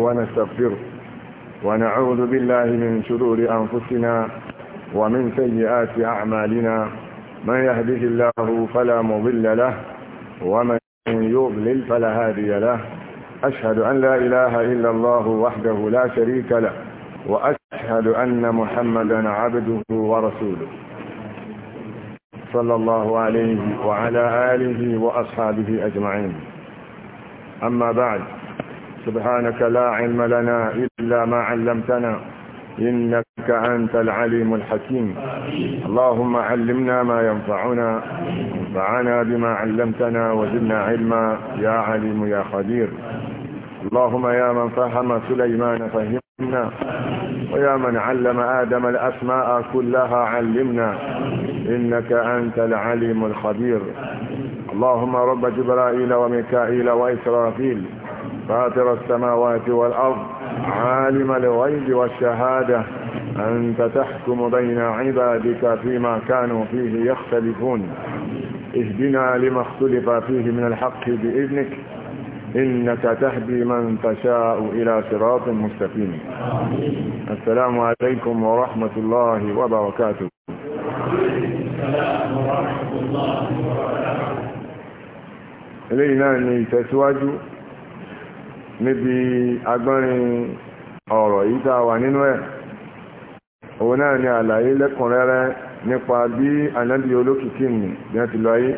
ونستغفره ونعوذ بالله من شرور أنفسنا ومن سيئات أعمالنا من يهده الله فلا مضل له ومن يضلل فلا هادي له أشهد أن لا إله إلا الله وحده لا شريك له وأشهد أن محمدا عبده ورسوله صلى الله عليه وعلى آله وأصحابه أجمعين أما بعد سبحانك لا علم لنا إلا ما علمتنا إنك أنت العليم الحكيم اللهم علمنا ما ينفعنا وانفعنا بما علمتنا وزدنا علما يا عليم يا خبير اللهم يا من فهم سليمان فهمنا ويا من علم آدم الأسماء كلها علمنا إنك أنت العليم الخبير اللهم رب جبرائيل وميكائيل وإسرافيل فاطر السماوات والأرض عالم الغيب والشهادة أنت تحكم بين عبادك فيما كانوا فيه يختلفون اهدنا لما اختلف فيه من الحق بإذنك إنك تهدي من تشاء إلى صراط مستقيم السلام عليكم ورحمة الله وبركاته السلام ورحمة الله وبركاته إلينا أن تسواجوا níbi agbọ́nrin ọ̀rọ̀ yìí tá wà nínú ẹ̀ òun náà ni àlàyé lẹ́kùnrẹ́rẹ́ nípa bí ànábì olókìkí nì bí wọ́n ti lọ ayé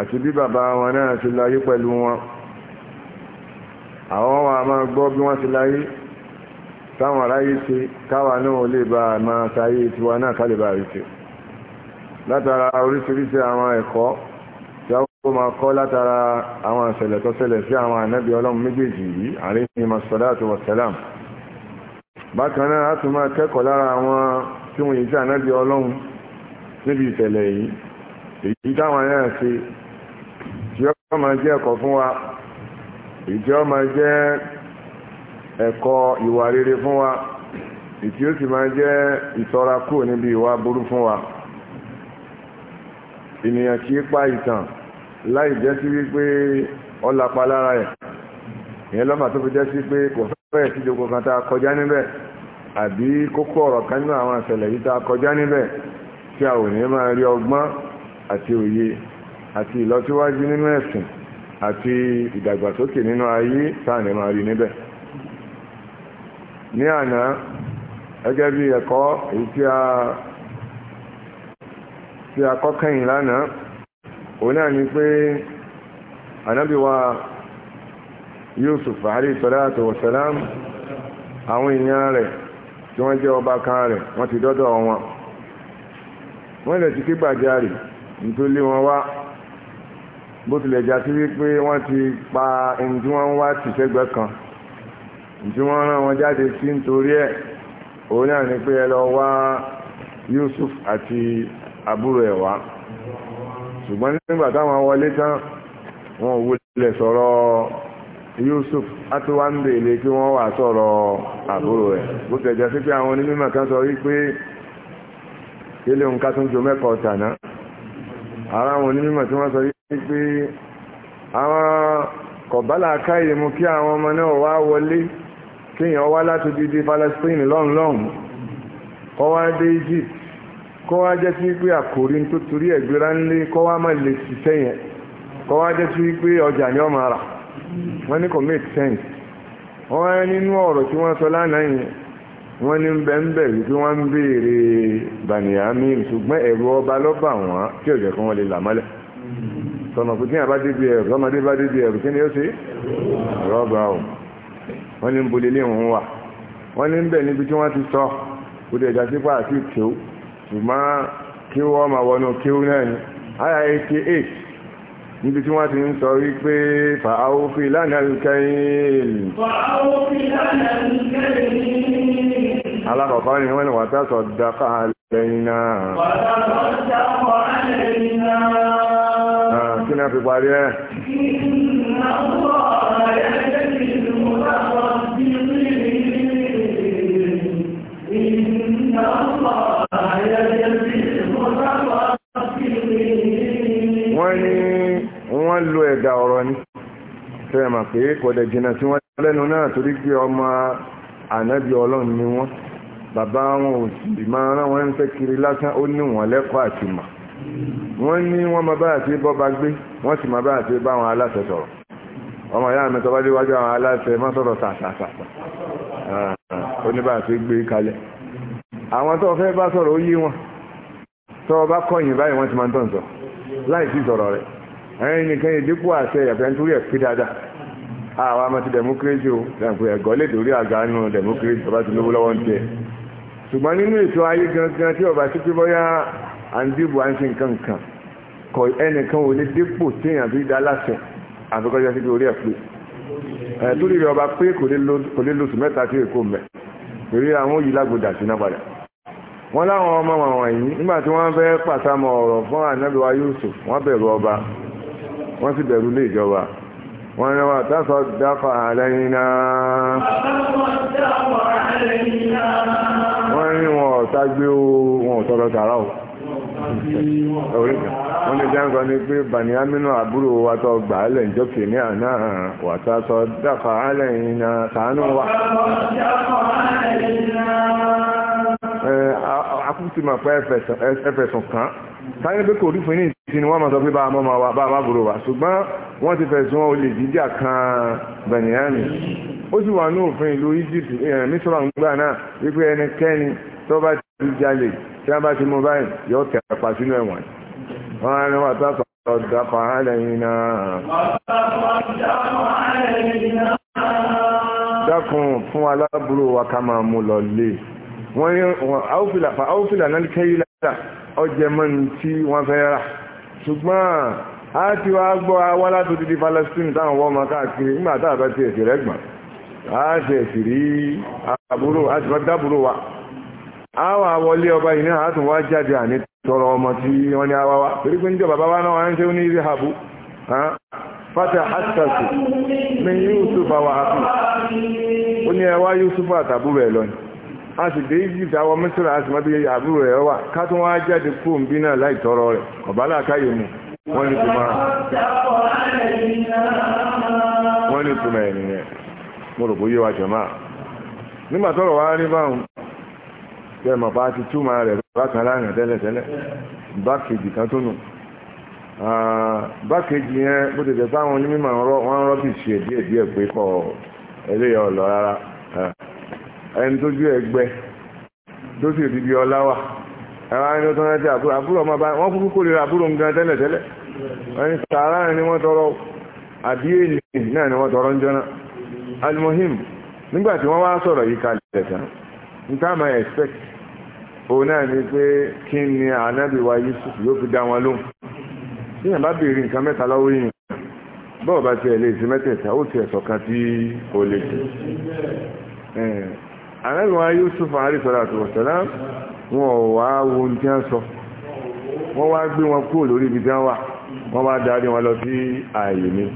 àti bí bàbá wọn náà ti lọ ayé pẹ̀lú wọn àwọn wa máa gbọ́ bí wọ́n ti láyé táwọn aráyé ṣe káwa náà lè bá máa sáyé tiwa náà kálẹ̀ bá rí ṣe látara oríṣiríṣi àwọn ẹ̀kọ́ ó máa kọ́ látara àwọn àṣẹlẹ̀ tó ṣẹlẹ̀ sí àwọn ànábì ọlọ́run méjèèjì yìí àríyìn masalatu wasalam bákan náà a tún máa kẹ́kọ̀ọ́ lára àwọn tí wọ́n yìí sí ànábì ọlọ́run níbi ìṣẹ̀lẹ̀ yìí èyí táwọn náà ṣe tí ó máa jẹ́ ẹ̀kọ́ fún wa èyí pa ìtàn láì jẹ́ sí wípé ọlápa lára ẹ̀ ìyẹn lọ́mà tó fi jẹ́ sí pé kò fẹ́ sí kan ta a kọjá níbẹ̀ àbí kókó ọ̀rọ̀ kan nínú àwọn ìṣẹ̀lẹ̀ yìí ta kọjá níbẹ̀ tí a ò ní rí ọgbọ́n àti òye àti ìlọsíwájú a ní máa rí níbẹ̀ ní àná gẹ́gẹ́ bí ẹ̀kọ́ tí a òun náà ni pé ànábì wa Yusuf alayhi salatu wa salam àwọn èèyàn rẹ̀ tí wọ́n jẹ́ ọba kan rẹ̀ wọ́n ti dọ́dọ̀ wọn wọ́n lè ti ké gbàjarì nítorí lé wọn wá bó tilẹ̀ já sí wípé wọ́n ti pa ẹni wọ́n ń wá tìṣẹ́gbẹ́ kan tí wọ́n rán wọn jáde sí nítorí ẹ̀ òun náà pé ẹ lọ wá Yusuf àti àbúrò ẹ̀ wá ṣùgbọ́n nígbà táwọn wọlé tán wọn ò wulẹ̀ sọ̀rọ̀ Yusuf atiwandele kí wọ́n wà sọ̀rọ̀ àbúrò rẹ̀ bó tẹ̀jẹ́ sí pé àwọn onímọ̀ kan sọ wípé ilé nǹkan tó ń jo mẹ́kọ̀ọ́ tàná ara àwọn onímọ̀ tí wọ́n sọ wípé àwọn kọ̀bálà káyè mú kí àwọn ọmọ náà wá wọlé kéèyàn wá láti dídí Palestine lọ́nlọ́n kọ́ dé Egypt kọ́ wá jẹ́ sí pé àkòrí tó torí ẹ̀gbéra ń lé kọ́ wá lè ṣiṣẹ́ yẹn kọ́ wá jẹ́ ọjà ni ọmọ ara wọ́n ní kò make sense wọ́n wá nínú ọ̀rọ̀ tí wọ́n sọ lánàá yẹn wọ́n ní bẹ́ńbẹ́ wọ́n ń béèrè ṣùgbọ́n ọba wọ́n tí wọ́n lè là mọ́lẹ̀ tọ̀nà kò bá débi bá débi kí ni ó ṣe o wọ́n ní ń bolilé wọn wà wọ́n ní ń tí wọ́n ti sọ ṣùgbọ́n kí wọ́n ma wọnú kí ó náà ni àyà 88 níbi tí wọ́n ti ń sọ wípé fàáwófì lánàá ìkẹyìn alákọ̀ọ́kọ́ ni wọ́n wà tásọ̀ dákà lẹ́yìn náà kí náà fi parí fẹ́ da ọ̀rọ̀ ní fẹ́ mà pé kọ̀dẹ̀ jìnà tí wọ́n lẹ́nu náà torí pé ọmọ ànábì ọlọ́run ni wọ́n bàbá wọn ò sì máa rán wọn ń fẹ́ kiri lásán ó ní wọn lẹ́kọ̀ọ́ àti mà wọ́n ní wọ́n máa bá àti bọ́ba gbé wọ́n sì máa bá àti bá àwọn aláṣẹ sọ̀rọ̀ ọmọ ìyá mi tọ́ba déwájú àwọn aláṣẹ má sọ̀rọ̀ tààtàtà ó ní bá àti gbé kalẹ̀ àwọn tó fẹ́ bá sọ̀rọ̀ ó yí wọn tọ́ ọba kọ̀yìn báyìí wọ́n ti máa ń tọ̀ sọ láì sí sọ̀rọ̀ rẹ̀ ẹ̀yìn nìkan yìí dípò àṣẹ ẹ̀fẹ́ nítorí ẹ̀ pé dáadáa àwọn àmọ́ ti democracy o dàpọ̀ ẹ̀gọ́ lè dórí àga nù democracy ọba ti lówó lọ́wọ́ ń tẹ̀ ṣùgbọ́n nínú ètò ayé gangan tí ọba sí pé bóyá à ń dìbò à ń ṣe nǹkan kan kọ ẹnìkan ò ní dípò téèyàn fi dá láṣẹ àfikọ́jọ́ sí pé orí ẹ̀ pé ẹ̀ tó lè rí ọba pé kò lè lóṣù mẹ́ta sí èkó mẹ́ torí àwọn òyìn lágbòdà sí náà padà wọ́n láwọn ọmọ wọn wọ̀nyí nígbà tí wọ́n fẹ́ pàtàmọ̀ ọ̀rọ̀ fún ànábìwá Yusuf wọ́n bẹ̀rù ọba wọ́n sì bẹ̀rù lé ìjọba wọ́n ni wọ́n tásọ̀ dákọ̀ àlẹ́yìnà wọ́n ni wọ́n ọ̀tá gbé o wọ́n ò o oríkà wọ́n ní jáǹkan ní pé bani aminu àbúrò wa tó gbà á lẹ̀ jọ kì ní àná wà tá sọ dáfà á lẹ̀ iná sàánú wa. akúti mà pé ẹfẹ̀sùn kan táyé pé kò rí fún ní ìsinmi wọ́n máa sọ pé bá máa wà bá a wa ṣùgbọ́n wọ́n ti fẹ̀sùn olè jíjà kan bani ó sì wà ní òfin ìlú Egypt mísírà ń gbà náà wípé ẹnikẹ́ni tó bá ti jalè tí a bá ti mú báyìí yóò tẹ̀ pa sínú ẹ̀wọ̀n wọn á ní wà tó àpá ọ̀dà kan àlẹ́yìn náà dákun fún aláburú wa ká máa mú lọ lé wọ́n ní àwòfìlà náà kẹ́yí lára ọjẹ́ mọ́ni tí wọ́n fẹ́ rà ṣùgbọ́n a ti wá gbọ́ awá láti dídí Palestine táwọn wọ́n máa káàkiri nígbà táàbá ti ẹ̀sì rẹ̀ gbọ̀n a ti ẹ̀sì rí àbúrò a ti fẹ́ dábúrò wa awa àwọlé ọba yìí náà àtún wá tọrọ ọmọ tí wọ́n ní torí pé náà ní ilé àbú fata ní yusuf àwọn ó ní ẹwà yusuf rẹ̀ lọ a sì dé a sì mọ́ bí àbúrò rẹ̀ wà ká wá jáde kú òǹbí náà láì tọrọ rẹ̀ ọ̀bá mu wọ́n ní wọ́n ní ẹ̀ nìyẹn mo rò tọrọ wá rí tẹ́ mọ̀ bá ti túmọ̀ rẹ̀ bákan láàrin tẹ́lẹ̀tẹ́lẹ̀ bákejì kan tó nù bákejì yẹn bó ti tẹ̀ sáwọn onímọ̀ wọn rọ́bì ṣe díẹ̀ díẹ̀ pé kọ́ ọ̀lọ́ rárá ẹni tójú ẹgbẹ́ tó sì bí ọlá wà àbúrò àbúrò ọmọ bá wọn kúkú àbúrò tẹ́lẹ̀tẹ́lẹ̀ ẹni ni wọ́n tọrọ àbí náà ni tọrọ ń jọ náà alimohim nígbà tí wọ́n wá sọ̀rọ̀ yìí kalẹ̀ níta máa expect òun náà ni pé kí ni ànábì wa Yusuf yóò fi dá wọn lóhùn tí yàn bá béèrè nǹkan mẹ́ta lọ́wọ́ yìnyín bọ́ọ̀ bá tiẹ̀ lè ṣe mẹ́tẹ̀ẹ̀ta ó tiẹ̀ sọ̀kan tí kò lè ṣe ànábì wa Yusuf alayhi salatu wa salam wọn ò wá wo ohun tí wọ́n sọ wọ́n wá gbé wọn kúrò lórí ibi tí wọ́n wà wọ́n wá darí wọn lọ sí ààyè mi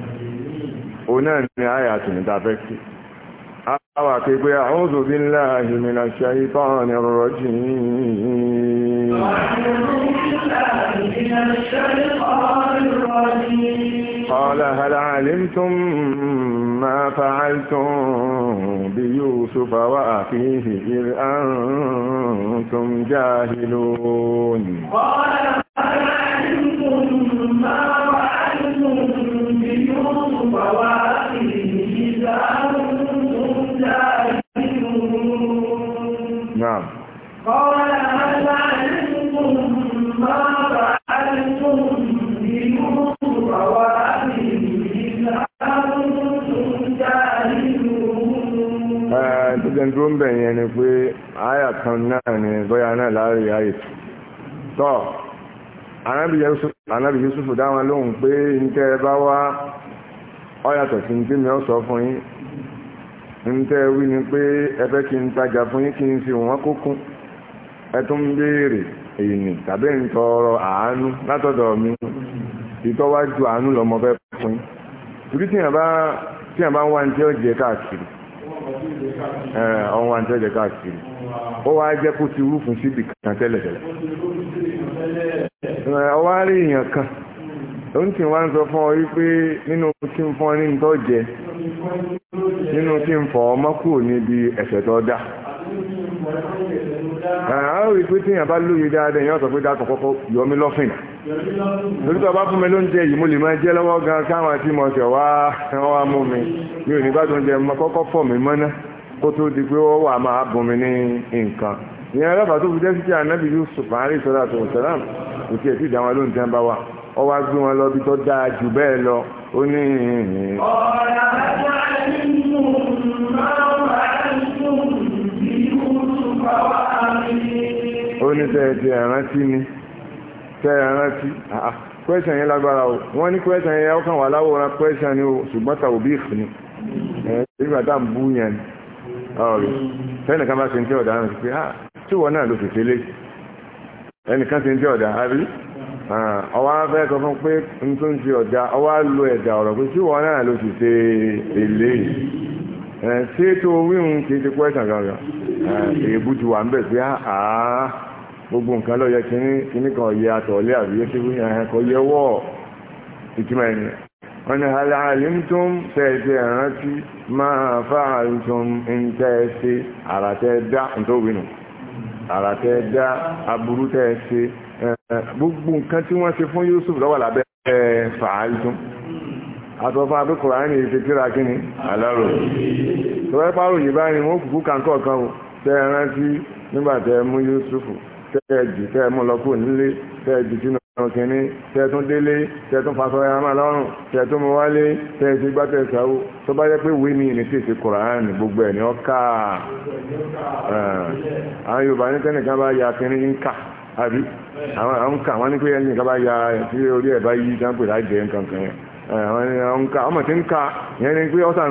òun náà ni àyà àtùnúta fẹ́ أعطيك أعوذ بالله من الشيطان الرجيم قال هل علمتم ما فعلتم بيوسف وأخيه إذ أنتم جاهلون قال هل علمتم ما فعلتم بيوسف وأخيه إذ أنتم قال هل علمتم ما فعلتم بيوسف وأبيه Ẹ̀ẹ́dẹ́gbẹ̀n tó ń bẹ̀yẹn ni pé àyà kan náà ni bóyá náà láàrin àyè tọ́. Ànábì Yusufu dáwọn lóhùn pé ń tẹ́ ẹ bá wá ọ̀yàtọ̀ sí ní tí mi ó sọ fún yín. Ń tẹ́ wí ni pé ẹ kí n tajà fún yín kí n sì wọ́n kókún. ẹtún ń béèrè èyí ni tàbí ń tọrọ àánú látọ̀dọ̀ mi ìtọ́wájú àánú lọ́mọ fẹ́ fún torí tí yàn ń wá ní tí jẹ káàkiri ọ̀n wá ní tí ó jẹ káàkiri ó wá jẹ́ kó ti rú fún síbi kan tẹ́lẹ̀ tẹ́lẹ̀ ọ rí èèyàn kan ó ń tì wá ń sọ fún ọ wípé nínú tí ń fọ́ ní nínú fọ́ ọmọ kúrò níbi tó dá àwọn ìpín tí yàn bá lóye dáadáa yàn sọ pé dákọ̀ kọ́kọ́ yọ lọ́fìn lórí bá fún mi lóúnjẹ yìí mo lè máa jẹ́ lọ́wọ́ gan káwọn àti mọ̀ọ́sẹ̀ wá wá mú mi mi ò ní bá tó ń jẹ kọ́kọ́ fọ̀ mí mọ́ná kó tó di pé ó wà máa bùn mi ní nǹkan ìyẹn ọlọ́pàá tó fi jẹ́ sí ti ànábì Yusuf àárín ìṣọ́lá tó ń kò tiẹ̀ sí ìdáwọn lóhùn tí bá wà ọ wá gbé wọn lọ bí tó dáa jù bẹ́ẹ̀ lọ ó ní ìhìn. ọ̀rọ̀ àbájá nínú máa ń ó ní tẹ́ẹ̀tì ẹ̀rántí ni tẹ́ẹ̀rántí kwẹ́sàn ah, ah. yẹn lágbára o wọ́n ní kwẹ́sàn yẹn ọkàn wà láwòrán kwẹ́sàn ni o ṣùgbọ́n tàbí bí ìfún ni ẹ̀ẹ́dẹ́gbà tá ń bú yẹn ọ̀rọ̀ tẹ́nìkan bá ṣe ń tẹ́ ọ̀dà náà pé ah tí wọ́n náà ló fi ṣe lé ẹnìkan ṣe ń tẹ́ ọ̀dà àbí ọwọ́ afẹ́ sọ fún pé n tó ń ṣe ọ̀dà ọwọ́ lo ẹ̀dà ọ̀rọ̀ pé tí wọ́n náà ló fi ṣe èlé ẹ̀ ṣé tó wíhun kì í ti kwẹ́sàn gangan èébú ti wà ń bẹ̀ sí àá gbogbo nǹkan ló yẹ kíní kan yẹ àtọ̀lé àbí yẹ kíní ẹ̀hẹ́ eh, kọ yẹ wọ́ ìtumọ̀ ẹni wọ́n ni aláàlím tó ń tẹ́ẹ̀tẹ́ ìrántí máa fáàlù tó ń tẹ́ẹ̀tẹ́ àràtẹ́ dá ntòwínú àràtẹ́ dá aburú tẹ́ẹ̀tẹ́ eh, eh, gbogbo nǹkan tí wọ́n ṣe fún Yusuf lọ́wọ́ lábẹ́ fàájú tún àtọ́fà àbíkùrá ní ìfẹ́tíra kíni aláró tọ́wẹ́ pàrò yìí báyìí wọ́n kùkú kàńkọ̀ọ̀kan o tẹ́ ẹ rántí nígbà tẹ́ ẹ mú Yusufu tẹ́ ẹ jù tẹ́ ẹ mú lọ kúrò nílé tẹ́ ẹ jù sínú ọ̀rọ̀ kìíní tẹ́ ẹ tún délé tẹ́ ẹ tún fasọ ẹ hàn lọ́rùn tẹ́ ẹ tún mú wálé tẹ́ ẹ ti gbá tẹ́ ẹ sáwó tó bá yẹ pé wí mi ní tí èsì Kùránì gbogbo ẹ̀ ní ọkà àwọn Yorùbá ní tẹ́nìkan bá ya kìíní ń kà àbí àwọn kà wọ́n ní pé ẹnìkan bá ya tí orí ẹ̀ bá yí dáńpẹ̀ láìjẹ́ nǹkan àwọn ọmọ tí ń yẹn ni pé ọ́sàn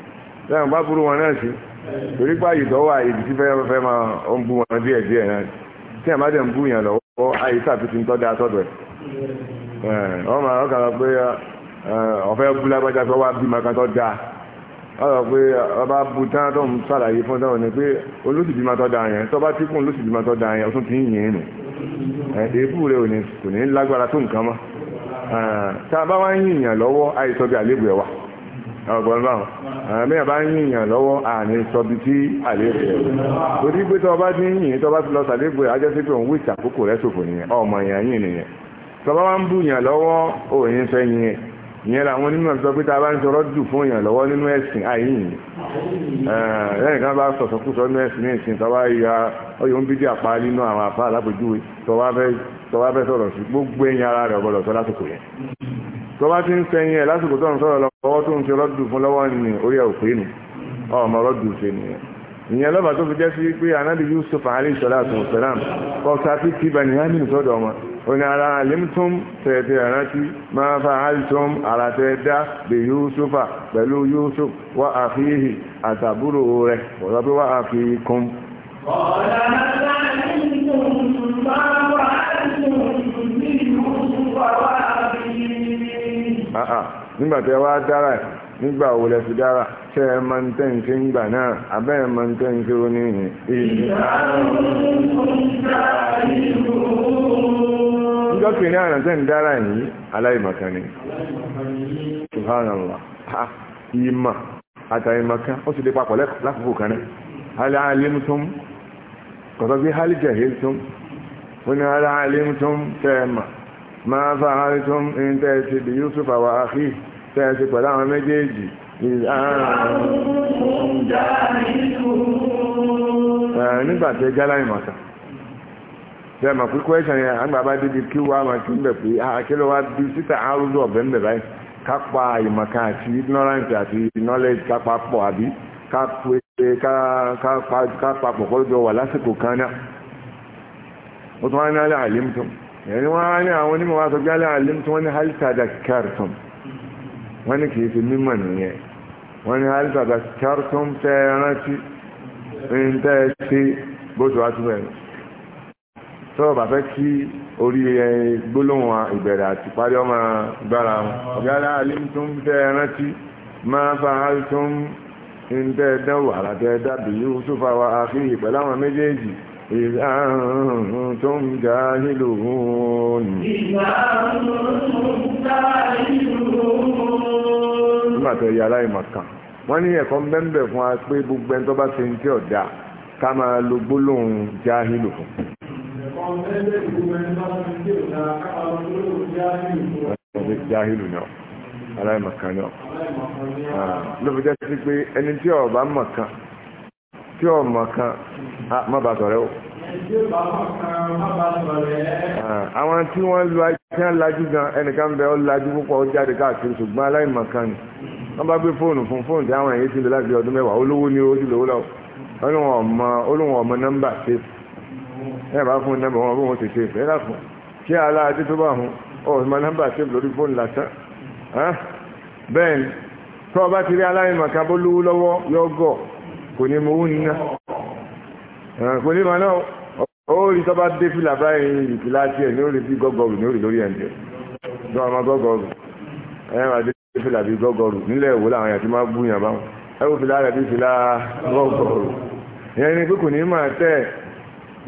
lẹ́yìn bá burú wọn náà sí torí pé àyè tọ́wọ́ àyè tí fẹ́ fẹ́ máa ń bú wọn díẹ̀ díẹ̀ náà tí ẹ̀ má dẹ̀ ń bú yàn lọ́wọ́ àyè sàfi ti ń tọ́ da sọ́dọ̀ ẹ̀ ọmọ àwọn kan pé ọ̀fẹ́ bú lágbájá fẹ́ wá bí màkà tọ́ da ọ̀rọ̀ pé ọba bu tán tó ń sàlàyé fún táwọn ni pé olóṣìbí máa tọ́ da yẹn tọ́ba tí kún olóṣìbí máa tọ́ da yẹn ọtún ti ń yìn ọgbọ̀nbọ̀n mẹ́yà bá ń yìnyàn lọ́wọ́ àní sọbi tí àlébù ẹ̀ torí pé tọba ti ń yìn tọba ti lọ sàlébù ẹ̀ ajẹ́ sí pé òun wíṣà àkókò rẹ̀ ṣòfò nìyẹn ọmọ èèyàn yìn nìyẹn tọba bá ń bù yàn lọ́wọ́ òyìn fẹ́ yìn ìyẹn làwọn onímọ̀ sọ pé tá a bá ń sọ̀rọ̀ jù fún yàn lọ́wọ́ nínú ẹ̀sìn àyìn lẹ́yìn kan bá sọ̀sọ̀ kú sọ nínú ẹ̀sìn ní ìsìn tọba ya ọyọ ń bídí àpá nínú àwọn àfa alábòjúwe tọba fẹ́ sọ̀rọ̀ sí gbogbo ẹ̀yìn ara rẹ̀ tó bá ti ń fẹyìn ẹ̀ lásìkò tó ń sọ̀rọ̀ lọ́wọ́ tó ń fi rọ́dù fún lọ́wọ́ ni orí ẹ̀ òpé ọmọ rọ́dù ṣe nìyẹn ìyẹn lọ́ba tó fi jẹ́ sí pé anábì Yusuf alayhi salatu wa salam kọ́ta tí kí bani hamid sọ́dọ̀ wọn òní ara alimtum tẹ̀tẹ̀ rántí máa fa altum ara tẹ̀ dá bí Yusufa pẹ̀lú Yusuf wa àfihì àtàbúrò rẹ̀ ọ̀rọ̀ pé wa àfihìkum. ọ̀rọ̀ náà ní ìlú bá wà á Ah, ah. nígbàtẹ́ wá dára nígbà wo lẹ dára ṣe ẹ máa ń tẹ́ ń ṣe ń gbà náà abẹ́ ẹ máa ń tẹ́ ń ṣe ó ní ìní. ìjọ́ kìíní àná tẹ́ ń dára yìí aláìmọ̀kan ni subhanallah ah, ìmọ̀ àtàìmọ̀kan ó sì lè papọ̀ lákòókò kan náà hal alimtum kọ̀tọ́ bí hal jahiltum wọ́n ní hal alimtum tẹ́ máa fa'altum in tẹ́ẹ̀sì bí Yusuf wa akhi tẹ́ẹ̀sì pẹ̀lú àwọn méjèèjì nígbàtí jálá ìmọ̀ta tẹ́ẹ̀mà pípọ̀ ẹ̀ṣẹ̀ agbàbá dídí kí wá máa kí ń bẹ̀ pé àkílọ̀ ah, wá bí síta àrùdù ọ̀bẹ̀ ń bẹ̀ báyìí kápá ìmọ̀ká àti ignorance àti knowledge kápá pọ̀ àbí kápá pọ̀ kọ́jọ wà lásìkò kan náà ó tún wá ní ẹ̀rí wọ́n á ní àwọn onímọ̀ wá sọ jálẹ̀ àlím tí wọ́n ní halittada kẹrìtùm wọ́n ní kìí fi mímọ̀ nìyẹn wọ́n ní halittada kẹrìtùm tẹ́ rántí ń tẹ́ ṣe bó tó wá tó bẹ̀rẹ̀ tọ́wọ́ bá fẹ́ kí orí gbólóhùn ìbẹ̀rẹ̀ àti parí ọmọ gbára wọn jálẹ̀ àlím tó ń tẹ́ rántí máa fa halittum ń tẹ́ dánwò àlàtẹ́ dábìlì ó sófà wa àfihì pẹ̀lú àwọn méjèèjì إذا أنتم جاهلون إذا أنتم جاهلون nígbà tó yà aláìmọ̀kan wọ́n ní ẹ̀kọ́ mbẹ́mbẹ́ fún wa pé gbogbo ẹni tó bá ṣe ń tí ọ̀dà ká máa lo gbólóhùn jáhìlù fún. jáhìlù náà aláìmọ̀kan náà ah, ló jẹ́ sí pé ẹni tí ó bá tí ọ mọ̀ kan má bàa sọ̀rẹ́ o. àwọn tí wọ́n lu tí wọ́n lajú gan ẹnìkan bẹ ọ lajú púpọ̀ ó jáde káàkiri ṣùgbọ́n aláìmọ̀kan ni wọ́n bá gbé fóònù fún fóònù tí àwọn èyí ti lè láti ọdún mẹ́wàá olówó ni ó sì lówó lọ olóhùn ọmọ olóhùn ọmọ nọ́mbà ṣe ẹ bá fún nọ́mbà wọn bó wọn ti ṣe ìfẹ́ láfún kí aláàdé tó bá hun ọmọ nọ́mbà ṣe lórí fóònù lásán bẹ́ẹ̀ ni tọ́ ọ bá ti rí aláìmọ̀kan bó lówó lọ́wọ́ yọ gọ̀ọ́ kò ní mowó nínú kò ní mọ̀ náà ó rí tọ́ba dé fìlà báyìí ìfìlà tiẹ̀ ní ó rí sí gọ́gọ́rù ní ó rí lórí ẹ̀ǹdẹ̀ tó ọmọ gọ́gọ́rù ẹ̀ wà dé fìlà bíi gọ́gọ́rù nílẹ̀ èwo làwọn èèyàn ti máa bú yàn báwọn ẹ wò fìlà rẹ̀ bíi fìlà gọ́gọ́rù ìyẹn ni pé kò ní mọ̀ tẹ́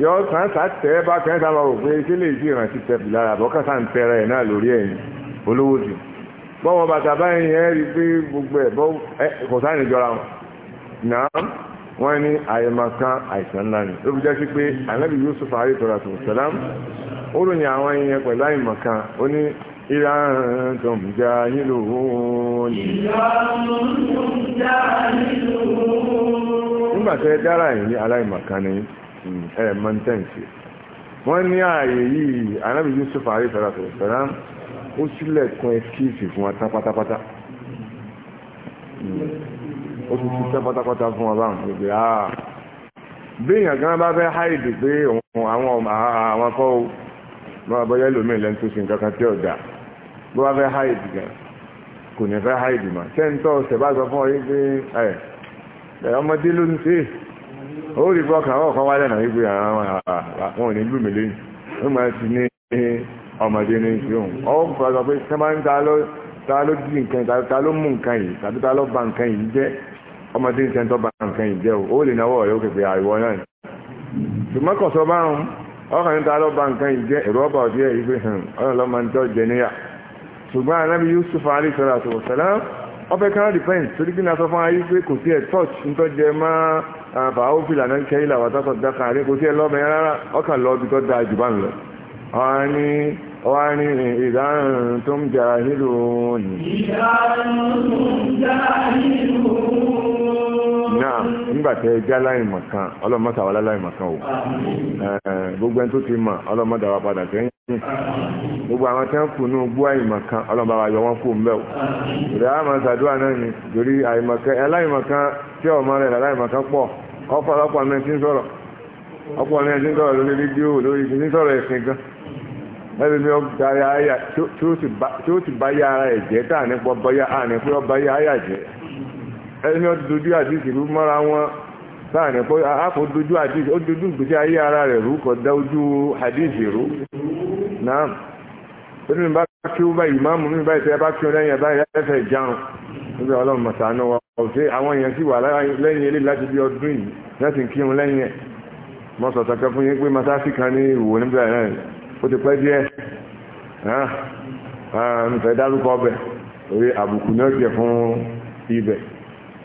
yọ kàn sá tẹ́ bá kàn bọ́wọ́ bàtà báyìí ẹ̀ rí pé gbogbo ẹ̀ bọ́ kò sáà níjọra wọn náà wọ́n ní àyèmọ̀kan àìsàn ńlá ni ó fi jẹ́ sí pé ànábì Yusuf alayhi salatu wassalam ó ròyìn àwọn èèyàn pẹ̀lú àyèmọ̀kan ó ní ìran tó ń já nílò òní nígbàtẹ́ dára yìí ní aláìmọ̀kan ní ẹ̀mọ́ntẹ́ǹsì wọ́n ní ààyè yìí ànábì Yusuf alayhi salatu wassalam ó sílẹ̀kùn ẹ̀kíìsì fún wa tápátápátá ó ti ti tẹ́ pátápátá fún wọn báwọn gbogbo àà ah. bí èèyàn gan bá fẹ́ háìdì pé àwọn àwọn akọ́ máa bọ́ yẹ́lò mí lẹ́nu tó ṣe nǹkan kan tí ọ̀dà bó bá fẹ́ háìdì gan kò ní fẹ́ háìdì mà sẹ́ńtọ́ ọ̀sẹ̀ bá sọ fún ọ yí pé ẹ̀ ọmọdé ló ń ṣe ó rí bọ́ọ̀kan ọ̀kan wálẹ̀ náà wípé àwọn ah, ah, òní lù mí lẹ́yìn ó máa ti ní ọmọdé ní ìṣe òun ọwọ́ fún ọ sọ pé ń ta ló dín nǹkan ta ló mú nǹkan yìí tàbí ta ló ba nǹkan yìí jẹ́ ọmọdé ń tẹ́ tọ́ bá nǹkan ìjẹ́ o ó lè náwó ọ̀rẹ́ òkè pé àìwọ náà ṣùgbọ́n kọ̀sọ́ bá ń ọkàn níta lọ bá nǹkan ìjẹ́ ẹ̀rọ ọba ọ̀dí ẹ̀ yìí pé hàn ọ̀nà lọ́mọ ń tọ́ jẹ níyà ṣùgbọ́n anábì Yusuf alẹ́ sọ̀rọ̀ àtọ̀wọ̀ sẹ́lá ọbẹ̀ kan dìpẹ́ǹ torí kí n sọ fún ayé pé kò sí ẹ̀ tọ́ọ̀tì ń tọ́ jẹ mọ́ fàáwó fìlà náà kẹ́ ìlà wàtàkọ̀ dákan àrí kò sí ẹ lọ́mọ rárá ọkàn lọ ibi tó da jù bá ń lọ. ọ̀hán ní ọ̀hán ní ìdáhùn tó ń jà hílùú ni. ìdáhùn tó ń jà hílùú náà nígbàtẹ́ já láìmọ̀ kan ọlọ́mọ́ta wà kan o gbogbo ẹni tó ti mọ̀ ọlọ́mọ́ta wà padà sẹ́yìn gbogbo àwọn tẹ́ ń kù ní ogbó àìmọ̀ kan yọ wọ́n kú o ìdá àmọ́ náà ni torí àìmọ̀ kan ẹláìmọ̀ kan tí ọmọ rẹ̀ kan pọ̀ sọ̀rọ̀ ọ̀pọ̀ sọ̀rọ̀ lórí fídíò lórí ti ẹni ó ti dojú àdìsí rú mọ́ra wọn láàrin pé àpò dojú àdìsí ó dojú ìgbésí ayé ara rẹ̀ rú kò dá ojú àdìsí rú náà ó ní bá kí ó bá ìmáàmù mi báyìí tẹ́ bá kí ó lẹ́yìn ẹ̀bá ẹ̀fẹ̀ jáun níbi ọlọ́run mọ̀sánú wa ọ̀sẹ̀ àwọn èèyàn sì wà lẹ́yìn ilé láti bí ọdún yìí láti kí wọn lẹ́yìn ẹ̀ mọ́ sọ̀tọ̀ kan fún yín pé masáàsì kan ní ìwò níbẹ̀ náà ó ti pẹ́ díẹ̀ ń ah, ah, fẹ́ dárúkọ ọbẹ̀ orí àbùkù náà jẹ fún ibẹ̀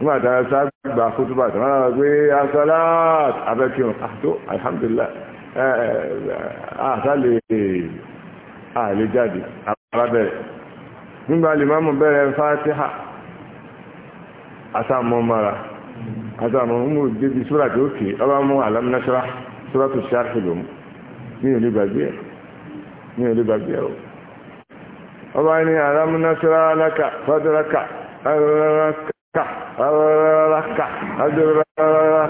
nígbàtà sáàgbà kútùbà tó rán pé asalaat abẹ́kíun àtó alhamdulillah àtàlẹ̀ àlè jáde arábẹ̀rẹ̀ nígbà limamu bẹ̀rẹ̀ fatiha àtàmọ́ mara àtàmọ́ mú débi súra tó kè ọba mú alamnasara súra tó ṣáàkì lòmù ní ìlú gbàgbé ẹ̀ ní ìlú gbàgbé ẹ̀ ọba ní alamnasara alaka fadaraka alaka ka ka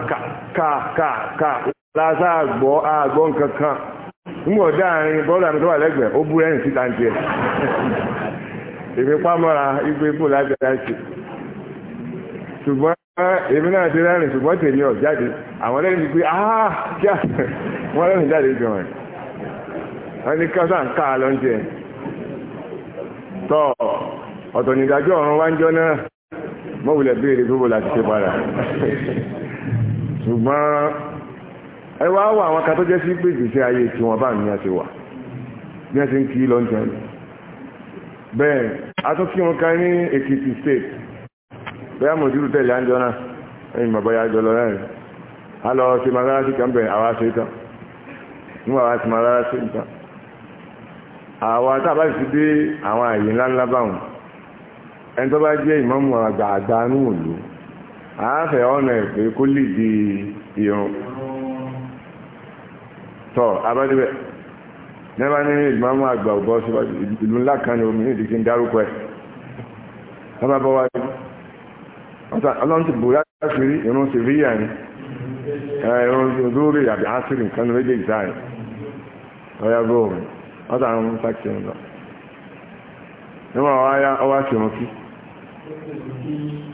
ka ka ka ka lásà àgbọ́ àgbọ́ nǹkan kan ngbọ̀ dáàrin bọ́ọ̀lù àmì tó wà lẹ́gbẹ̀ẹ́ ó bú ẹ̀yìn síta ń tiẹ̀ ìfipámọ́ra ipe ipò láti láti ṣùgbọ́n èmi náà ti rẹ́rìn ṣùgbọ́n tèmi ọ̀ jáde àwọn lẹ́yìn ti pé áá kí wọ́n lẹ́yìn jáde gan-an wọ́n ní kọ́sà ń ká lọ ń tiẹ̀ tọ́ ọ̀tọ̀ nídàájọ́ ọ̀run wájọ́ náà mọ́wùlẹ̀ béèrè gbogbo láti ṣe padà ṣùgbọ́n ẹ wá wà àwọn kan tó jẹ́ sí pé ìgbésí ayé tí wọ́n bá ní àti wà bí wọ́n ti ń kí lọ́ńtẹ̀ bẹ́ẹ̀ atúnkí wọn kan ní Èkìtì state bẹ́ẹ̀ mọ̀júrù tẹ̀lé àjọ náà ẹ̀yìn bàbá yà ẹni tó bá jẹ́ ìmáàmù àgbààgbà ní ọ̀nà ẹ̀pẹ́ kó lè di irun tọ́ abádébẹ̀ nígbà ní ìmáàmù àgbà ọ̀bọ̀ síwájú ìlú ńlá kan ní omi nídìí kí n dárúkọ ẹ̀ lọ́ba bọ́ wájú ọlọ́run ti bùrá sí irun sí ríyà ni ẹ̀rùn lórí àbí ásìrì nǹkan méjèèjì táyì ọya àwọn lọ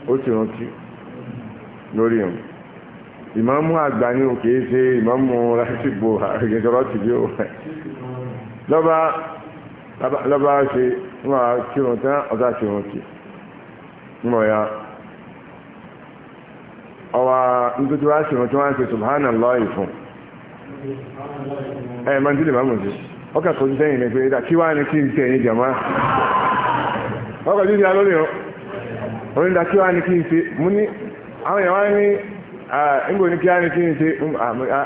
ó ti rántí lórí ẹ̀ ìmáàmù àgbà ní òkè é ṣe ìmáàmù lásìgbò àgbẹ̀sọ̀rọ̀ ti bí ó lọ́ba lọ́ba ṣe wọ́n á kírun tán ọ̀tá ti rántí mọ̀ ya ọwà nítorí wá sí rántí wọ́n á ṣe subhanallah ìfún ẹ̀ máa ń tí lè máa mọ̀ sí ọkà kò ń tẹ́yìn ní pé kí wá ní kí ń tẹ̀yìn jàmá ọkà tí ti ọ́ onídàá kí wá ní kí n ṣe mú ní àwọn èèyàn wá ní níbo ní kí ní kí n ṣe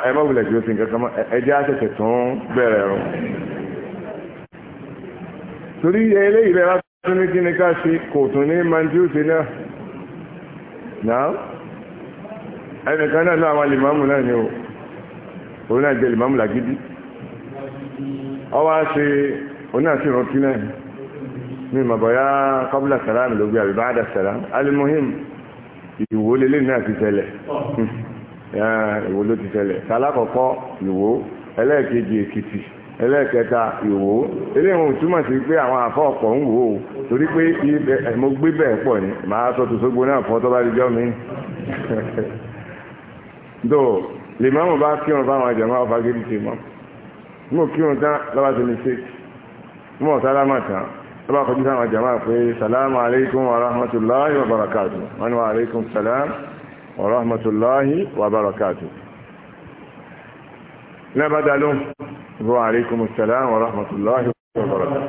ẹ̀mọ́ wulẹ̀ kí o nǹkan kan mọ́ ẹ̀jẹ̀ àṣẹṣẹ̀ tún bẹ̀rẹ̀ rún. torí eléyìí bẹ́ẹ̀ bá tún ní kí ni ká ṣe kò tún ní náà náà ẹnìkan náà náà àwọn alìmọ́mù náà ni o òun náà mi mọ̀ bọ́yá kọ́bùlà sàlám ló gbé àbí báàdà sàlám alimuhim ìwò lélẹ̀ náà ti ṣẹlẹ̀ hmm. ìwò ló ti ṣẹlẹ̀ sàlákọ̀kọ́ ìwò ẹlẹ́ẹ̀kejì èkìtì ẹlẹ́ẹ̀kẹta ìwò eléyìí túmọ̀ sí pé àwọn àfọ́ ọ̀pọ̀ ń wò ó torí pé mo gbé bẹ́ẹ̀ pọ̀ ni màá sọ tòṣogbo náà fọ́ tó bá di jọ́ mi. dò lè má mo bá fáwọn àjàmá ọ̀fà gidi ti mọ́ mo tán lọ́wọ́ ti mi ṣe mo sálámà tán ọba kọjú sáwọn jama'a pé salamu alaikum wa rahmatullahi wa barakatu wọ́n ni wa alaikum salam wa rahmatullahi wa barakatu lẹ́bàdà ló wa alaikum salam wa rahmatullahi wa barakatu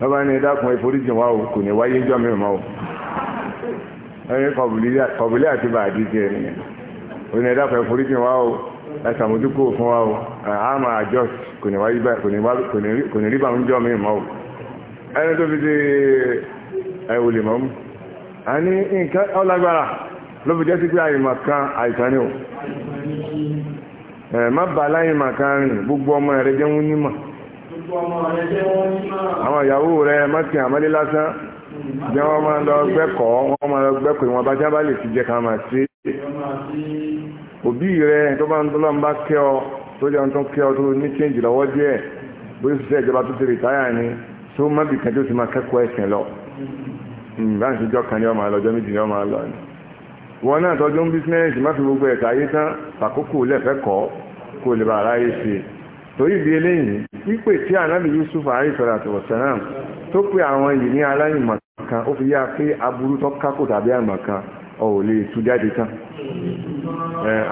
lọ́bàá ni dákùn ìforíjìn wa kò ní wáyé jọ mẹ́mọ́ o ẹni kọ̀bùlé àti bàdí jẹ́ ènìyàn o ní dákùn ìforíjìn wa o ẹ̀sàmójúkò fún wa o àmà àjọ kò ní rí bá ń jọ mẹ́mọ́ o ẹni tó fi dé ẹ̀wò lè a ní nǹkan ọlágbára ló fi jẹ́ sí pé àyìnmọ̀ kan àìsàn ni ò ẹ̀ má bà kan rìn gbogbo ọmọ rẹ jẹ́ wọn nímọ̀ àwọn ìyàwó rẹ mọ́tì àmọ́lé lásán jẹ́ wọ́n máa lọ gbẹ́kọ̀ọ́ wọ́n máa lọ gbẹ́kọ̀ọ́ ìwọ̀n bá lè fi jẹ́ ká máa ṣe òbí rẹ tó bá ń bá kẹ́ ọ tó jẹun tó kẹ́ ọ tó ní change lọ́wọ́ díẹ̀ bó ṣiṣẹ́ ìjọba tó ti rìtáyà tó má bì kan tó ti máa kẹ́kọ̀ọ́ ẹ̀sìn lọ hmm, bá ń ṣojọ́ kan ní ọmọ àlọ́jọ́ méjì ní ọmọ àlọ́ ni wọn náà tọ́jú ń bísínẹ́sì má fi gbogbo ẹ̀ka ayé tán àkókò lẹ́fẹ̀ẹ́ kọ́ kó lè bàa ráyè ṣe torí ìdí eléyìí pípè tí ànábì Yusuf àríṣọ́ra àtọ̀wọ̀ sẹ́nàm tó pé àwọn yìí ní aláìmọ̀ kan ó fi yá pé aburú tó kákò tàbí àmọ̀ kan ọ̀ ò lè tú jáde tán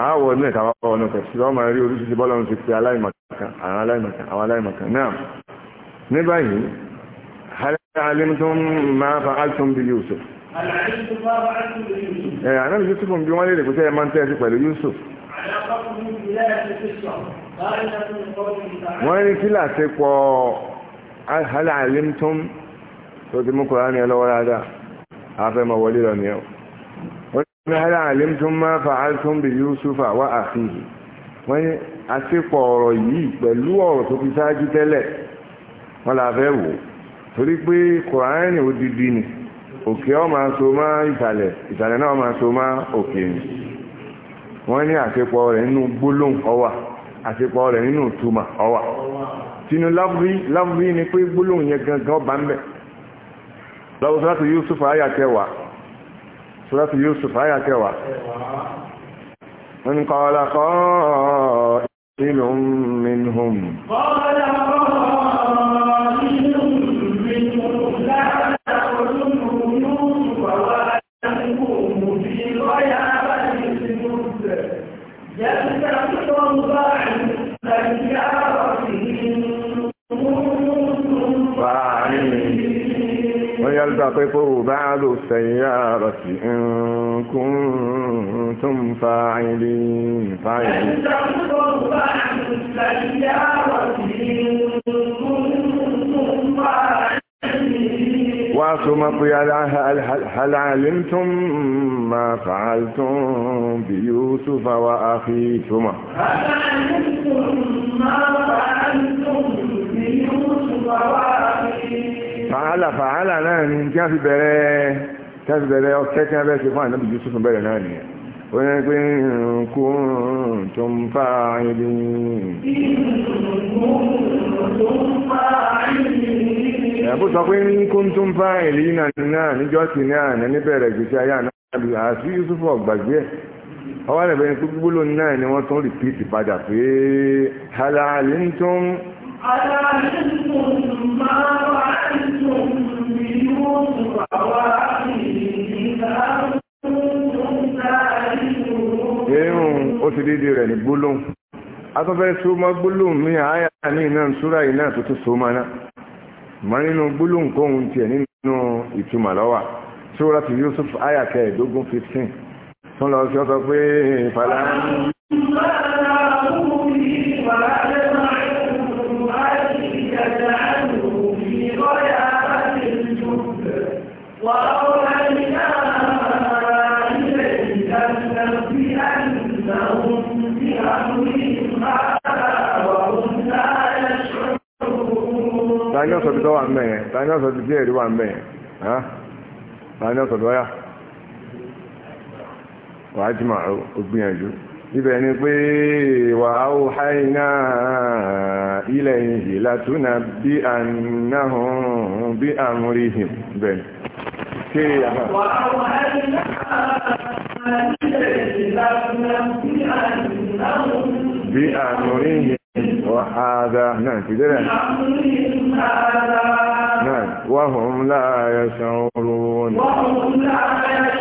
àwọ̀ náà tàwa ọ̀nà pẹ̀sí ọmọ rí oríṣiríṣi bọ́lá ń ṣe pé aláìmọ̀ kan àwọn aláìmọ̀ kan náà ní báyìí هل علمتم ما فعلتم بيوسف هل علمتم ما فعلتم بيوسف ايه انا يوسف من جمالي لك وتاي ما انت يا يوسف على قصد بلاد القصه قال لكم قوم تعالى وين كلا تقوا هل علمتم tọ́tí mú kòránì ẹlọ́wọ́ rádá afẹ́ ma wọlé lọ ní ẹ̀ wọ́n hálà àlẹ́mtún máa fa'altún bí Yusufa wá àfihì wọ́n ni a ti pọ̀ ọ̀rọ̀ yìí pẹ̀lú ọ̀rọ̀ tó fi sáájú tẹ́lẹ̀ wọ́n la fẹ́ wò torí pé kòránì odidi ni òkè ọ máa so má ìsàlẹ̀ ìsàlẹ̀ náà máa so má òkè ni wọ́n ní àṣepọ̀ rẹ̀ nínú gbólóhùn ọwà àṣepọ̀ rẹ̀ nínú túmà ọwà tínú lábúrí lábúrí ni pé gbólóhùn yẹn gangan ọba ń bẹ̀ lọ́wọ́ sọ́látù Yusuf àyà kẹwàá sọ́látù Yusuf àyà kẹwàá ń kọ́ kọ́ ọ́ ìlú minhum. kọ́ يلتقطه بعد السيارة إن كنتم فاعلين فاعلين وعصمت هل علمتم ما فعلتم بيوسف وأخيه ثم هل علمتم ما فعلتم بيوسف وأخيه fàálà fàálà náà ni kí a fi bẹ̀rẹ̀ kí a fi bẹ̀rẹ̀ ọ̀kẹ́ tí a bẹ̀rẹ̀ ṣe fún ànábì Yusuf bẹ̀rẹ̀ náà nìyẹn ó ní pé kuntum fa'ilin ẹ̀bú sọ pé kuntum fa'ilin náà níjọ́ sí náà ní níbẹ̀rẹ̀ ìgbésí ayé ànábì àti Yusuf ọ̀gbàgbé ọwọ́ rẹ̀ bẹ̀rẹ̀ pé gbólóhùn náà ni wọ́n tún rìpíìtì padà pé hàlàlì ń tún Irun ó ti dédé rẹ̀ ni gbólóhùn. Afẹ́fẹ́ tó mọ́ gbólóhùn mí àáyà ní iná ṣúra iná tó tó so máa náà. Mọ́ nínú gbólóhùn kóhun tiẹ̀ nínú ìtumà lọ́wà. Ṣúra ti Yusuf Ayakẹ́ ìdógún 15. Tún lọ sí ọ́sọ pé ìfàlà. ọ̀sọ̀ bí tọ́ ya ta ni ọ̀sọ̀ ya tí ẹ̀rí wà ha, ta ni ọ̀sọ̀ lọ́yà wàá ji màá gbìyànjú ibẹ̀ ni wà bi wà á وهذا نعم كده نعم وهم لا يشعرون وهم لا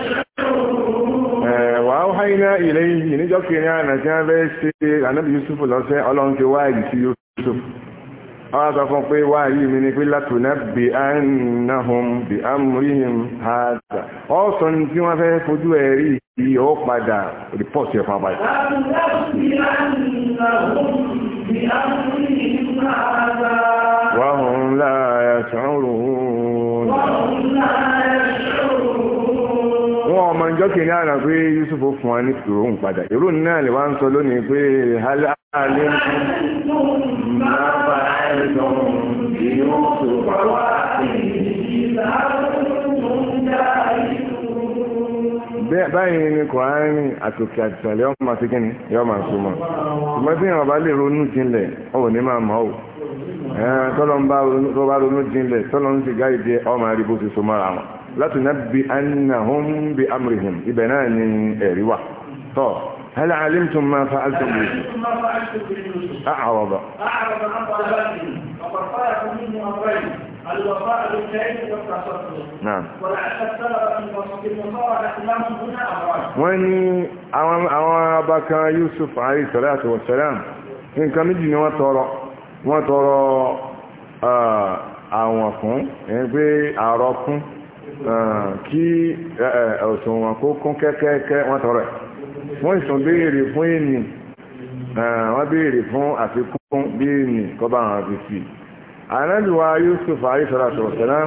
يشعرون وأوحينا إليه نجوكي أنا جابت النبي يوسف لọ́sẹ̀ ọlọ́run ti wáyé sí Yusuf wọ́n sọ fún pé wáyé mi ni pé látùnábì ánàhùn bí amúríhìn hàtà ọ́sọ̀ tí wọ́n fẹ́ fojú ẹ̀rí yìí ó padà rìpọ́ọ̀tì ẹ̀fọn padà látùnábì ánàhùn وهم لا يشعرون ọmọ ìjọ kìíní àrà pé Yusuf fún wa ní ìrò ń padà ìrò náà lè wá ń sọ lónìí pé aláàlẹ́ máa bá ẹ̀sọ̀ ìrò báyìí ni a àtòkè àtìsàlẹ̀ ọmọ àti kíni yọ máa so ṣùgbọ́n tí lè ronú jinlẹ̀ ọ ò ní máa mọ̀ ọ́ tọ́lọ́ ń bá ronú jinlẹ̀ tọ́lọ́ ń ọ máa rí bó ti so mọ́ra wọn láti náà bí annahum bí amrihim ibẹ̀ náà ni ẹ̀rí wà tọ́ هل علمتم ما فعلتم به الوفاء بالكيد والتصدق نعم ولعل السبب في المصارعة لهم هنا أمران وإني أوان أباكا يوسف عليه الصلاة والسلام إن كان يجي wọ́n tọrọ àwọn fún ẹni pé àrọ fún kí ọ̀sùn wọn kó kún kẹ́kẹ́kẹ́ wọ́n tọrọ ẹ̀ ìsùn béèrè fún ènì wọ́n béèrè fún àfikún bí ènì kọ́ àwọn àfikún ànábìwá Yusuf àríṣọ́láṣọ ọ̀sẹ̀lá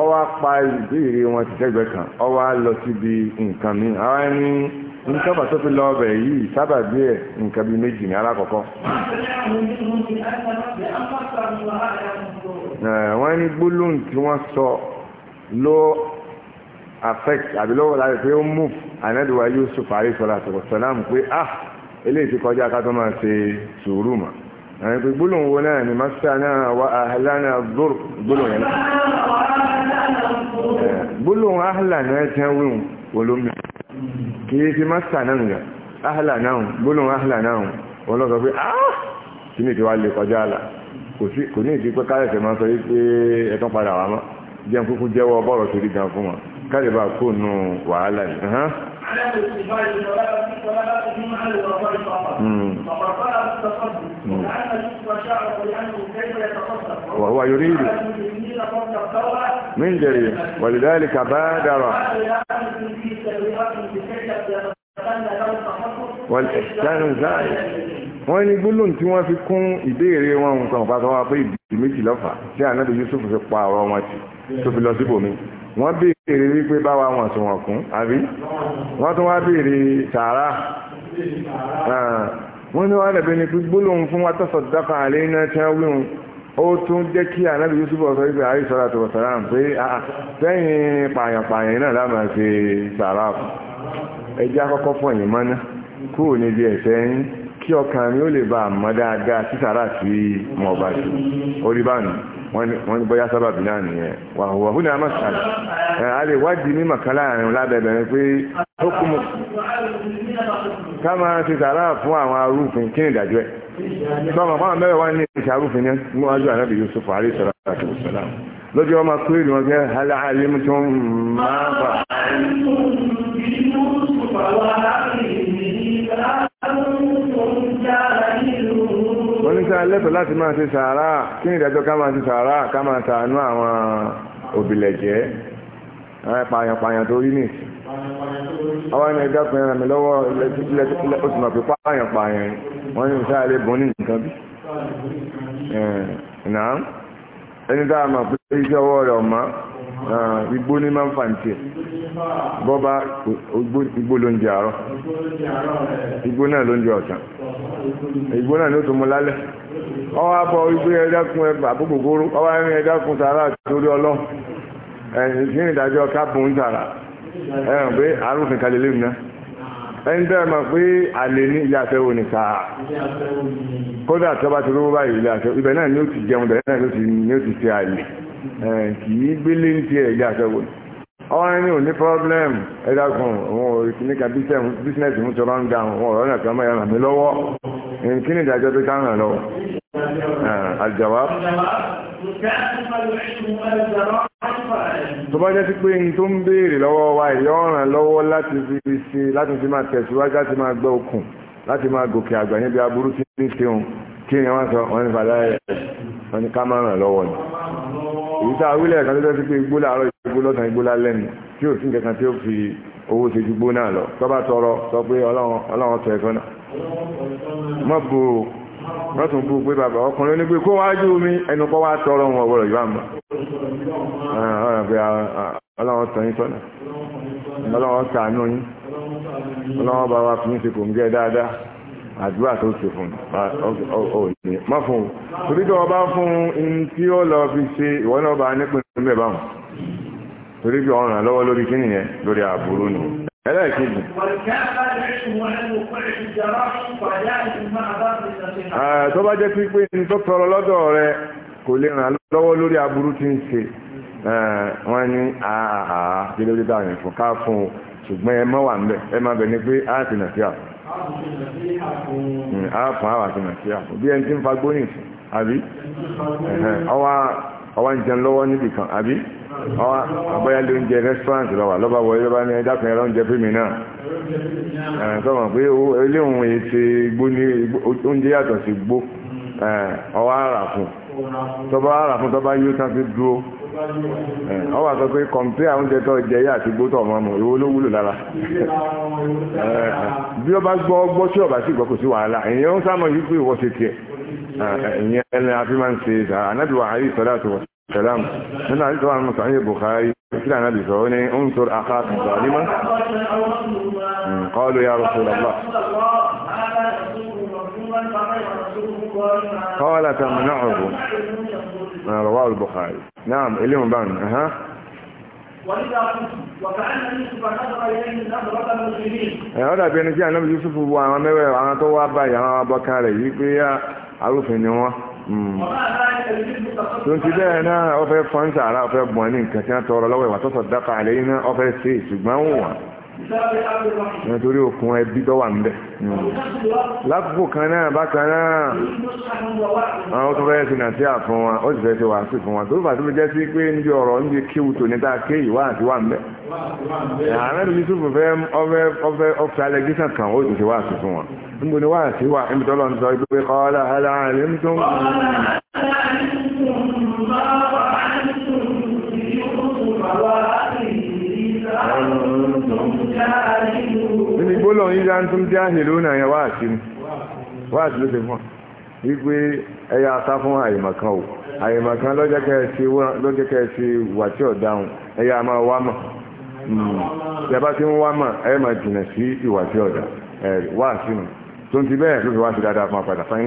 ọwá pa ìbéèrè wọn ti tẹ́gbẹ́ kan ọwá lọ síbi nǹkan mi ara ní nǹkan bàtó fi lọ ọbẹ̀ yìí sábà bí ẹ̀ nǹkan bíi méjì ní alákọ̀ọ́kọ́. wọ́n ní gbólóhùn tí wọ́n sọ ló affect àbí lọ́wọ́ láti pé ó move ànábìwá Yusuf àríṣọ́láṣọ ọ̀sẹ̀lá pé ah eléyìí ti kọjá ká tó máa ṣe sùúrù mọ́ àwọn ìpè gbólóhùn wo náà ni masana wa ahlana dhur gbólóhùn yẹn gbólóhùn ahlana ẹ̀tẹ́ wíhùn olómi kìí ti masana nìyà ahlana gbólóhùn ahlana wọn lọ sọ pé ah kí ni ìtiwá lè kọjá àlà kò ní ìdí pé káyọ̀sẹ̀ máa sọ yí pé ẹ̀tọ́ padà wà mọ́ jẹun kúkú jẹ́wọ́ bọ́ọ̀rọ̀ torí gan fún wọn káyọ̀ bá kó wàhálà yìí علامة اتباع الصلاة في صلاة في محل الرفاع فقط فقد طلب التقدم وكأن شكر شعره لأنه كيف يتصدق وهو يريد من جريء ولذلك بادر والإحسان زائد wọ́n ní gbólóhùn tí wọ́n fi kún ìbéèrè wọn nǹkan pàtàkì wá pé ìdí méjì lọ́fà tí ànábì Yusuf fi pa ọ̀rọ̀ wọn tì tó fi lọ síbòmíì wọ́n béèrè wípé báwa wọn tí wọ́n kún àbí wọ́n tún wá béèrè tààrà wọ́n ní wọ́n lẹ̀bẹ̀ ni pé gbólóhùn fún wa tọ́sọ̀ dáfà àlẹ́ iná tí wọ́n wíhun ó tún jẹ́ kí ànábì yusuf ọ̀sọ̀ wípé àyè sọ́ra tó sọ́ra ń pé sẹ́yìn pààyàn-pààyàn náà lámà ṣe tààrà ẹjẹ́ akọ́kọ́ fún ẹ̀yìn mọ́ná kúrò níbi ẹ̀ṣẹ̀ yín kí ọkàn mi ó lè bá àmọ́ dáadáa sí tààrà sí mọ̀ sí orí báyìí wọ́n ní bọ́yá sábàbí náà nìyẹn wà wà húnà amásàlẹ̀ ẹ̀ a lè wádìí ní màkálà àrùn lábẹ́bẹ̀rẹ̀ pé ó kú mu ká máa ṣe sàrà fún àwọn arúfin kí ni ìdájọ́ ẹ̀ sọmọ fáwọn mẹ́rẹ̀ wá ní ìṣe arúfin ní níwájú ànábì Yusuf àrí sọ̀rọ̀ àti òṣèlú lójú ọmọ kúrò ní wọn fẹ́ hàlẹ́ àlẹ́ mú tó ń máa bà á náà lẹ́tọ̀ọ́ láti máa ṣe sàárà kí ni ìdájọ́ ká máa ṣe sàárà ká máa ṣàánú àwọn òbílẹ̀jẹ́ àwọn ìpààyàn tó rí nìsí àwọn ẹni ẹgbẹ́ pẹ̀lú ẹ̀rọ mi lọ́wọ́ oṣù mọ̀ pé pààyàn wọ́n ní ìṣáà lè bọ́ ní nǹkan bí. ẹni dáa mọ̀ pé iṣẹ́ ọwọ́ rẹ̀ ọ̀mọ́ igbó ní máa ń fà ń tiẹ̀ bọ́bá igbó ló ń jẹ àárọ̀ igbó náà ló ń jẹ ọ̀sán igbó náà ló tó mu lálẹ́ ọwọ́ abọ́ igbó ẹ̀dá kun ẹgbà àbúgbòkóró ọwọ́ sàrà torí ọlọ́run ẹ̀yìn ẹni tẹ́ mọ̀ pé àlè ní ilé àfẹ́wò ní sáà kódà tó bá ti rówó báyìí ilé àfẹ́wò ibẹ̀ náà ni ó ti jẹun ibẹ̀ náà ni ó ti ṣe àlè kì í gbélé ní tiẹ̀ ilé àfẹ́wò ní ọwọ́n ní òní problem ẹ̀dá kan òun ò ní ka bísínẹ́sì mú tọ́lá ń ga òun ọ̀rọ̀ náà kan mọ́ ẹ̀ràn mi lọ́wọ́ kí ni ìdájọ́ tó kárùn-ún lọ àjàwá tó bá jẹ́ sí pé ní tó ń béèrè lọ́wọ́ wa ìyọ́ràn lọ́wọ́ láti fi ṣe láti fi máa tẹ̀síwájú láti máa gbọ́ okùn láti máa gòkè àgbà níbi aburú tí ń kí ni wọ́n sọ wọ́n ní fàdá ẹ̀ wọ́n ní kámẹ́rà lọ́wọ́ ni èyí tá a wílẹ̀ kan tó tẹ́ sí pé igbó làárọ̀ igbó lọ́sàn igbó lálẹ́ ni tí ò sí nǹkan tí ó fi owó ṣe ju gbó náà lọ tó bá tọrọ sọ pé ọlọ́run tọ ẹ̀kọ́ náà mọ́ bò ó wọ́n tún bú pé bàbá ọkùnrin onígbé kó wájú mi ẹnu kọ́ wá tọrọ wọn ọ̀wọ́rọ̀ yóò àmà ọ̀rọ̀ pé ah, ah, ọlọ́run tọ́ yín sọ́nà ọlọ́run tàánú yín ọlọ́run bá wa fún ṣe kò ń gẹ́ dáadáa àdúrà tó ṣe fún òní má fún ọba fún in tí ó lọ fi ṣe ìwọ náà bá nípìn níbẹ̀ báwọn torí bí lọ́wọ́ lórí kí nìyẹn lórí àbúrú nù ẹlẹ́ẹ̀kejì tó bá jẹ́ pípé ní tó tọrọ lọ́dọ̀ rẹ kò lè ràn lọ́wọ́ lórí tí ń ṣe wọ́n ní àhàhà kí ló dé dáhùn fún ṣùgbọ́n ẹ mọ́ wà ń bẹ̀ ẹ má bẹ̀ pé á ti ààfún àwọn àti nàìjíríà fún bí ẹni tí ń fa gbóyìn fún àbí ọwá ń jẹun lọ́wọ́ kan Abi? ọwá àbáyá ló ń jẹ rẹ́sítọ́rántì lọ́wà lọ́ba wọlé lọ́ba ní ẹja kan ẹ̀rọ ń jẹ fíìmì náà sọmọ pé eléhùn èsè igbó ní oúnjẹ yàtọ̀ sí gbó ọwá àràfún tọba àràfún tọba yóò tán fi dúró ọ wà sọ pé kọ̀mpíà oúnjẹ tó jẹ yá àti gbótọ̀ ọmọ ọmọ ìwọ ló wúlò lára bí ọba gbọ́ gbọ́ sí ọba sí gbọ́ wàhálà ń yìí pé ìwọ ṣe tiẹ̀ ìyẹn ẹni àfi máa ń ṣe anábì wà áyì nínú kí ní ń tàmínà ọ̀gbọ̀n رواه البخاري نعم اللي من بان اها وإذا قلت وكأن يوسف نظر إليه نظرة المسلمين. هذا بين جاء النبي يوسف وأنا مبا أنا تو أبا يا أبا كاري يبيا ألوف نوا. tonti bẹ́ẹ̀ náà ọ fẹ́ fọ́nṣà ara ọ fẹ́ bọ̀ ní nǹkan tí wọ́n tọrọ lọ́wọ́ ìwà tó sọ̀dáka àlẹ́ yìí náà ọ fẹ́ ṣe ṣùgbọ́n wọ́n nítorí òkun ẹbí tó wà ń bẹ̀. lákòókò kan náà bákan náà àwọn tó fẹ́ẹ́ sin àti àfún wa ó sì fẹ́ẹ́ ṣe wàá sí fún wa tó bá tó fi jẹ́ sí pé níbi ọ̀rọ̀ níbi kéwù tó níta ké ìwà àti wà ń bẹ̀. ààrẹ mi tún fẹ́ ọfẹ́ ọfẹ́ ọfẹ́ alẹ́gísàn kan ó sì ṣe wàá sí fún wa. níbo ni wàá sí wa níbi tọ́lọ́ ń sọ pé kọ́ ọ́ gbólọ̀ yíya ń tún jẹ́ àhìlú yẹn wá àti mú wá àti ló ti fún wípé ẹyà asá fún àyèmọ̀kan o àyèmọ̀kan lọ́jẹ́ kẹ́ wà tí ọ̀ dáhùn ẹyà máa wá mọ̀ yàbá hmm. tí ń wá mọ̀ máa jìnà sí ìwà tí ọ̀dà wá àti mú tó ń ti bẹ́ẹ̀ ló fi wá sí dáadáa fún apàdà hmm.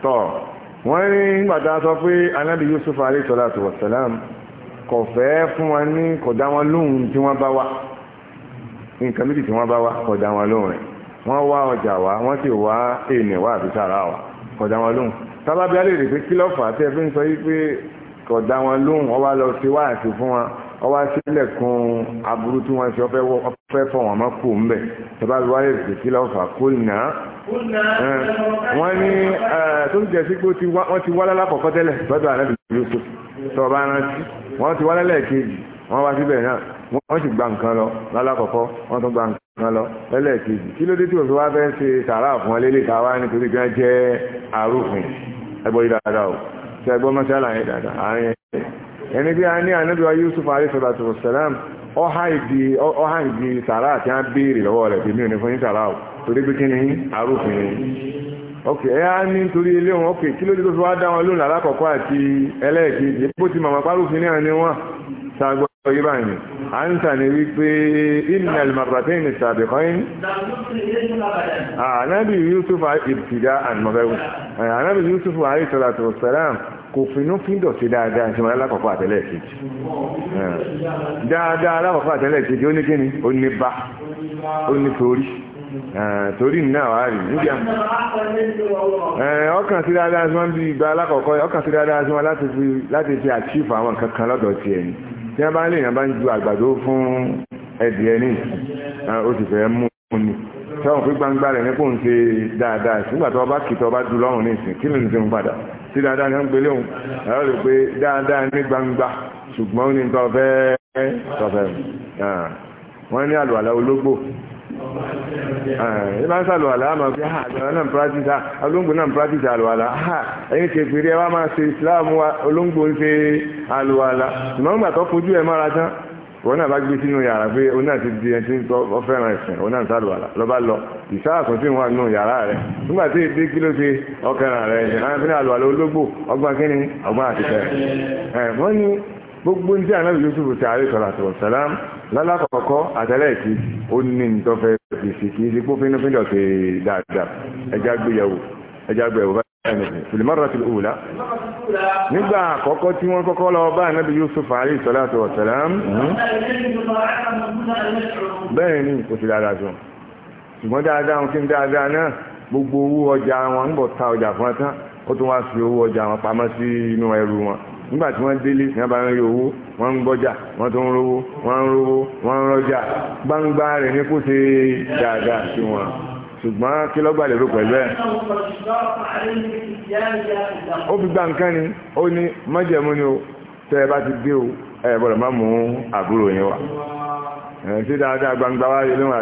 tọ́ kò fẹ́ fún wa ní kò dá wọn lóhùn tí wọ́n bá wá nǹkan méjì tí wọ́n bá wá kò dá wọn lóhùn rẹ̀ wọ́n wá ọjà wá wọ́n sì wá èèyàn wá àti sára wa kò dá wọn lóhùn tábàbí alẹ́ rè pé kí ló fà á tẹ́ fi ń sọ yí pé kò wọn lóhùn ọwá lọ sí wá àti fún wa ọwá sílẹ̀ kún aburú tí wọ́n ṣe ọfẹ́ fọ̀ wọ́n má kú ń bẹ̀ tábàbí wá lè rè kí ló fà á. wọ́n tó bá rántí wọ́n ti wá lẹ́lẹ́kejì wọ́n wá síbẹ̀ náà wọ́n sì gba nǹkan lọ lálàkọ̀kọ́ wọ́n tún gba nǹkan lọ lẹ́lẹ́kejì kí ló dé tí òṣùwà fẹ́ ṣe sàrà fún ẹlẹ́lẹ́ ká wá nítorí gan jẹ́ arúfin ẹgbọ́ yìí dáadáa o ṣe ẹgbọ́ mọ́ṣálà yẹn dáadáa àárín ẹni bí a ní ànábì wa Yusuf alayhisalatu wasalam ọha ìdí sàrà àti á béèrè lọ́wọ́ rẹ̀ bí mi ò ní fún yín sàrà o torí pé kí ni arúfin ni ok ẹ á ní nítorí ilé wọn ok kí ló dé tó fi wá dá wọn lónìí alákọ̀ọ́kọ́ àti ẹlẹ́ẹ̀kejì bó ti màmá párùfin náà ni wọ́n ṣàgbọ́ yìí báyìí à ń tà ní wípé ìnà ìmọ̀tàtẹ́ ní sàbẹ̀kọ́yìn ànábì Yusuf ìbtìdá ànàbẹ̀wò ànábì Yusuf alayhi salatu wassalam kò finú fíndọ̀ sí dáadáa ṣe wọ́n alákọ̀ọ́kọ́ àtẹ́lẹ̀ kejì dáadáa alákọ̀ọ́kọ́ àtẹ́lẹ̀ kejì ó ní kíni ó ní bá ó ní torí Ah, torí náà wà rí níbi eh, ọkàn sí dáadáa sí wọn bí ìgbà alákọ̀ọ́kọ́ ọkàn sí dáadáa sí wọn láti fi àchífù àwọn kankan lọ́dọ̀ tiẹ̀ ni tí wọ́n bá ń lè yàn bá ń ju àgbàdo fún ẹ̀dìẹ ní ah, ó sì fẹ́ mú un ni sọ́wọ́n pé gbangba rẹ̀ ní kò ń ṣe dáadáa nígbà tó bá kìtọ́ bá dùn lọ́rùn ní ìsìn kí ló ń ṣe ń padà sí dáadáa ní wọ́n gbélé òun ẹ̀rọ rẹ̀ pé dáadáa ní gbangba ṣùgbọ́n ní tọ́fẹ́ tọ́fẹ́ ah, wọ́n ní àlùwàlá ológbò ẹ máa ń sàlù àlá àmà pé àlùwàlá náà ń practice à olóńgbò náà ń practice àlùwàlá ẹ̀yin kẹfìrí ẹ wá máa ṣe Islam wa olóńgbò ń ṣe àlùwàlá ṣùgbọ́n gbà tó fojú ẹ mára tán wọn náà bá gbé sínú yàrá pé òun di ẹni tí ń tọ́ ọ̀fẹ́ràn na òun náà ń lọ nù yàrá nígbà tí èdè kí ló ṣe ọkàn àwọn gbogbo ní ànábì Yusuf ti àárẹ̀ sọ̀rọ̀ àtọ̀rọ̀ sàlám lálàkọ̀ọ́kọ́ àtẹ́lẹ́ẹ̀kì ó ní nítọ́fẹ́ fèsì kì í ṣe kó fínúfínú ọ̀sẹ̀ dáadáa ẹja gbéyàwó ẹja gbéyàwó báyìí fìlìmọ́rọ̀ ti òwúlá nígbà àkọ́kọ́ tí wọ́n kọ́kọ́ lọ bá ànábì Yusuf àárẹ̀ sọ̀rọ̀ àtọ̀rọ̀ bẹ́ẹ̀ ni kò sí dáadáa sọ ṣùgbọ́n dáadáa wọn kí ń dáadáa náà gbogbo owó ọjà wọn ń bọ̀ ta ọjà fún ẹ tán ó tún wá fi owó ọjà wọn pamọ́ sí inú ẹrù wọn nígbà tí wọ́n délé ní abàrán yóò owó wọ́n ń gbọ́jà wọ́n tó ń rówó wọ́n ń rówó wọ́n ń rọ́jà gbangba rẹ̀ ní kó ṣe dáadáa sí wọn ṣùgbọ́n kí lọ́gbà lérò pẹ̀lú ẹ̀. ó fi gba nǹkan ni ó ní májẹ̀mú ni o tẹ́ ẹ bá ti dé o ẹ gbọ́dọ̀ má mú àbúrò yín wá. ṣé dáadáa gbangba wá lé níwọ̀n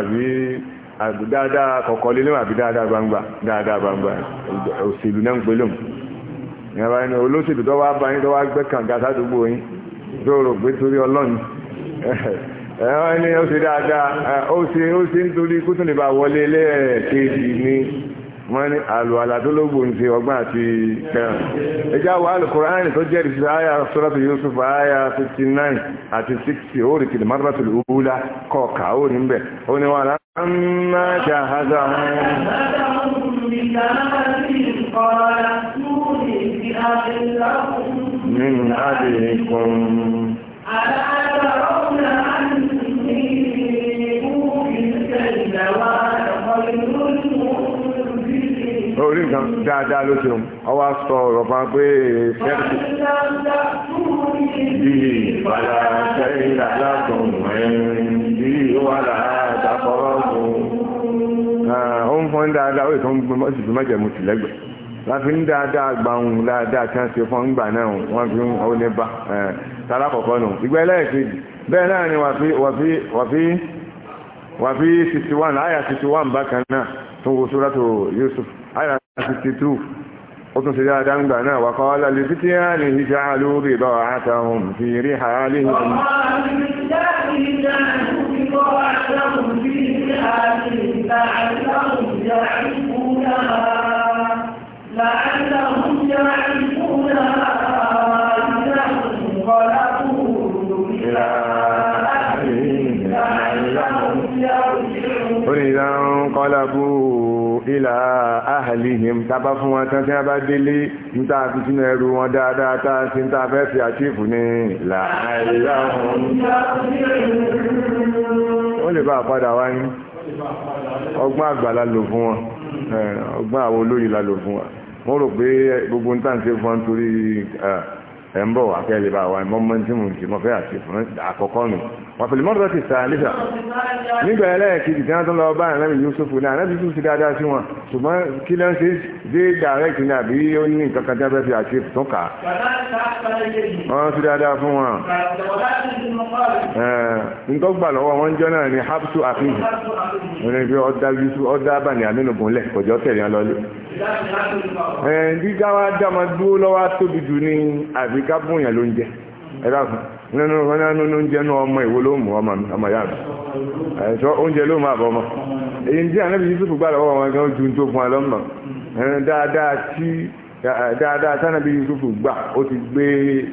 àbí dáadáa kọ̀ọ̀kan lé níwọ̀n àbí dáadáa gbangba dáadáa gbangba òṣèlú náà ń pelé mu ìyàbá ẹni olóṣèlú tó wá bá yín tó wá gbẹ́ kàǹgà sádùúgbò yín tó rò pé torí ọlọ́run ẹ̀wọ́n ní ó ṣe dáadáa ó ṣe ó ṣe nítorí kó tún lè bá wọlé lẹ́ẹ̀kejì ni wọ́n ní àlùhàlà tó lógbò ń ṣe ọgbọ́n àti kẹrin ẹjá wà alùkùránì tó jẹ́rìí sí àyà sọ́rọ́tù Yusuf àyà 59 àti 60 ó rí kìlì márùbátù lùhúlá kọ̀ọ̀kà ó rí ń bẹ̀ ó ní wọn lámà jahaza a ائتوني بأب من أبيكم ألا ترون orí nǹkan dáadáa ló ṣeun ọwọ́ sọ ọ̀rọ̀ kan pé fẹ́ẹ̀sì. bí ìfàlà sẹ́yìn lálákùn ẹ̀rín bí wàhálà àtàkọ́rọ́ ọ̀hún. ó ń fọ́n dáadáa ó sì tún gbé mọ́jẹ̀mú sí lẹ́gbẹ̀ẹ́. láfi ń dáadáa gba dáadáa tí wọ́n ṣe fún ìgbà náà wọ́n fi ń ó ní tara kọ̀kọ́ nù ìgbà ẹlẹ́ẹ̀kejì bẹ́ẹ̀ náà ni wà fi àyà bákan náà tó wo Yusuf àyà ó tún ṣe dáadáa ń gbà náà wà kọ́ lálẹ́ títí á ní lórí fi rí ha ní ọmọ لعلهم يعرفون إذا انقلبوا إلى أهلهم لعلهم يرجعون قل إذا انقلبوا إلى أهلهم tábá fún wọn tán tí a bá délé ń tàà fi sínú ẹrù wọn dáadáa táà sí tàà fẹ́ fi àtífù ní làálàáhùn ó lè bá àpadà wáyé ọgbọ́n àgbàlá lò fún wọn Eh, ọgbọ́n àwọn olóyè la lò fún wa mo rò pé gbogbo nǹkan ṣe fún wa nítorí eh, ẹ̀ ń bọ̀ wá fẹ́ lè bá wa mọ́ mọ́ tí mo ṣe mo fẹ́ àti fún àkọ́kọ́ nù wà pẹ̀lú mọ́tò ti sàn níta nígbà ẹlẹ́ẹ̀kejì tí wọ́n tún lọ bá ànábì Yusuf náà ànábì Yusuf dáadáa sí wọn ṣùgbọ́n kí ló ṣe dé direct ní àbí ó ní nǹkan kan jábẹ́ fi àti tún kà wọ́n ti dáadáa fún wọn nǹkan gbà lọ́wọ́ wọn jọ náà ní hapsu àfihàn wọn ni àmínú gúnlẹ̀ kọjọ́ tẹ̀lé wọn dáma dúró lọ́wọ́ tóbi jù ní fún nínú oúnjẹ náà ọmọ ìwó ló mú ọmọ yàrá èyí tí ànábì Yusuf gbà lọ́wọ́ wọn gan ju tó fún alọ́mọ dáadáa tí dáadáa tánàbí Yusuf gbà ó ti gbé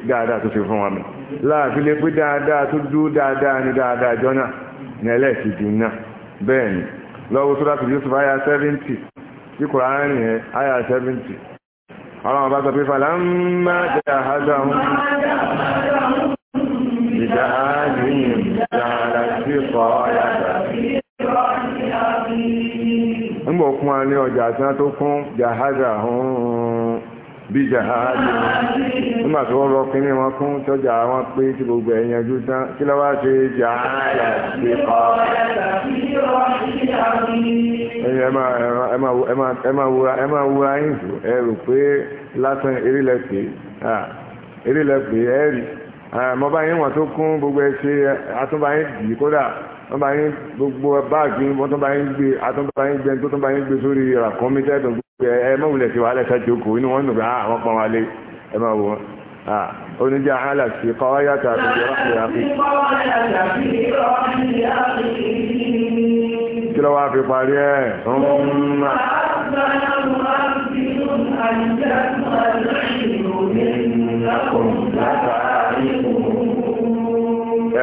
dáadáa tó ṣe fún wọn mi láàfin lè pé dáadáa tó dúró dáadáa ní dáadáa jọ́nà ní ẹlẹ́ẹ̀kejì náà bẹ́ẹ̀ ni lọ́wọ́ tó láti Yusuf àyà 70 tí Kùránì yẹn àyà 70 ọlọ́run bá sọ pé falamma jahazahum ìdáhàjì ìdáhàjì sọ́ọ̀yà fún wa ní ọjà tí wọ́n tó fún jahaza hàn bí jahaza nígbà tí ní wọn fún tọ́jà wọn gbogbo ẹ̀yàn tán kí lọ́wọ́ ṣe jahaza kọ́ máa wúra yín jù ẹ rò pé lásán wọ́n tó kún gbogbo ẹ̀ ṣe àtúnbáyín kódà wọ́n bá yín gbogbo báàgì wọ́n tó bá yín gbé atọ́nbá yín gbé tó tó bá yín gbé sórí ràkọ́mí tẹ́tọ̀ ẹ mọ̀wulẹ̀ sí wàhálà ṣáàtì òkò inú wọn nùgbà àwọn ah, pọn wálé ẹ máa wò wọn. Ah, oníjà hàlà sí kọ́wá yàtọ̀ àtúntò rọ́ọ̀kì àfi. kí ló wá fi parí ẹ̀.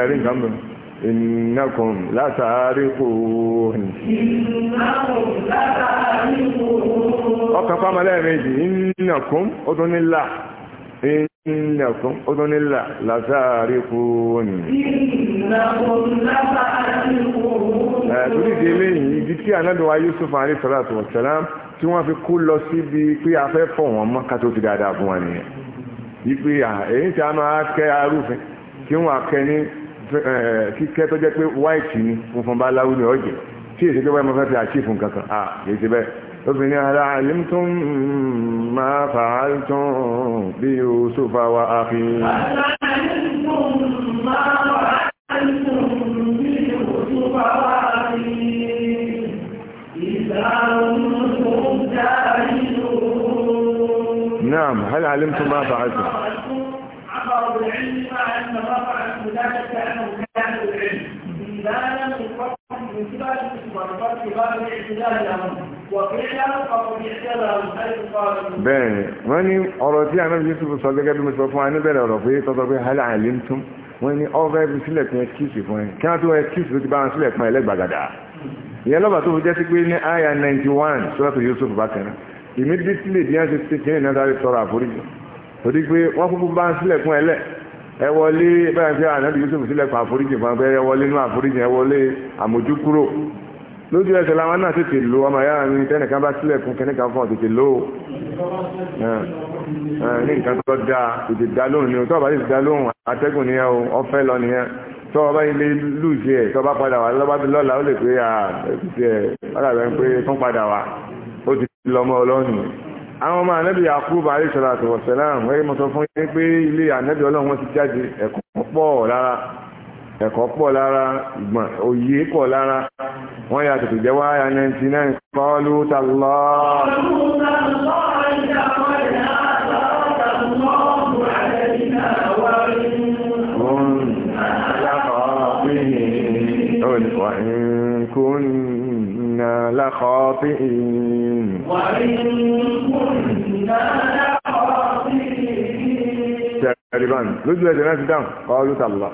ẹ̀rí nǹkan mìíràn. إنكم لتارقون ọkàn fáwọn ẹlẹ́ẹ̀mejì ìnàkún ọdúnnílà ìnàkún ọdúnnílà látàrí kúròní ẹ̀ẹ́dúrí di eléyìí ibi tí ànádọ́wà Yusuf alayhi salatu wa salam tí wọ́n fi kú lọ síbi pé a fẹ́ fọ̀ wọ́n mọ́ kátó fi dáadáa fún wọn nìyẹn wípé èyí tí a máa kẹ́ arúfin tí wọ́n á kẹ́ ní kíkẹ́ tó jẹ́ pé white ni funfun bá láwùjọ ọ̀jẹ̀ tí èsì pé wọ́n fẹ́ fi àṣìfù kankan à kìí ṣe bẹ́ẹ̀ obìnrin ara alimtum ma fa'altum bí Yusufa wa akhi. نعم هل علمتم ما فعلتم أخبر بالعلم مع أن رفع المدافع كأنه كان بالعلم إذا لم يفرق من كبار الكبار كبار الاعتدال لهم bẹ́ẹ̀ni wọ́n ní ọ̀rọ̀ tí ànábì yusuf sọ gẹ́gẹ́ bí mo sọ fún wa níbẹ̀rẹ̀ ọ̀rọ̀ pé tọ́tọ́ pé hal alimtum wọ́n ní ọ̀fẹ́ ibi sílẹ̀ fún ẹkíìsì fún ẹ kí wọ́n tó ẹkíìsì tó ti bá wọn sílẹ̀ fún ẹlẹ́gbàgàdà ìyẹn lọ́ba tó fi jẹ́ sí pé ní aya ninety one sọ́dọ̀ yusuf bákan náà immediately bí wọ́n ti ti kí ní náà sáré tọrọ àforíjì torí pé wọ́n kúkú bá ń sílẹ̀kùn ẹlẹ́ ẹ wọlé bẹ́ẹ̀ fi ànábì Yusuf sílẹ̀kùn àforíjì fún abẹ́rẹ́ wọlé inú àforíjì ẹ wọlé àmójúkúrò lójú ẹsẹ̀ làwọn náà tètè lo ọmọ ìyá mi tẹ́nìkan bá sílẹ̀kùn kẹ́nìkan fún ọ tètè lo ní nǹkan tó dáa tètè dá lóhùn ni tó o bá tètè dá lóhùn atẹ́gùn nìyẹn o ọ̀fẹ́ lọ nìyẹn tó bá ilé lùsì ẹ̀ tó padà wá lọ́ba bí lọ́la ó lè pé à ẹ̀ ẹ̀ padà rẹ̀ pé kán padà wá ó ti lọ́mọ ọlọ́run àwọn ọmọ ànábì Yakubu alayhi salatu wa salam wẹ́rẹ́ mọ́ sọ fún yín pé ilé ànábì ọlọ́run wọn ti jáde ẹ̀kọ́ pọ̀ lára ẹ̀kọ́ pọ̀ lára ìgbọ̀n òye pọ̀ lára wọ́n yà tètè jẹ́ wáyà 99 qalu tallahi. وإن كنا لخاطئين وإن غائبا لجوا جنات دم قالوا تالله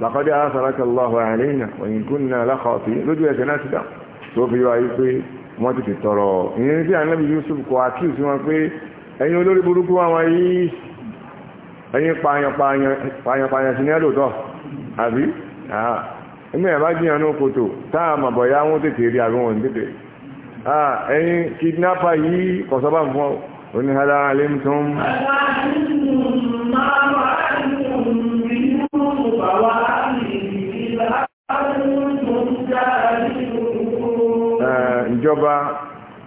لقد آثرك الله علينا وإن كنا لخاطئين لجوا جنات دم سوف يعيقي wọ́n ti ti tọrọ ìyẹn tí ànábì Yusuf kọ àkíyèsí wọn pé ẹ̀yin olórí burúkú àwọn yìí ẹ̀yin pààyàn sí ní ẹ̀lòtọ́ àbí ẹ̀mí ẹ̀bá jìyàn ní okòtò táà mà bọ̀yá wọn tètè rí àbí wọn tètè ẹ̀yin kidnapper yìí kọ̀sọ́bà fún ọ oníhàlá alẹ́ mú tó ń Eh, ìjọba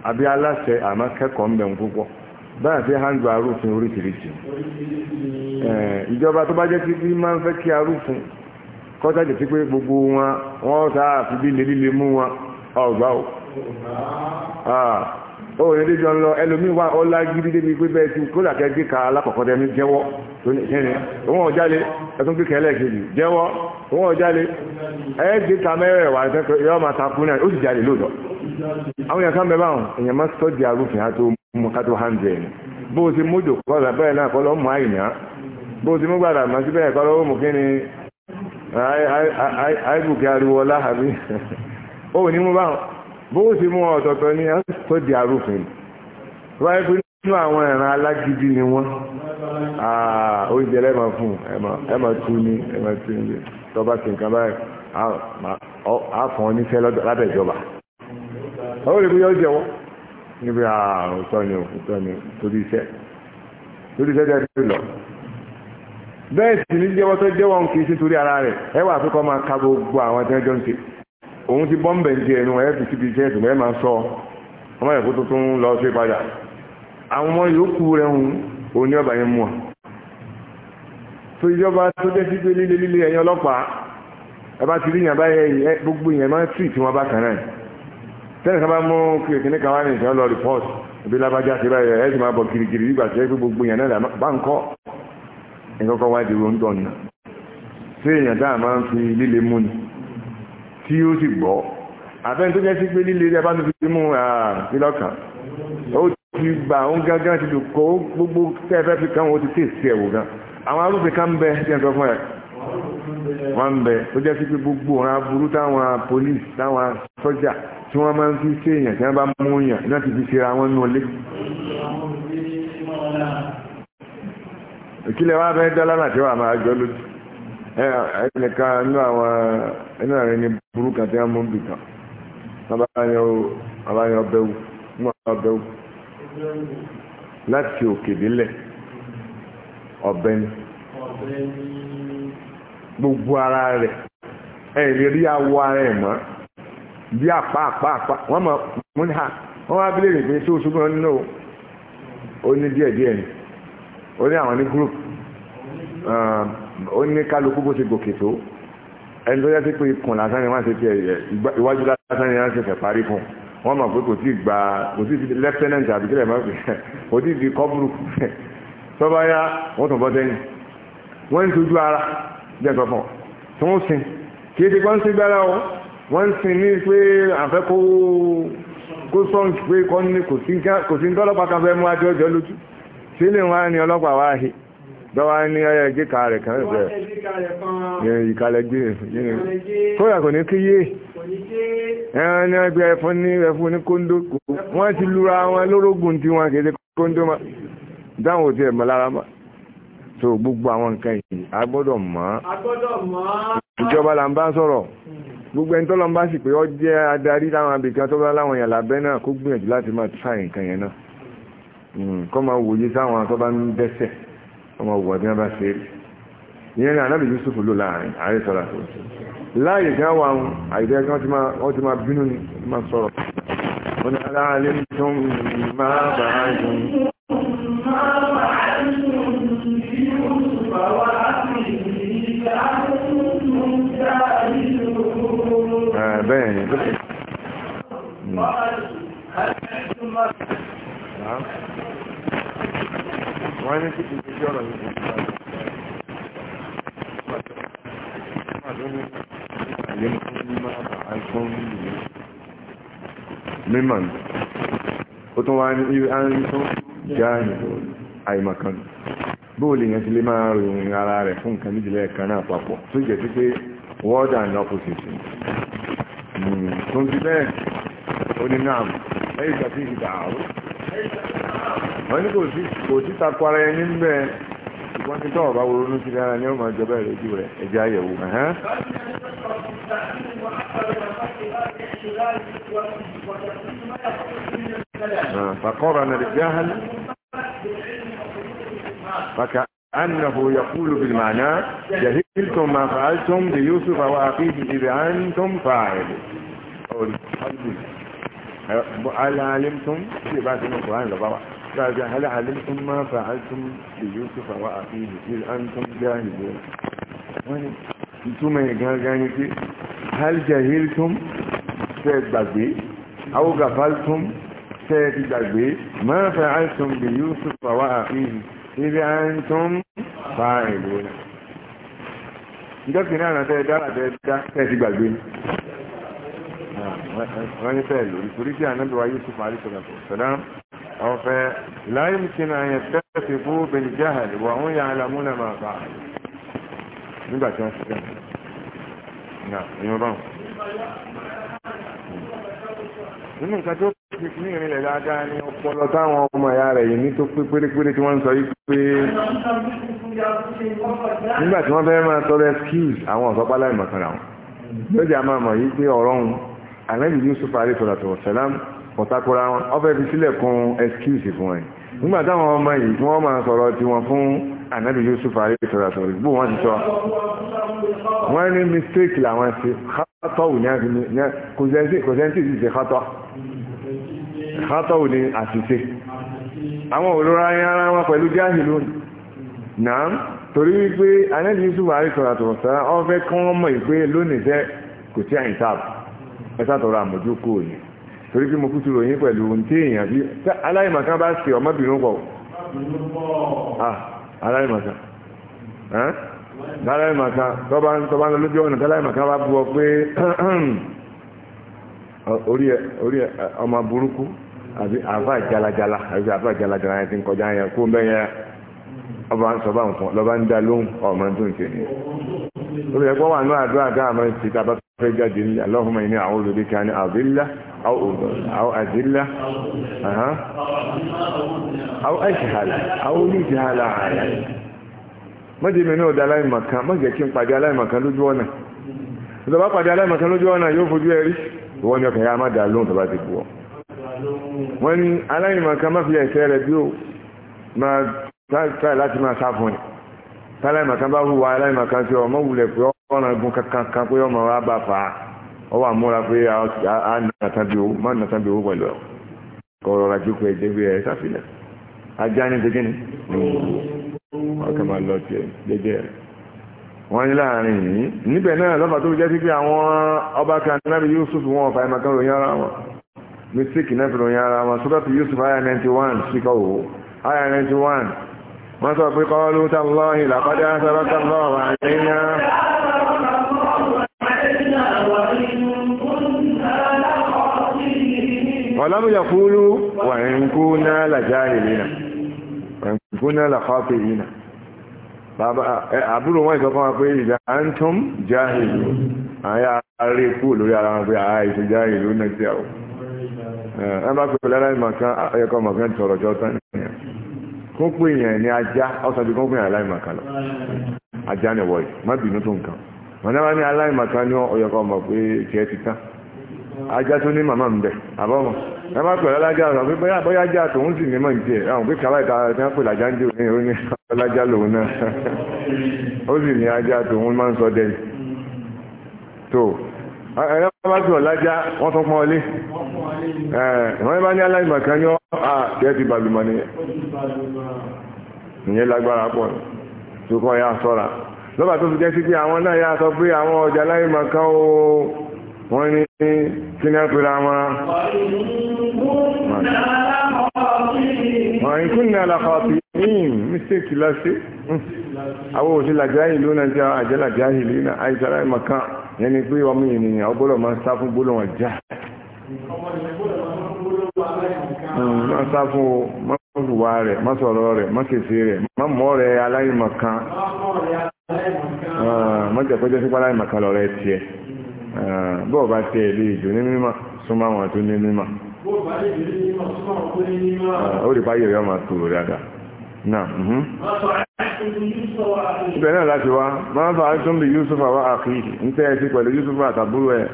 àbí aláṣẹ àmọ́ kẹ́kọ̀ọ́ ń púpọ̀ báyìí fi hàn gba arúfin oríṣiríṣi eh, ìjọba tó bá jẹ́ sí bí máa ń fẹ́ kí arúfin sí pé gbogbo wọn wọ́n sáà fi bí lè mú wọn ọgbà ò òòrùn ilé jọ ń lọ ẹlòmíì wà ó gidi débi pé bẹ́ẹ̀ ti kó làkẹ́ gbé ka alákọ̀ọ́kọ́ tẹ́mi jẹ́wọ́ tó ní kíni òun ọ̀jáde ẹtún gbé jẹ́wọ́ òun ọ̀jáde gbé ka mẹ́rẹ̀ wà yọ máa ta kú náà ó sì jáde lóòótọ́. àwọn báwọn èèyàn máa di arúfin àti kátó ni bó o ti mójò kọ́ bó ti mú ọ̀tọ̀ọ̀tọ̀ ní tó di arúfin wáyé pé nínú àwọn ẹ̀ràn alágídí ni wọ́n oúnjẹ lẹ́mọ̀ fún ẹ̀mọ̀ tú ní ẹ̀mọ̀ tú ní tọ́ba sí nǹkan báyìí á fún ọ níṣẹ́ lábẹ́ ìjọba ó rí bí yóò jẹ́wọ́ níbi ààrùn tọ́ni òkútọ́ni torí iṣẹ́ torí iṣẹ́ tẹ́lẹ̀ lọ bẹ́ẹ̀ sì ní jẹ́wọ́ tó jẹ́wọ́ kì í sí torí ara rẹ̀ ẹwà àfikọ́ máa ka gbogbo àwọn tẹ́jọ́ ń ṣe òun ti bọ́m̀bẹ̀ ti ẹnu ẹ̀ fi síbi iṣẹ́ ìtùmọ̀ ẹ̀ máa sọ ọmọ ẹ̀kọ́ tó tún lọ sí padà àwọn ọmọ yòókù rẹ̀ ń òní ọba yẹn mú ọ tó ìjọba tó jẹ́ sí pé líle líle ẹ̀yìn ọlọ́pàá ẹ bá ti rí yàn báyẹn gbogbo yẹn máa tì tí wọ́n bá kàn náà tẹ́lẹ̀ kan mú kìnìún kan wá ní lọ rìpọ́ọ̀tì ìbí lábájá ti báyẹ̀ ẹ̀ sì máa bọ̀ kìrìkìrì nígbà tí ẹgbẹ́ gbogbo yẹn náà bá ń kọ́ nǹkan kan wá di ronú tọ̀ nù sí dáa máa ń fi líle mú ni tí ó sì gbọ́ àfẹ́ni tó jẹ́ sí pé líle rẹ̀ bá ti fi mú ìlọ́kàn ó ti gbà òun gángan ti dùn kó gbogbo tẹ́ẹ̀fẹ́ fi kàn ó ti tèsí ẹ̀wò gan àwọn arúgbìn kan bẹ tí ẹ̀ sọ fún ẹ̀ wọ́n ń bẹ tó jẹ́ sí pé gbogbo àwọn aburú táwọn polisi táwọn sọ́jà tí wọ́n máa ń fi ṣe èèyàn tí wọ́n bá mú èèyàn náà ti fi ṣe ra wọn nú ilé. wa fẹ́ dọ́là náà tí wàá máa jọ lójú. ẹnìkan inú àwọn inú àrẹ ní burúkú àti àmú bìkan abáyọ bẹ̀wù mú láti òkè délẹ̀ ọ̀bẹ awọ ara ẹ̀ mọ́ bí wọ́n mọ̀ ha wọ́n wá bílẹ̀ tí ṣùgbọ́n nínú ó ní kálukú bó ṣe gòkè tó ẹni tó yẹ sí pé ikùn lásán ni wọ́n ṣe tiẹ̀ iwájú lásán ni wọ́n ṣe fẹ̀ parí fún wọ́n mọ̀ pé kò tí ì gba kò tí ì di lẹ́fẹ́nẹ̀ntì àbí kílẹ̀ mọ́ kò tí ì di kọ́bùrù tọ́ba yá wọ́n tún bọ́ sẹ́yìn wọ́n ń sojú ara jẹ́ sọ fún ọ tí kí ẹ ti kọ́ ń sin gbára o wọ́n ń sin ní pé àfẹ́ kó kó sọ́ọ̀n pé kọ́ ní kò sí ń tọ́lọ́pàá kan fẹ́ mú adé ọjọ́ lójú sílẹ̀ wọn á ọlọ́pàá wá he dọ́wà ní ọyọ ẹgbẹ́ ká rẹ̀ kan rẹ̀ ìkàlẹ̀ gbé kóyà kò ní kíyé ẹran ní ẹgbẹ́ ẹfún ní ẹfún ní kóńdó wọ́n ti lura wọn lórógùn tí wọ́n kéde kóńdó ma dáhùn òtí ẹ̀mọ́ lára ma so gbogbo àwọn nǹkan yìí a gbọ́dọ̀ mọ̀ ìjọba là ń bá sọ̀rọ̀ gbogbo ẹni tọ́lọ́ ń bá sì pé ó jẹ́ adarí láwọn abìkan tó bá láwọn èèyàn lábẹ́ náà kó gbìyànjú láti máa sáà nǹkan yẹn náà hmm, kọ́ máa wòye sáwọn tó bá ń dẹ́sẹ̀ ọmọ wọ̀ ní ọba ṣe rí ìyẹn ní anábì Yusuf ló láàrin ààrẹ sọ́ra tó ṣe láàyè tí wọ́n wà ń àìdẹ́ kí wọ́n ti máa bínú ní máa sọ̀rọ̀ wọn ni hmm wọ́n ní kí kìí ṣe ọ̀rọ̀ yìí kò tó mímọ̀ ní ó tún wá ní ibi àárín tó jáàyè àìmọ̀kan bóòlì yẹn ti lè máa ròyìn ara rẹ̀ fún nǹkan méjìlẹ̀ kan náà papọ̀ tó jẹ́ sí pé word and opposition tó ń ti bẹ́ẹ̀ ó ní náà lẹ́yìn ìgbà tí ìgbà àárọ̀ wọ́n ní kò sí takọ ara ẹni ń bẹ́ẹ̀ ṣùgbọ́n tí tọ́wọ̀ bá wo ronú sí dára ah, ní ọmọ ìjọba ìrẹ́jú rẹ̀ ẹ̀jẹ̀ àyẹ̀wò. فقرن الجهل فكأنه يقول بالمعنى جهلتم ما فعلتم ليوسف وأخيه إذ أنتم فاعلون ألا علمتم في بعض القرآن لبرا هل علمتم ما فعلتم بيوسف وأخيه إذ أنتم جاهلون أنتم يقال هل جهلتم سيد بابي أو غفلتم سيد بابي ما فعلتم بيوسف وأخيه إذ أنتم فاعلون ده فينا ده ده wọ́n ní fẹ́ lórí torí kí ànábì wa Yusuf alayhisalatu wasalam àwọn fẹ́ láyé mùsùlùmí àyẹ̀ tẹ́sí fún bẹ̀rẹ̀ jáhàlì wà ń yà á lámúnà máa bá a nígbà tí wọ́n ti dẹ́nu nà ìyẹn bá wọn. nínú nǹkan tó fi ní ìrìnlẹ̀ dáadáa ni ọpọlọ táwọn ọmọ ẹ̀yà rẹ̀ yìí ní tó pé pérépéré tí wọ́n ń sọ yìí pé nígbà tí wọ́n fẹ́ máa tọrọ excuse àwọn ọ̀sọ́pá láì mọ̀kànlá wọn lóde àmọ́ àmọ́ yìí pé ọ̀rọ̀ òun ànábì Yusuf alayhi salatu wa salam ọ̀takora wọn ọbẹ̀ fi sílẹ̀ kún excuse fún ẹ̀ nígbà táwọn ọmọ yìí tí wọ́n máa sọ̀rọ̀ tí wọ́n fún ànábì Yusuf alayhi salatu wa gbó wọ́n ti sọ wọ́n ní mistake làwọn ṣe kátọ́wù ní àfi ní kò sẹ́ńtì sì ṣe kátọ́ kátọ́wù ní àṣìṣe àwọn olóra ara wọn pẹ̀lú jáhìlú náà torí wípé ẹ̀sà tọrọ àmójú kò ní torí pé mo kútu ròyìn pẹ̀lú ohun tí èèyàn bí aláìmọ̀kan bá ṣe ọmọbìnrin pọ̀ ah, aláìmọ̀kan ń lọ lójú ọ̀nà aláìmọ̀kan bá bu ọ pé orí ọmọ burúkú àbí jalajala àbí jalajala ń kọjá yẹn kó ọba ń sọ bá ń fọ lọ́ba ń dá ọmọ tó ń lórí ẹgbọ́ wà ní àdúrà tá a máa ń ti tàbá fẹ́ jáde ní Allahumma inni a'udhu bika ní àdílá àwọn àdílá àwọn àìsìhàlà àwọn oníṣìhàlà ààrẹ mọ́jẹ́ mi ní ọ̀dà aláìmọ̀kan mọ́jẹ́ kí n pàdé aláìmọ̀kan lójú ọ̀nà ìjọba pàdé aláìmọ̀kan lójú ọ̀nà yóò fojú ẹrí ìwọ́n ni ọkàn yá má dà lóhùn tó bá ti bù ọ́ wọ́n ní aláìmọ̀kan má fi ẹ̀ṣẹ̀ rẹ̀ bí ó máa táláìmọ̀kan bá hùwà aláìmọ̀kan sí ọmọ wulẹ̀ pé ọ̀ràn gun kankan kan pé ọmọ wa bá fà ọ wà múra pé a nàtàn bí owó pẹ̀lú ẹ̀ kọ̀ọ̀rọ̀ rajú pé ẹjẹ́ bí ẹ sáfilẹ̀ ajá ní ti kíni ọkàn máa lọ tiẹ̀ jẹjẹ wọ́n ní láàrin yìí níbẹ̀ náà lọ́fà tó jẹ́ sí pé àwọn ọba kan nábì Yusuf wọn ọ̀fà ìmọ̀kan ròyìn ara wọn mistake náà وسوف قالوا تالله لقد اثرك الله علينا ولم يقولوا وان كنا لجاهلين وان كنا لخاطئين بابا اه، ابرو وين سوف قال اذا انتم جاهلون ايا قولوا يا رب يا اي جاهلون نسيا انا بقول لك ما كان يا كما كان ترجوتني kó pé èèyàn ní ajá ọ̀sán bí kó pé èèyàn aláìmọ̀kan lọ ajá ni wọ̀nyí má bínú tó nǹkan mọ̀nàmá ní aláìmọ̀kan ní ọ̀yọ̀kọ̀ mọ̀ pé tiẹ̀ ti tán ajá tó ní màmá ń bẹ̀ àbọ̀mọ̀ ẹ má pẹ̀lú alájà ọ̀sán pé bóyá bóyá ajá tòun sì ní mọ̀ ní tiẹ̀ àwọn pé kàwá ìta tí wọ́n pè lájá ń dé òní òní alájà lòun náà ó sì ní ajá tòun máa ń sọ dẹ́yìn tó ẹ̀rọ bá tí ọ̀lájá wọ́n tún pọ́n ọlé wọ́n bá ní aláìmọ̀kan ní ọ́pá jẹ́ ti bàlùmọ̀ ní ìyẹn lágbára pọ̀ tókọ́ ya sọ́ra lọ́bà tó fi jẹ́ sí pé àwọn náà yá sọ pé àwọn ọjà aláìmọ̀kan o wọ́n ní kí ní àpẹẹrẹ wọn wọ́n ń kún ní alákọ̀ọ́pì yìí mistake láṣẹ́ àwọn òṣèlú àjáyìí lónà jẹ́ àjẹ́lá àjáyìí lónà àìsàrá ìmọ̀kan yẹn ni pé ọmọ ènìyàn ọgbọ́dọ̀ máa sá fún gbólóhùn ọjà hmm, máa sá fún o máa wùwà rẹ̀ máa sọ̀rọ̀ rẹ̀ máa kèsì rẹ̀ máa mọ́ rẹ̀ aláìmọ̀kan ah, máa jẹ́ pẹ́jọ́ sí aláìmọ̀kan lọ́rẹ́ tiẹ̀ ah, bọ́ọ̀ bá tiẹ̀ lè jò ní mímọ̀ súnmọ́ àwọn tó ní mímọ̀ ah, ó rí báyìí rẹ̀ máa tòrò dáadáa ìbẹ̀rẹ̀ mhm. láti wá máa bá àìsùn bí Yusuf àwọn àkíyì ń tẹ́ ẹ̀sí pẹ̀lú Yusuf àtàbúrò ẹ̀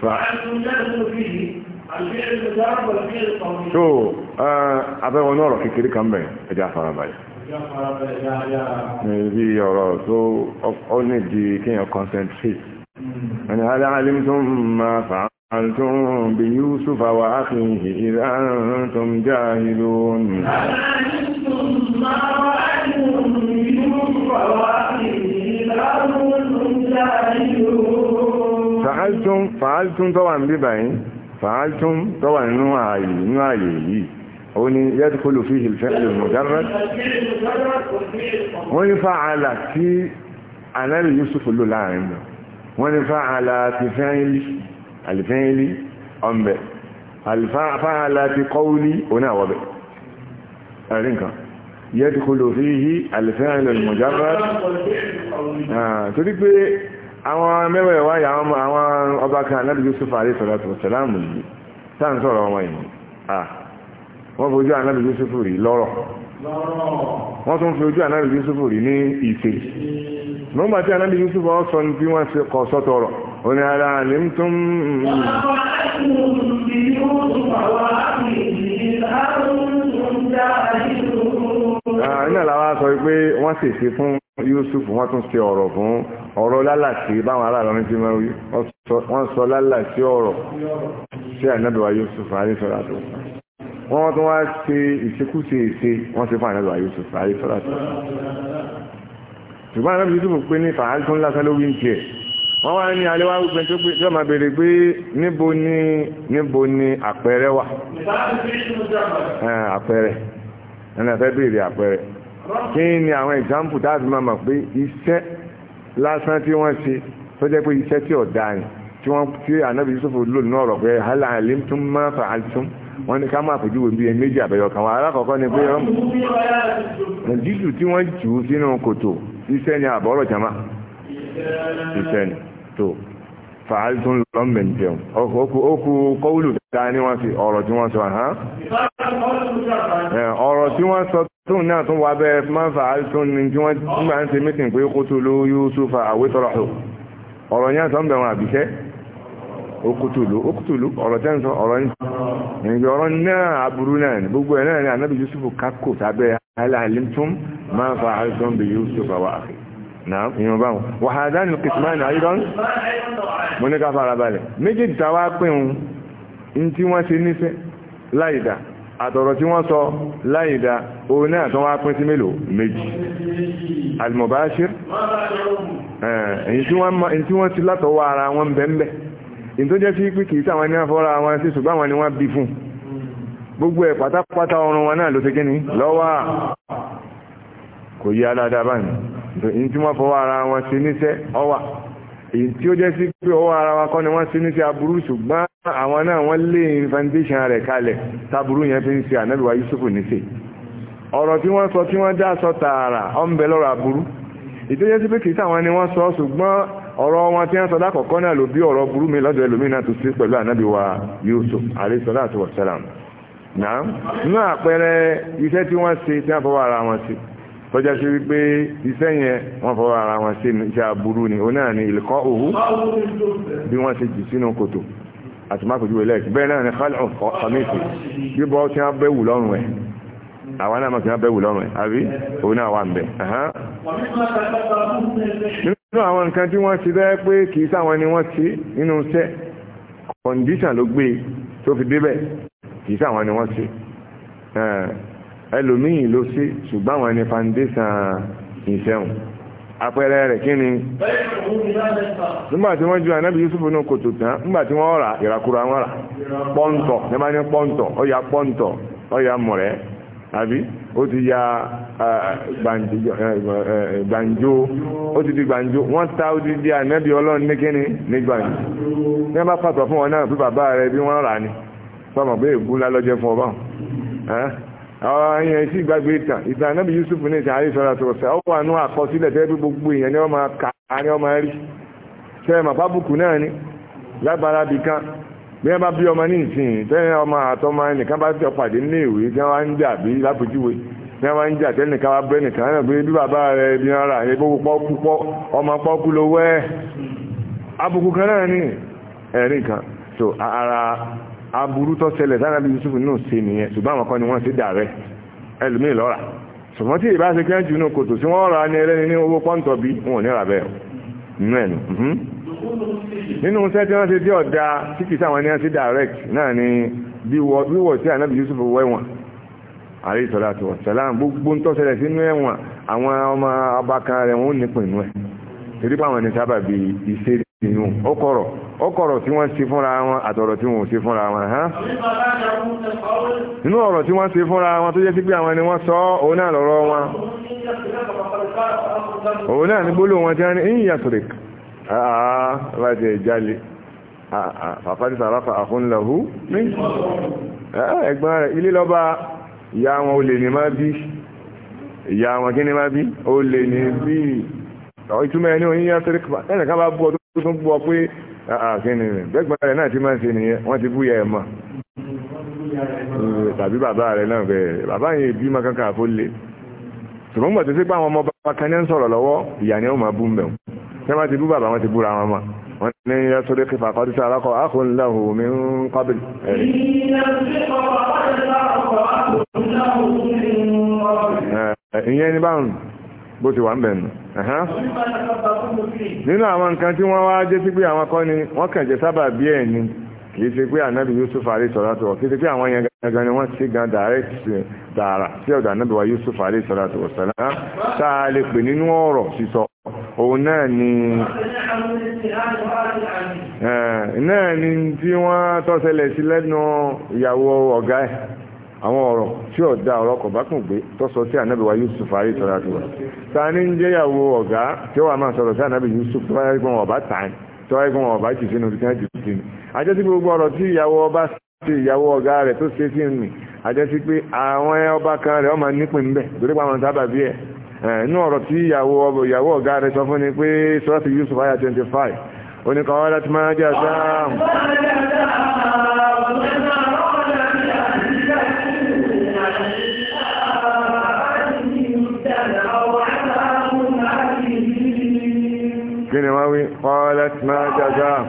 fà so abẹ́wọn ọ̀rọ̀ kékeré kan bẹ̀ ẹjá farabalẹ̀ bí ọ̀rọ̀ tó ọ ní di kíyàn concentrate hmm. ẹni aláàlìm tó máa fà أنتم fàáltún tọ́wà ń bíbà yìí fàáltún tọ́wà nínú ààyè nínú ààyè yìí ó ní yadkhulu fihi al-fi'l al-mujarrad wọ́n ní fa'ala tí anáàlì Yusuf lò láàrin mọ̀ wọ́n ní fa'ala ti fi'li al ọmọbẹ̀ fa'ala ti qawli onáwọ̀bẹ̀ ẹ̀rí nǹkan yẹ́dìkúlò fi hí àlìfẹ́rìn ìmọ̀jára torí pé àwọn mẹ́wẹ̀ wáyà àwọn ọba kan alábi Yusuf alayhi salatu wassalam yìí tá ń sọ̀rọ̀ ọmọ yìí ah, wọ́n fojú alábi Yusuf rí lọ́rọ̀ wọ́n tún fi ojú alábi Yusuf rí ní ìfẹ́ nígbà tí alábi Yusuf sọ bí wọ́n ṣe kọ sọ́tọ̀ọ̀rọ̀ oní ara àlèmtún mú Ah, náà làwọn sọ pé wọ́n sì fi fún Yusuf wọ́n tún ṣe ọ̀rọ̀ fún ọ̀rọ̀ lálàsí báwọn ará lọ́rin ti máa wí wọ́n sọ lálàsí ọ̀rọ̀ sí ànábẹ̀wá Yusuf àríṣọ́lá tó wọ́n tún wá ṣe ìṣekúṣe ìṣe wọ́n ṣe fún ànábẹ̀wá Yusuf àríṣọ́lá tó ṣùgbọ́n ànábẹ̀ Yusuf pé ní fàájì tó ń lásán lórí ń tiẹ̀ wọ́n wá ní alẹ́ wá wípé tó pé tí ó máa bèèrè pé níbo ni àpẹẹrẹ wà àpẹẹrẹ ẹni ẹ̀fẹ́ béèrè àpẹẹrẹ kí ni àwọn example tá a fi máa mọ̀ pé iṣẹ́ lásán tí wọ́n ṣe tó jẹ́ pé iṣẹ́ tí ọ̀dà ni tí wọ́n tí ànábì Yusuf lò nínú ọ̀rọ̀ pé hàlà àlímtún máa fà àlímtún wọ́n ní ká máa pèjúwe bí ẹni méjì àbẹ̀yọ̀ kan wọn alákọ̀ọ́kọ́ ni pé ọ̀hún jíjù tí wọ́n jù sínú kòtò iṣẹ́ ni àbọ̀rọ̀ jama iṣẹ́ ni tó fàáyí tó ń lọ mẹ́jẹun okú kọ́wùlù ta ní wọ́n fi ọ̀rọ̀ tí wọ́n sọ àhán ọ̀rọ̀ tí wọ́n sọ tó náà tó wà bẹ́ẹ̀ máa fàáyí tó ní tí wọ́n gbà ń ṣe mítìn pé kó tó ló Yusufa àwẹ́tọ̀rọ̀ ọ̀rọ̀ yẹn sọ ń bẹ̀rún àbíṣẹ́ okutulu okutulu ọ̀rọ̀ tẹ́ ń sọ ọ̀rọ̀ ní ìgbẹ̀ ọ̀rọ̀ náà aburú náà ní gbogbo ẹ̀ náà ní anábì Yusufu kákò sábẹ́ aláàlímtún máa fa àìsàn náà ìyàn báwọn wàhálà ní kìtìmáìnì àyídọ́n mo ní ká fara balẹ̀ méjèèjì táwa pín un tí wọ́n ṣe nífẹ́ láìdá àtọ̀rọ̀ tí wọ́n sọ láìdá òun náà tó wá pín sí mélòó méjì almobashir èyí tí wọ́n ti látọwọ́ ara wọn bẹ́ẹ̀mbẹ́ in tó jẹ́ sí pé kìí sáwọn ní àfọ́ra wọn sí ṣùgbọ́n wọn ni wọ́n bí fún gbogbo ẹ̀ pátápátá ọrùn wọn náà ló ti kíni lọ́wọ́ kò yí adáadáa báyìí èyí tí wọ́n fọwọ́ ara wọn ṣe níṣẹ́ ọwà èyí tí ó jẹ́ sí pé ọwọ́ ara wọn kọ́ ni wọ́n ṣe níṣẹ́ aburú ṣùgbọ́n àwọn náà wọ́n lé infantation rẹ̀ kalẹ̀ taburú yẹn fi ń ṣe ànábìwá Yusufu níṣẹ́ ọ̀rọ̀ tí wọ́n sọ tí wọ́n dá sọ tààrà ọ̀nbẹ lọ́rọ̀ aburú ìtọ́jẹ́ sí pé kìí sáwọn ni wọ́n sọ ṣùgbọ́n ọ̀rọ̀ wọn tí wọ́n sọ lákọ̀ọ́kọ́ náà ló bí ọ̀rọ̀ burú mi lọ́dọ̀ ẹlòmínà tó sí pẹ̀lú ànábìwá Yusuf alayhi salatu wassalam náà nínú àpẹẹrẹ iṣẹ́ tí wọ́n ṣe tí wọ́n fọwọ́ ara wọn ṣe tọ́já sí wípé iṣẹ́ yẹn wọ́n fọwọ́ ara wọn sí iṣẹ́ aburú ni ó náà ni ìlẹ̀kọ́ òhú bí wọ́n ṣe jì sínú kòtò àti mákòjú ẹlẹ́ẹ̀kì bẹ́ẹ̀ náà ni khalon kọ́míkì bíbọ́ tí wọ́n bẹ́wù lọ́rùn ẹ̀ àwọn náà mọ̀kí wọ́n bẹ́wù lọ́rùn ẹ̀ àbí òun náà wà ń bẹ̀ nínú àwọn nǹkan tí wọ́n ti rẹ́ pé kì í sáwọn ni wọ́n ti nínú iṣẹ́ kọ̀ǹdíṣàn ló gbé tó fi débẹ̀ kì í sáwọn ni wọ́n ti ẹlòmíyìn ló sí ṣùgbọ́n àwọn ẹni foundation ìṣẹ́hùn àpẹẹrẹ rẹ̀ kí ni nígbàtí wọ́n ju anábì Yusuf ní kòtò tán nígbàtí wọ́n rà ìràkúrò àwọn rà pọ́ǹtọ̀ nígbà ní pọ́ǹtọ̀ ó ya pọ́ǹtọ̀ ó ya mọ̀rẹ́ àbí ó ti ya gbàǹjo ó ti di gbàǹjo wọ́n ta ó ti di anábì ọlọ́run ní kí ni ní gbàǹjo ní wọ́n bá fàtọ̀ fún wọn náà bí bàbá rẹ̀ bí wọ́n rà ni fọmọ pé ègún lálọ́jẹ́ fún ọ àwọn èèyàn sì gbàgbé ìtàn ìtàn anábì Yusuf ní ìtàn ayé sọ́ra tó sẹ́ ọ wà nú àkọsílẹ̀ tẹ́ bí gbogbo èèyàn ni wọ́n máa kà á ní ọmọ rí tẹ́ màpá bùkù náà ni lágbára bì kan bí wọ́n bá bí ọmọ ní ìsìn tẹ́ ọmọ àtọmọ ẹnìkan bá jọ pàdé ní ìwé tí wọ́n ń jà bí lápòjúwe tí wọ́n ń jà tẹ́nìkan wá bẹ́ nìkan náà pé bí bàbá rẹ̀ bí wọ́n rà ebó pọ́kúpọ́ ọmọ pọ́kú lówó ẹ̀ abùkù kan náà ni ẹ̀rí kan so ara aburú tó ṣẹlẹ̀ sára bí Yusuf náà ṣe nìyẹn ṣùgbọ́n àwọn kan ni wọ́n ṣe dàrẹ́ ẹlòmíì lọ́ra ṣùgbọ́n tí ìbá ṣe kí wọ́n jù nù kòtò sí wọ́n ra ní ẹlẹ́ni ní owó pọ́ńtọ̀ bí wọn ò ní ra bẹ́ẹ̀ nínú ẹ̀nu mhm. nínú iṣẹ́ tí wọ́n ṣe dé ọ̀dà tí kì í sáwọn ẹni ṣe direct náà ni wíwọ̀ sí ànábì Yusuf wẹ́wọ̀n àríyí sọ̀rọ̀ àti wọ̀sẹ̀lá gbogbo ń tọ́sẹ̀lẹ̀ sínú ẹ̀wọ̀n àwọn ọmọ ọba kan rẹ̀ wọ́n nípò inú ẹ̀ torí pàwọn ẹni sábà bí iṣẹ́ inú ọkọ̀rọ̀ ọkọ̀rọ̀ tí wọ́n ṣe fúnra wọn àtọ̀rọ̀ tí wọ́n ṣe fúnra wọn hàn nínú ọ̀rọ̀ tí wọ́n ṣe fúnra wọn tó jẹ́ sí pé àwọn ni wọ́n sọ òun náà lọ́rọ̀ wọn òun náà ní gbólóhùn wọn tí wọ́n ní ìyìn yàtọ̀rẹ̀ àà láti ìjálè àfàfàdì sàráfà àfúnlẹ̀hú ẹgbọ́n rẹ̀ ilé lọ́ba ìyá wọn olè ní má bí ìyá wọn kí ní má bí olè ní bí ìtumẹ̀ ní oyin yàtọ̀rẹ̀ ẹnìkan bá bú ọdún tó tún gbọ́ pé àkínní rẹ̀ bẹ́gbọ́n rẹ̀ náà ti máa ń ṣe nìyẹn wọ́n ti búyà ẹ̀ mọ́ tàbí bàbá rẹ̀ náà bẹ̀rẹ̀ bàbá yẹn bí máa kankan àfó le ṣùgbọ́n gbọ́dọ̀ sí pé àwọn ọmọ bàbá kan ní ń sọ̀rọ̀ lọ́wọ́ ìyá ni ó máa bú mbẹ̀ ṣé wọ́n ti bú bàbá wọn ti búra wọn mọ́ wọ́n ní yẹ sórí kẹfà kọ́ títí alákọ̀ ákùn mi ń kọ́bìlì. ìyẹn ni báwọn bó ti wà ń bẹ̀nu nínú àwọn nǹkan tí wọ́n wá jẹ́ sí pé àwọn kọ́ ni wọ́n kàn sábà bí ẹ̀ ni kìí ṣe pé ànábì Yusuf alayhi salatu kì í ṣe pé àwọn yẹn gangan ni wọ́n ṣe gan direct dàrà sí ọ̀dọ̀ ànábì wa Yusuf alayhi salatu wa salam tá a lè pè nínú ọ̀rọ̀ sísọ òun náà ni náà ni tí wọ́n tọ́sẹlẹ̀ sí lẹ́nu ìyàwó ọ̀gá ẹ̀ àwọn ọ̀rọ̀ tí ọ̀dá ọ̀rọ̀ kọ̀ bá kùn gbé tó sọ sí ànábì wa Yusuf ayé sọ̀rọ̀ wà ta ni ń jẹ́yàwó ọ̀gá tí ó wà máa sọ̀rọ̀ sí ànábì Yusuf tó wáyé gbọ́n ọ̀bá tó wáyé gbọ́n ọ̀bá jù sínú tí wọ́n jù sínú ajẹ́ gbogbo ọ̀rọ̀ tí ìyàwó ọba sí ìyàwó ọ̀gá rẹ̀ tó ṣe sí mi pé àwọn ọba kan rẹ̀ ọmọ nípìn ń bẹ̀ torí pé àwọn bí ẹ̀ inú ọ̀rọ̀ tí ìyàwó ọ̀gá rẹ̀ sọ fún ni 25 oníkan máa السماوي قالت ما جزاء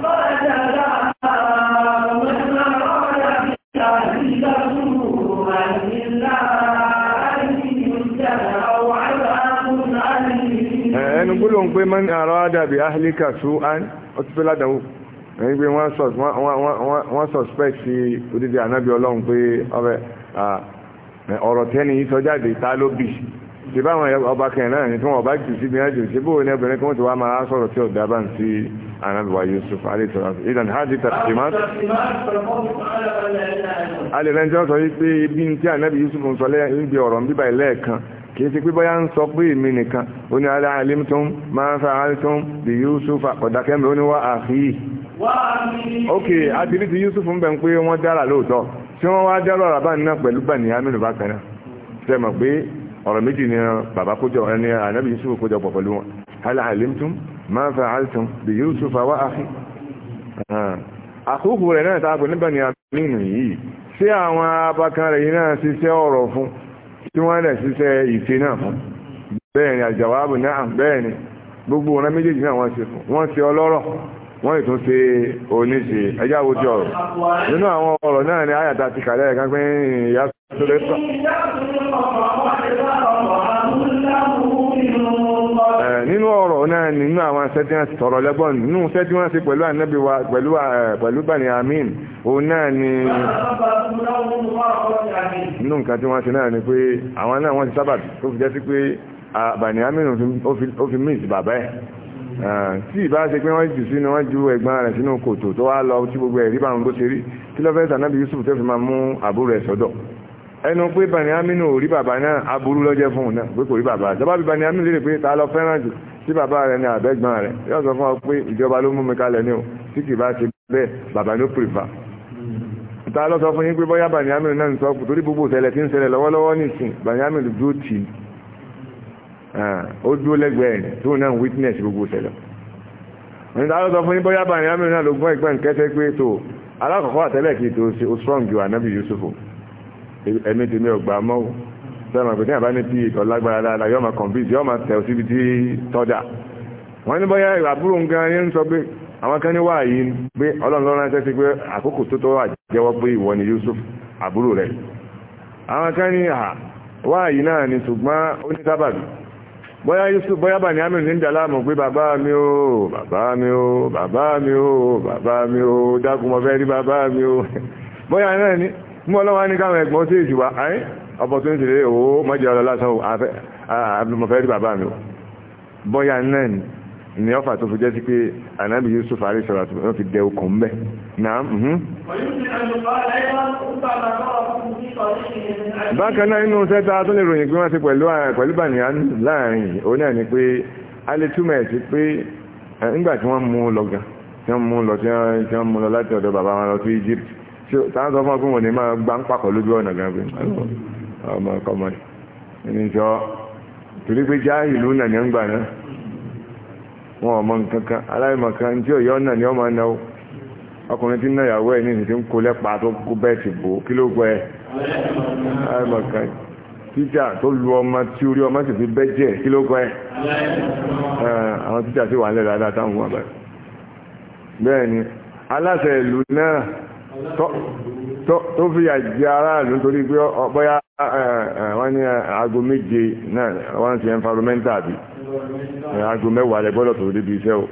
ẹnu gbólóhùn pé mọ́ ní àrọ́dà bí áhìlíkà sú án ó ti pé ládàáwò ẹni pé wọ́n suspect sí odidi ànábì ọlọ́run pé ọ̀rọ̀ tẹ́ni yìí sọ jáde ta ló bì ṣe bá àwọn ọba kẹrin náà ní tí wọn ọba jù sí bí wọn jù sí bóyá kan tó wá máa sọ̀rọ̀ tí ọdá bá sí anabiwa Yusuf aleṣọlá ìdàn hajj tàbímát alẹ́lẹ́jọ́ sọ wípé ibi tí anabi Yusuf ń sọ lẹ́yìn bí ọ̀rọ̀ bíbá ilẹ́ẹ̀kan kìí ṣe pé bóyá ń sọ pé èmi nìkan ó ní alẹ́ alimtum máa ń fa alimtum bí Yusuf ọ̀dàkẹ́mi ó ní wá àfíì ok àti ní ti Yusuf ń bẹ̀ ń pé wọ́n dára lóòótọ́ tí wọ́n wá dára ọ̀rọ̀ bá nínú pẹ̀lú bàníyàmínú bákan náà tẹ́mọ̀ pé ọ̀rọ̀ méjì ni bàbá kójọ ẹni ànábì yusuf kójọ pọ̀ pẹ̀lú wọn hal alimtum ma fa'altum bi yusuf wa akhi àkókò rẹ̀ náà tààbù níbẹ̀ ni àmínú yìí ṣé àwọn abakan rẹ̀ yìí náà ṣiṣẹ́ ọ̀rọ̀ fún tí wọ́n lẹ̀ ṣiṣẹ́ ìṣe náà fún bẹ́ẹ̀ ni àjàwábù náà bẹ́ẹ̀ ni gbogbo ọ̀nà méjèèjì náà wọ́n ṣe fún wọ́n ṣe ọlọ́rọ̀ wọ́n ìtún ṣe oníṣe ẹjá wojú ọ̀rọ̀ nínú àwọn ọ̀rọ̀ náà ni àyàtà ti kàlẹ́ ẹ̀kan pé nínú ọ̀rọ̀ náà nínú àwọn sẹ́tíwọ́n ti tọ̀rọ̀ lẹ́gbọ́n nínú sẹ́tíwọ́n sí pẹ̀lú ànábì wa pẹ̀lú bani amin òun náà ni nínú nǹkan tí wọ́n ti náà ni pé àwọn náà wọ́n ti sábàbí tó fi jẹ́ sí pé bani amin ó fi mí bàbá ẹ̀ tí ìbá ṣe pé wọ́n jù sínú wọ́n ju ẹ̀gbọ́n rẹ̀ sínú kòtò tó wá lọ tí gbogbo ẹ̀rí bá bó ṣe rí kí lọ́fẹ́ sànábì Yusuf tó fi máa mú àbúrò ẹ̀ sọ́dọ̀ ẹnu pé bani aminu ò rí bàbá náà aburú lọ́jẹ́ fún un náà pé kò rí bàbá ìjọba bí bani aminu lè pé ta lọ fẹ́ràn jù tí bàbá rẹ̀ ní àbẹ́gbọ́n rẹ̀ yóò sọ fún ọ pé ìjọba ló mú mi kalẹ̀ ní o tí kì bá ṣe bẹ́ẹ̀ bàbá ló pèfà ta lọ sọ fún yín pé bóyá bani aminu náà ń sọ torí gbogbo ìṣẹ̀lẹ̀ tí ń ṣẹlẹ̀ lọ́wọ́lọ́wọ́ nìsín bani aminu dúró tì í ó dúró lẹ́gbẹ̀ẹ́ rẹ̀ tó náà witness gbogbo ìṣẹ̀lẹ̀ ta lọ sọ fún yín bóyá bani aminu náà ló gbọ́n ìgbọ́n kẹ́sẹ́ pé tó alákọ̀ọ́kọ́ àtẹ́lẹ̀ kì í tó ṣe ó strong ju anabi yusufu ẹ̀mí tèmi ọ̀gbà mọ́ o sọ́nà pé tíyànbá ní pí ìtọ̀ lágbára dáadáa yọ́ ma kọ̀mpìtì yọ́ ma tẹ̀ síbi tí tọ́jà wọ́n ní bọ́yá àbúrò nǹkan ní ń sọ pé àwọn kan ní wà yìí ni pé ọlọ́run lọ́rọ̀ ránṣẹ́ sí pé àkókò tó tọ́ wà jẹ́wọ́ pé ìwọ ni Yusuf àbúrò rẹ̀ àwọn kan ní à wà yìí náà ni ṣùgbọ́n ó ní sábàbí bọ́yá Yusuf bọ́yá bà ní amínú ní ìdàlá mọ̀ pé bàbá mi ó bàbá mi ó bàbá mi ó bàbá mi ó dákun fẹ́ rí bàbá mi ó bọ́yá náà ni mú ọlọ́wọ́ ní káwọn ẹ̀gbọ́n sí ìjùwà ayé opportunity lè owó mọ́jẹ́ ọlọ́ lásán àbúmọ̀fẹ́ rí bàbá mi bọ́yá náà ni ọ́fà tó fi jẹ́ sí pé anábì Yusuf àrí sọ̀rọ̀ àti wọ́n fi dẹ okùn mẹ́ náà mhm. bákan náà inú sẹ́ta tó lè ròyìn pé wọ́n ti pẹ̀lú bàníyàn láàrin òun náà ni pé a lè túmọ̀ sí pé nígbà tí wọ́n mú lọ gan tí wọ́n mú lọ láti ọ̀dọ̀ bàbá wọn lọ sí Egypt tàà sọ fún ọkùnrin wọn ni máa gbá ń pàkọ̀ lójú ọ̀nà gan pé ọmọ ọkọ mọ ẹni jọ torí pé já ìlú nà ní ọgbà náà wọn ọmọ nǹkan kan aláìmọ̀ kan tí òye ọ̀nà ni ọmọ náà ọkùnrin tí ń náyàwó ẹ̀ ní ìsìn tí ń kó lẹ́pa tó kó bẹ́ẹ̀ ti bò kí ló gbọ́ ẹ aláìmọ̀ kan títà tó lu ọmọ tí orí ọmọ sì fi bẹ́ẹ̀ jẹ́ kí ló gbọ́ ẹ àwọn tó fi àjẹ́ aráàlú nítorí pé bóyá wọ́n ní aago méje náà wọ́n ti ẹnfàrọ́mẹ́ntà bí aago mẹ́wàá lẹ gbọ́dọ̀ tó débi iṣẹ́ o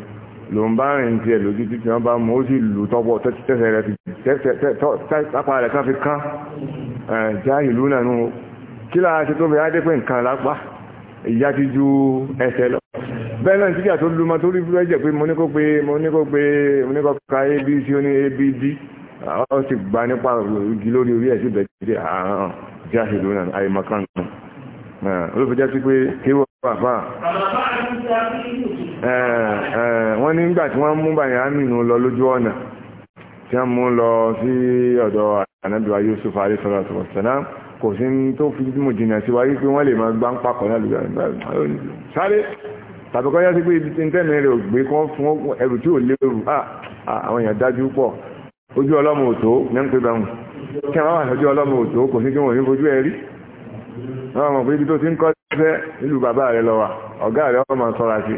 ló ń bá rìn tiẹ̀ lójú títí wọ́n bá mú ó sì lù tọ́pọ̀ tẹ́sẹ̀ rẹ̀ fi tápá rẹ̀ kan fi kán já ìlú náà nù kí lára ṣe tó fi á dé pé nǹkan lápá ìyá ti ju ẹsẹ̀ lọ bẹ́ẹ̀ náà tíjà tó lu ma tó rí fúlẹ́jẹ̀ pé mo ní kó pé mo ní kó pé mo ní kó ka abc ó ní abd àwọn sì gba nípa igi lórí orí ẹ̀ sí bẹ̀rẹ̀ àwọn ah, ah, jáhìlú náà àìmọ̀kan náà eh, ló fi jẹ́ sí pé kéwọ́ pàpà eh, eh, wọ́n ní ìgbà tí wọ́n mú bàyà mìnú lọ lójú ọ̀nà tí wọ́n mú lọ sí ọ̀dọ̀ ànábìwá Yusuf alayhi salatu wassalam kò sí tó fi mú jìnà sí wáyé pé wọ́n lè máa ah, àwọn èèyàn dájú pọ̀ ojú ọlọ́mọ òtó ní ń pè bá wọn kí wọ́n wà lójú ọlọ́mọ òtó kò sí kí wọ́n ní fojú ẹ̀rí wọ́n mọ̀ pé ibi tó ti ń kọ́ tẹ́ nílùú bàbá rẹ̀ lọ wà ọ̀gá rẹ̀ ọmọ sọ́ra sí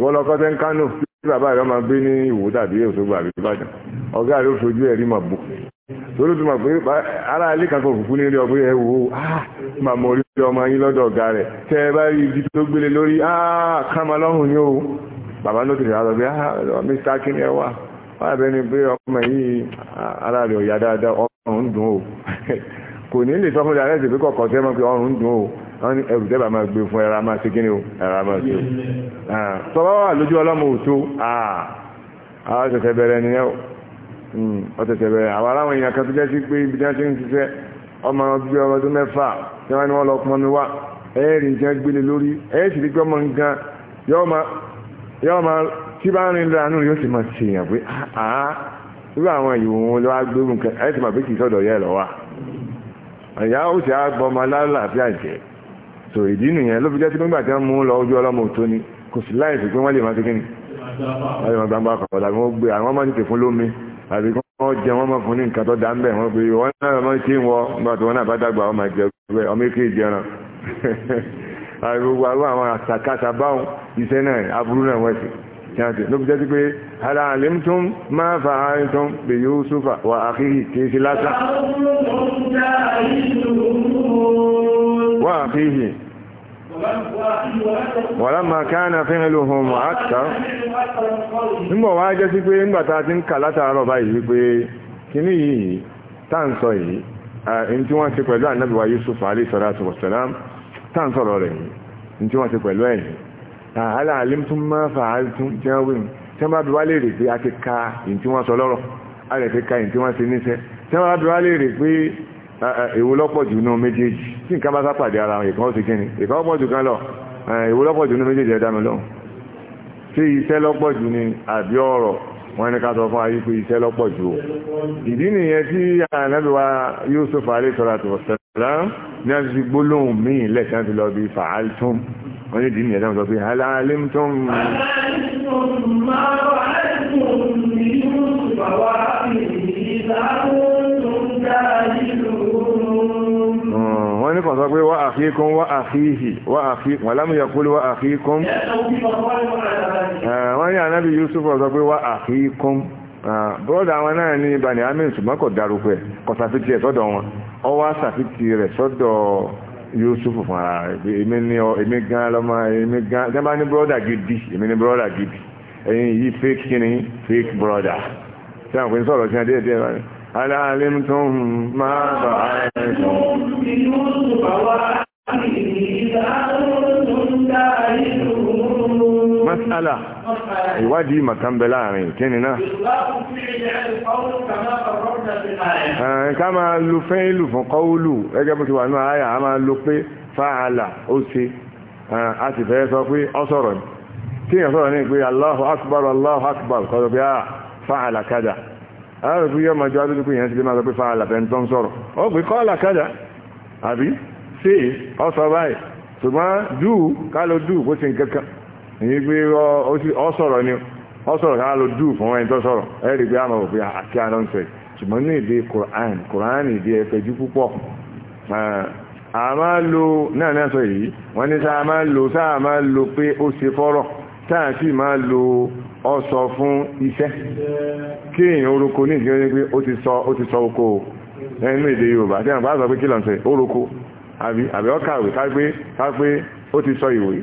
wọ́n lọ kọ́ tẹ́ ń Kánò tí bàbá rẹ̀ ọmọ gbé ní Ìwó tàbí Òṣogbo àbí Ìbàdàn ọ̀gá rẹ̀ ó fojú ẹ̀rí mọ̀ bù torí tó mọ̀ pé ara ilé kan kò kúkú ní ah, rí ọgbẹ́ ẹ̀wò màmá orí ọmọ yín lọ́dọ̀ ọ̀gá rẹ̀ tẹ́ ẹ bá rí ibi tó gbélé lórí ah, kámọ́ lọ́hùn ni ó bàbá ló ti rà lọ bí ah, Mr. Akínyẹwà wáàbẹ́ ni pé ọmọ yìí ara rẹ̀ ọ̀yà dáadáa ọrùn dùn ó kò ní lè sọ fún ìdáná ìsìnkú kọ̀ọ̀kan tẹ́ mọ́ pé ọrùn dùn ó wọ́n ní ẹrù tẹ́bà máa gbé fún ẹra máa ṣe kí ni ó ẹra máa ṣe tọ́wọ́ wà lójú ọlọ́mọ òtó àwọn ọ̀sẹ̀sẹ̀ bẹ̀rẹ̀ ni ọ̀sẹ̀sẹ̀ hmm, bẹ̀rẹ̀ àwọn aláwọn èèyàn kan tó jẹ́ sí pé ibi tí wọ́n ti ń ṣiṣẹ́ ọmọ bíi ọmọ ọdún mẹ́fà tí wọ́n ní wọ́n lọ pọn mi wá ẹ̀ẹ́rì ń jẹ́ gbélé tí bá ń rin lọ àánú yóò sì máa ṣe èèyàn pé àá ah, ah, irú àwọn ìwò wọn lọ́wọ́ gbérù nǹkan ẹ̀ ti mà pé kì sọ̀dọ̀ yẹ lọ́wọ́ àyà ó sì á gbọ́ ọmọ alálàáfíà jẹ́ tò ìdí nìyẹn ló fi jẹ́ tí nígbà tí wọ́n mú lọ ojú ọlọ́mọ òtó ni kò sí láì pé wọ́n lè máa tẹ́kínì wọ́n lè máa gbangba kọ̀ọ̀ tàbí wọ́n gbé àwọn máa ń tètè fún lómi àbí wọ́n jẹ wọ́n máa fún ní nǹkan tó tí a ti ló fi jẹ́ sí pé hal alimtum ma fa'altum bi Yusufa wa akhihi kìí sí lásán wa akhihi walamma kana fi'luhum akthar nígbà wá jẹ́ sí pé nígbàtà ti ń kà látàárọ̀ báyìí wípé kíní yìí táǹsọ yìí in tí wọ́n ti pẹ̀lú ànábì Yusuf alayhi salatu táǹsọ̀rọ̀ rẹ̀ yìí tí wọ́n ti pẹ̀lú ẹ̀yìn àhálà alimtum ma fa'altum tí wọ́n wí tí wọ́n bá bí wá lè rè pé a ti ka ìyìn tí wọ́n sọ lọ́rọ̀ a lè fi ka ìyìn tí wọ́n ṣe níṣẹ́ tí wọ́n bá bí wá lè rè pé èwo lọ́pọ̀ jù nínú méjèèjì tí nǹkan bá sápàdé ara ìkan ó ti kíni ìkan ọ̀pọ̀ jù kan lọ èwo lọ́pọ̀ jù nínú méjèèjì ẹ̀dá mi lọ́hùn tí iṣẹ́ lọ́pọ̀ jù ni àbí ọ̀rọ̀ wọ́n ní ká sọ fún ayé pé iṣẹ́ lọ́pọ̀ jù ó ìdí nìyẹn tí ànábì wa Yusuf alayhi salatu wassalam ní a ti fi míì lẹ́sẹ̀ ti lọ bí fa'altum wọ́n ní dìímì ẹ̀dá ọ̀sọ̀ pé aláàlẹ́m tó ń wọ́n ní kọ̀sọ́ pé wá àfíkún wá àfíhì wá àfíkún wọ́n lámúyẹ̀ kúlú wá àfíkún wọ́n ní ànábì Yusuf ọ̀sọ̀ pé wá àfíkún bọ́ọ̀dà àwọn náà ní Bani Amin ṣùgbọ́n kò dárúkọ ẹ̀ wọn ọwọ́ sàfitì rẹ̀ sọ́dọ̀ Yusufu fún ara rẹ̀ pé èmi ní ọ èmi gan lọ́mọ èmi gan jẹ́ bá ní brọ́dà gidi èmi ní brother gidi ẹ̀yin yìí fake kíni fake brother. tí àwọn òpin sọ̀rọ̀ sí adé díẹ̀ báyìí aláàlẹ́ tó ń máa bà á rẹ̀ sọ. Ìlú bàwá àmì ìlú mas'ala ìwádìí màkàn bẹ láàrin kíni náà ká máa lo fẹ́ẹ̀lù fún kọ́wùlù ẹgẹ́ bó ti wà náà àyà a máa lo pé fáàlà ó ṣe a ti fẹ́ sọ pé ọ sọ̀rọ̀ ní kí èèyàn sọ̀rọ̀ ní pé Allahu akbar Allahu akbar kọ́sọ̀ pé ah, a fáàlà kádà aláàrẹ̀ fún yọ́mọ jọ adúgbò èèyàn ti lè èyí pé ọ sọ̀rọ̀ ni ọ sọ̀rọ̀ ká lọ dùn fún ẹni tó sọ̀rọ̀ ẹ rí pé àmọ̀ òfin àti àdánsẹ̀ ṣùgbọ́n ní èdè Quran Quran èdè ẹ̀fẹ̀jú púpọ̀ a máa lo náà náà sọ èyí wọ́n ní sáà máa lo sáà máa lo pé ó ṣe fọ́rọ̀ táà sì máa lo ọsọ fún iṣẹ́ kí èèyàn orúkọ ní ìdí orí pé ó ti sọ ó ti sọ oko ẹnu èdè Yorùbá tí àwọn bá sọ pé kí lọ́nṣẹ́ orúkọ àbí ọkàwé ká pé ó ti sọ ìwòye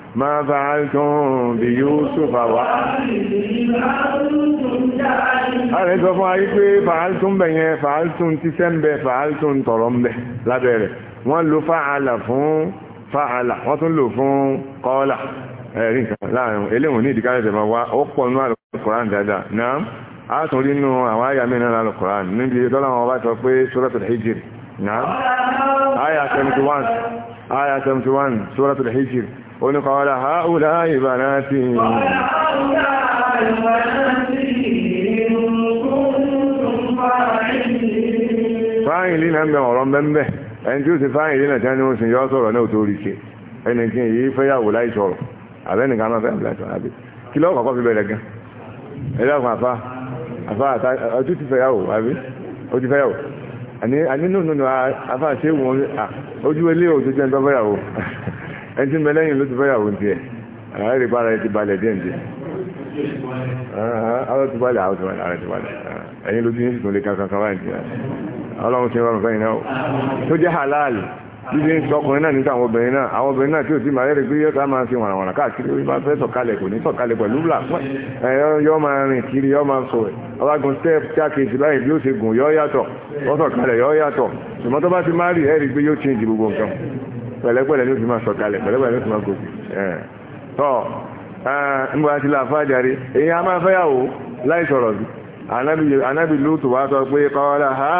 ما فعلتم بيوسف و ààrẹ sọ fún ayé pé fàáltún bẹ̀ yẹn fàáltún ti sẹ́ńbẹ̀ fàáltún tọ̀rọ̀ ń bẹ̀ lábẹ́rẹ̀ wọ́n lo fàálà fún fàálà wọ́n tún lò fún kọ́ọ́là ẹ̀rí nǹkan láàrin eléwọ̀n ní ìdíkàlẹ̀ tẹ̀mọ̀ wá ó pọ̀ nínú àlùkùrán dáadáa náà a tún rí nínú àwọn àyà mi náà àlùkùrán níbi tọ́lá wọn bá sọ pé suratul hijr náà àyà 71 àyà 71 suratul hijr ó ní kọ́ọ̀lá haúlá fáìlì náà mẹ́ ọ̀rọ̀ mẹ́mẹ́ ẹni tí ó ti fáìlì náà tẹ́ni ó sì yọ́ sọ̀rọ̀ náà tó rí ṣe ẹni tí èyí fẹ́yàwó láì sọ̀rọ̀ àbẹ́nìkan máa kí fi bẹ̀rẹ̀ gan ẹni tí ń bẹ lẹ́yìn ló ti fẹ́yàwó ti ẹ̀ ààrẹ rí bára ti balẹ̀ díẹ̀ díẹ̀ àwọn ti balẹ̀ àwọn ti balẹ̀ àwọn ti balẹ̀ ẹ̀yin ló ti ní ìtúnlé kankan kan báyìí ọlọ́run ti rọrùn fẹ́yìn náà tó jẹ́ halal bíbí ń sọ ọkùnrin náà níta àwọn obìnrin náà àwọn obìnrin náà tí ò tí máa rẹ́rìí pé yóò ká máa fi wàràwàrà káàkiri orí bá fẹ́ sọ̀kalẹ̀ kò ní sọ̀kalẹ̀ pẹ̀lú là yọ máa rìn kiri yọ máa sọ ọlágun step jákèjì báyìí bí ó ṣe gùn yọ yàtọ̀ wọ́n sọ̀kalẹ̀ yọ yàtọ̀ ṣùgbọ́n tó bá ti máa rí ẹ̀rí pé yóò change gbogbo nǹkan pẹ̀lẹ́pẹ̀lẹ́ ló fi máa sọ̀kalẹ̀ pẹ̀lẹ́pẹ̀lẹ́ ló fi máa gòkè tọ́ ǹgbà ti láàfá jàre èyí a máa fẹ́yàwó láì sọ̀rọ̀ bí anábì lóòtù wá sọ pé kọ́ọ́lá ha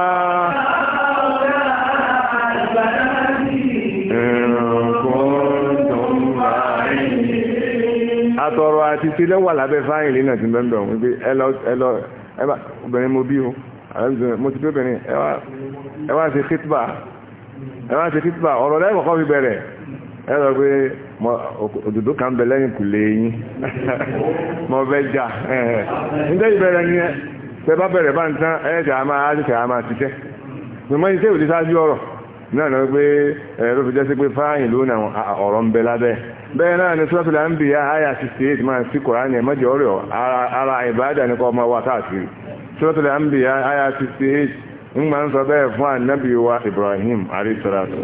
àtọ̀rọ̀ àti sílẹ̀ wà lábẹ́ fáyìn lẹ́nà tí bẹ́ẹ̀ bẹ̀rún wípé ẹlọ obìnrin mo bí o mo ti bí obìnrin ẹwà ṣe khitba ẹ máa ṣe kíkpà ọ̀rọ̀ lẹ́yìn kọ̀ọ̀kan fi bẹ̀rẹ̀ ẹ lọ pé òdòdó kan bẹ lẹ́yìn kù mọ bẹ jà ìbẹ̀rẹ̀ ni ẹ bá bẹ̀rẹ̀ bá ń tán ẹ jà á máa ṣiṣẹ́ á máa ṣiṣẹ́ mọ̀mọ́ iṣẹ́ òde ṣáájú ọ̀rọ̀ náà lọ pé ẹ ló fi jẹ́ na ọ̀rọ̀ ń bẹ lábẹ́ bẹ́ẹ̀ náà ni sọ́tò là ń máa sí ọ̀rọ̀ ara ọmọ wa káàkiri sọ́tò là ń ń gbà ń sọ bẹ́ẹ̀ fún ànábì wa Ibrahim arísọ́ràtù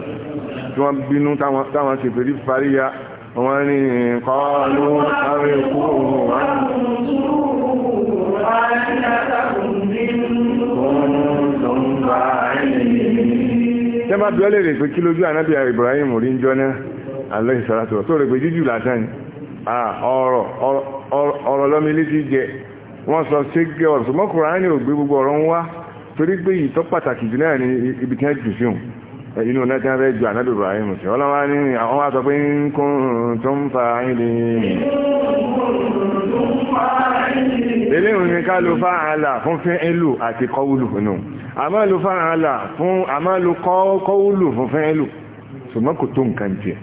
tí wọ́n bínú táwọn ti fèrí parí ya wọ́n ní kọ́ọ̀lù àríkú wọn tẹ́bà bí lè rè kí lójú ànábì Ibrahim rí jọ náà aláìsọ́ràtù tó rè pé jíjù látàn ọ̀rọ̀ ọ̀rọ̀ lọ́mi létí jẹ wọ́n sọ sí gẹ́ ọ̀rọ̀ torí pé ìtọ́ pàtàkì jù náà ní ibi tí wọ́n jù sí òun inú lẹ́tí wọ́n fẹ́ jù ànábì Ibrahim sí ọlọ́wọ́ ní àwọn wá sọ pé ń kún tó ń fa ilé ilé ìrìn ní ká ló fa àlà fún fẹ́ ìlú àti kọ́wùlù nù àmọ́ ló fa àlà fún àmọ́ ló kọ́wùlù fún fẹ́ ìlú ṣùgbọ́n kò tó nǹkan tiẹ̀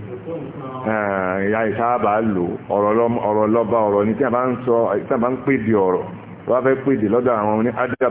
ìyá ìsáàbà lò ọ̀rọ̀ lọ́ba ọ̀rọ̀ ní tí a bá ń pè di ọ̀rọ̀ wọ́n fẹ́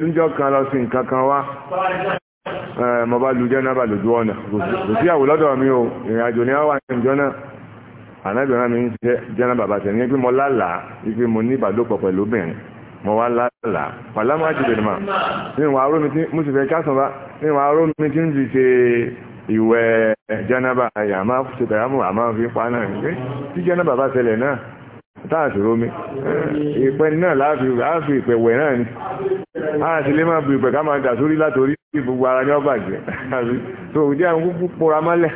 níjọ́ kan lọ sí nǹkan kan wá eh, mo bá lu jẹ́nàbà lójú ọ̀nà kò sí àwò lọ́dọ̀ mi o ìrìn àjò ní àwọn ìjọ náà ànábìrán mi ń jẹ́ jẹ́nàbà bá tẹ̀ ní pé mo lálàá wípé mo ní ìbàdópọ̀ pẹ̀lú obìnrin mo wá lálàá pàlámù àjùbẹ̀rẹ̀ mà nínú àárọ̀ mi tí mo sì fẹ́ kásán bá nínú àárọ̀ mi tí ń fi ṣe ìwẹ̀ jẹ́nàbà àyàmá ṣètàyàmù àmá fi pa náà ní tí jẹ́nàbà bá ṣẹlẹ̀ náà táà sì rómi eh, ìpẹ́ náà láàfi ìpẹ̀wẹ̀ náà ni àti ah, lè máa bèbè ká máa dà sórí látòrí gbogbo ara ní ọbàjẹ́ tó jẹ́ àwọn kúkú pora mọ́lẹ̀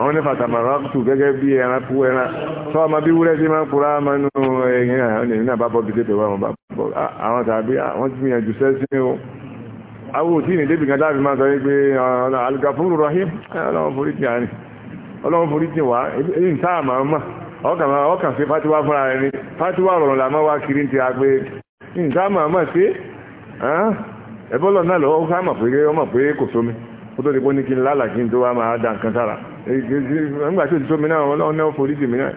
àwọn ní fàtàmàrà tù gẹ́gẹ́ bí ẹran kú ẹran sọ ọmọ bí ma sí máa ń pora máa àwọn ènìyàn bá bọ́ bí tètè wà wọn àwọn tàbí àwọn o àwọn òtí ní débi kan láti máa sọ pé alùgàfúrú ah, rahim ah, forí ti àárín forí ti wá èyí ń tá àmà ọmọ ọkàn fatiwa fúnra rẹ ni fatiwa rọrùn wá kiri ti ń tá àmà ọmọ sí Ebolo lọ náà lọ́wọ́ ká mọ̀ pé ọmọ pé kò sómi tó di pé ní kí n lálà kí n tó wá máa nǹkan sára nígbà tí ó ti sómi náà ọlọ́run náà forí jì náà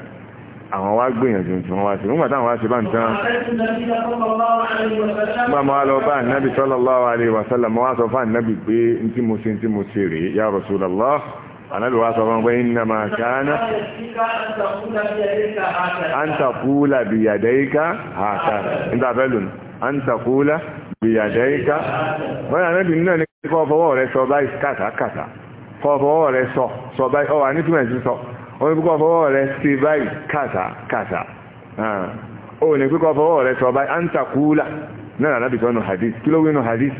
àwọn wá gbìyànjú tí wọ́n wá sí nígbà táwọn wá sí bá ń tán nígbà mo wá lọ bá ànábì sallallahu alaihi mo wá sọ fún ya Rasulullah ànábì wá sọ fún pé innama kana ìyàdẹ́ ìká wọ́n yàrá bí náà ní kọ́ fọwọ́ rẹ sọ báyìí kàtàkàtà kọ́ fọwọ́ rẹ sọ sọ báyìí ọwà ní túmẹ̀ sí sọ ó ní kọ́ fọwọ́ rẹ sí báyìí kàtàkàtà ó ní kọ́ fọwọ́ rẹ sọ báyìí antakula náà nàbì sọ nù hadith kí ló wí nù hadith.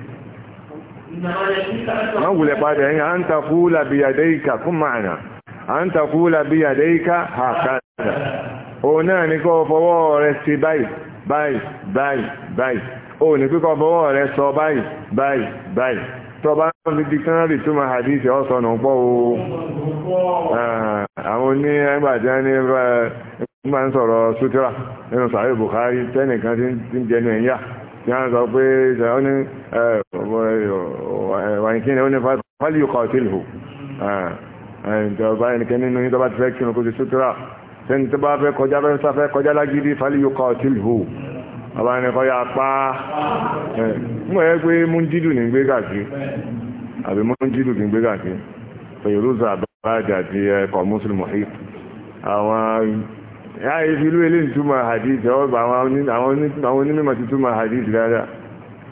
wọ́n wulẹ̀ padà yẹn antakula bìyàdẹ́ ìká fún màánà antakula bìyàdẹ́ ìká hàkàtà ó náà ní kọ́ fọwọ́ rẹ sí báyìí báyìí báyìí báyìí o pípọ̀ fọwọ́ rẹ sọ báyìí báyìí báyìí bá ń fi dictionary tó máa hadith ọ̀sán nù pọ̀ o ah, àwọn oní ẹgbàjá ní eh, nígbà ń sọ̀rọ̀ sutura nínú sàárè Bukhari tẹ́nìkan tí ń jẹnu eh, ní eh, fáliyù bàbá ní kọ́ yá pa ẹ̀ mú ẹ pé múndídù ní gbé kàkí àbí múndídù ní gbé kàkí fèrúzà àbájá àti ẹ̀kọ́ mùsùlùmù àwọn ya ìfi ilú ilé ìtumọ̀ hadith ọgbà àwọn onímọ̀ ti túmọ̀ hadith dáadáa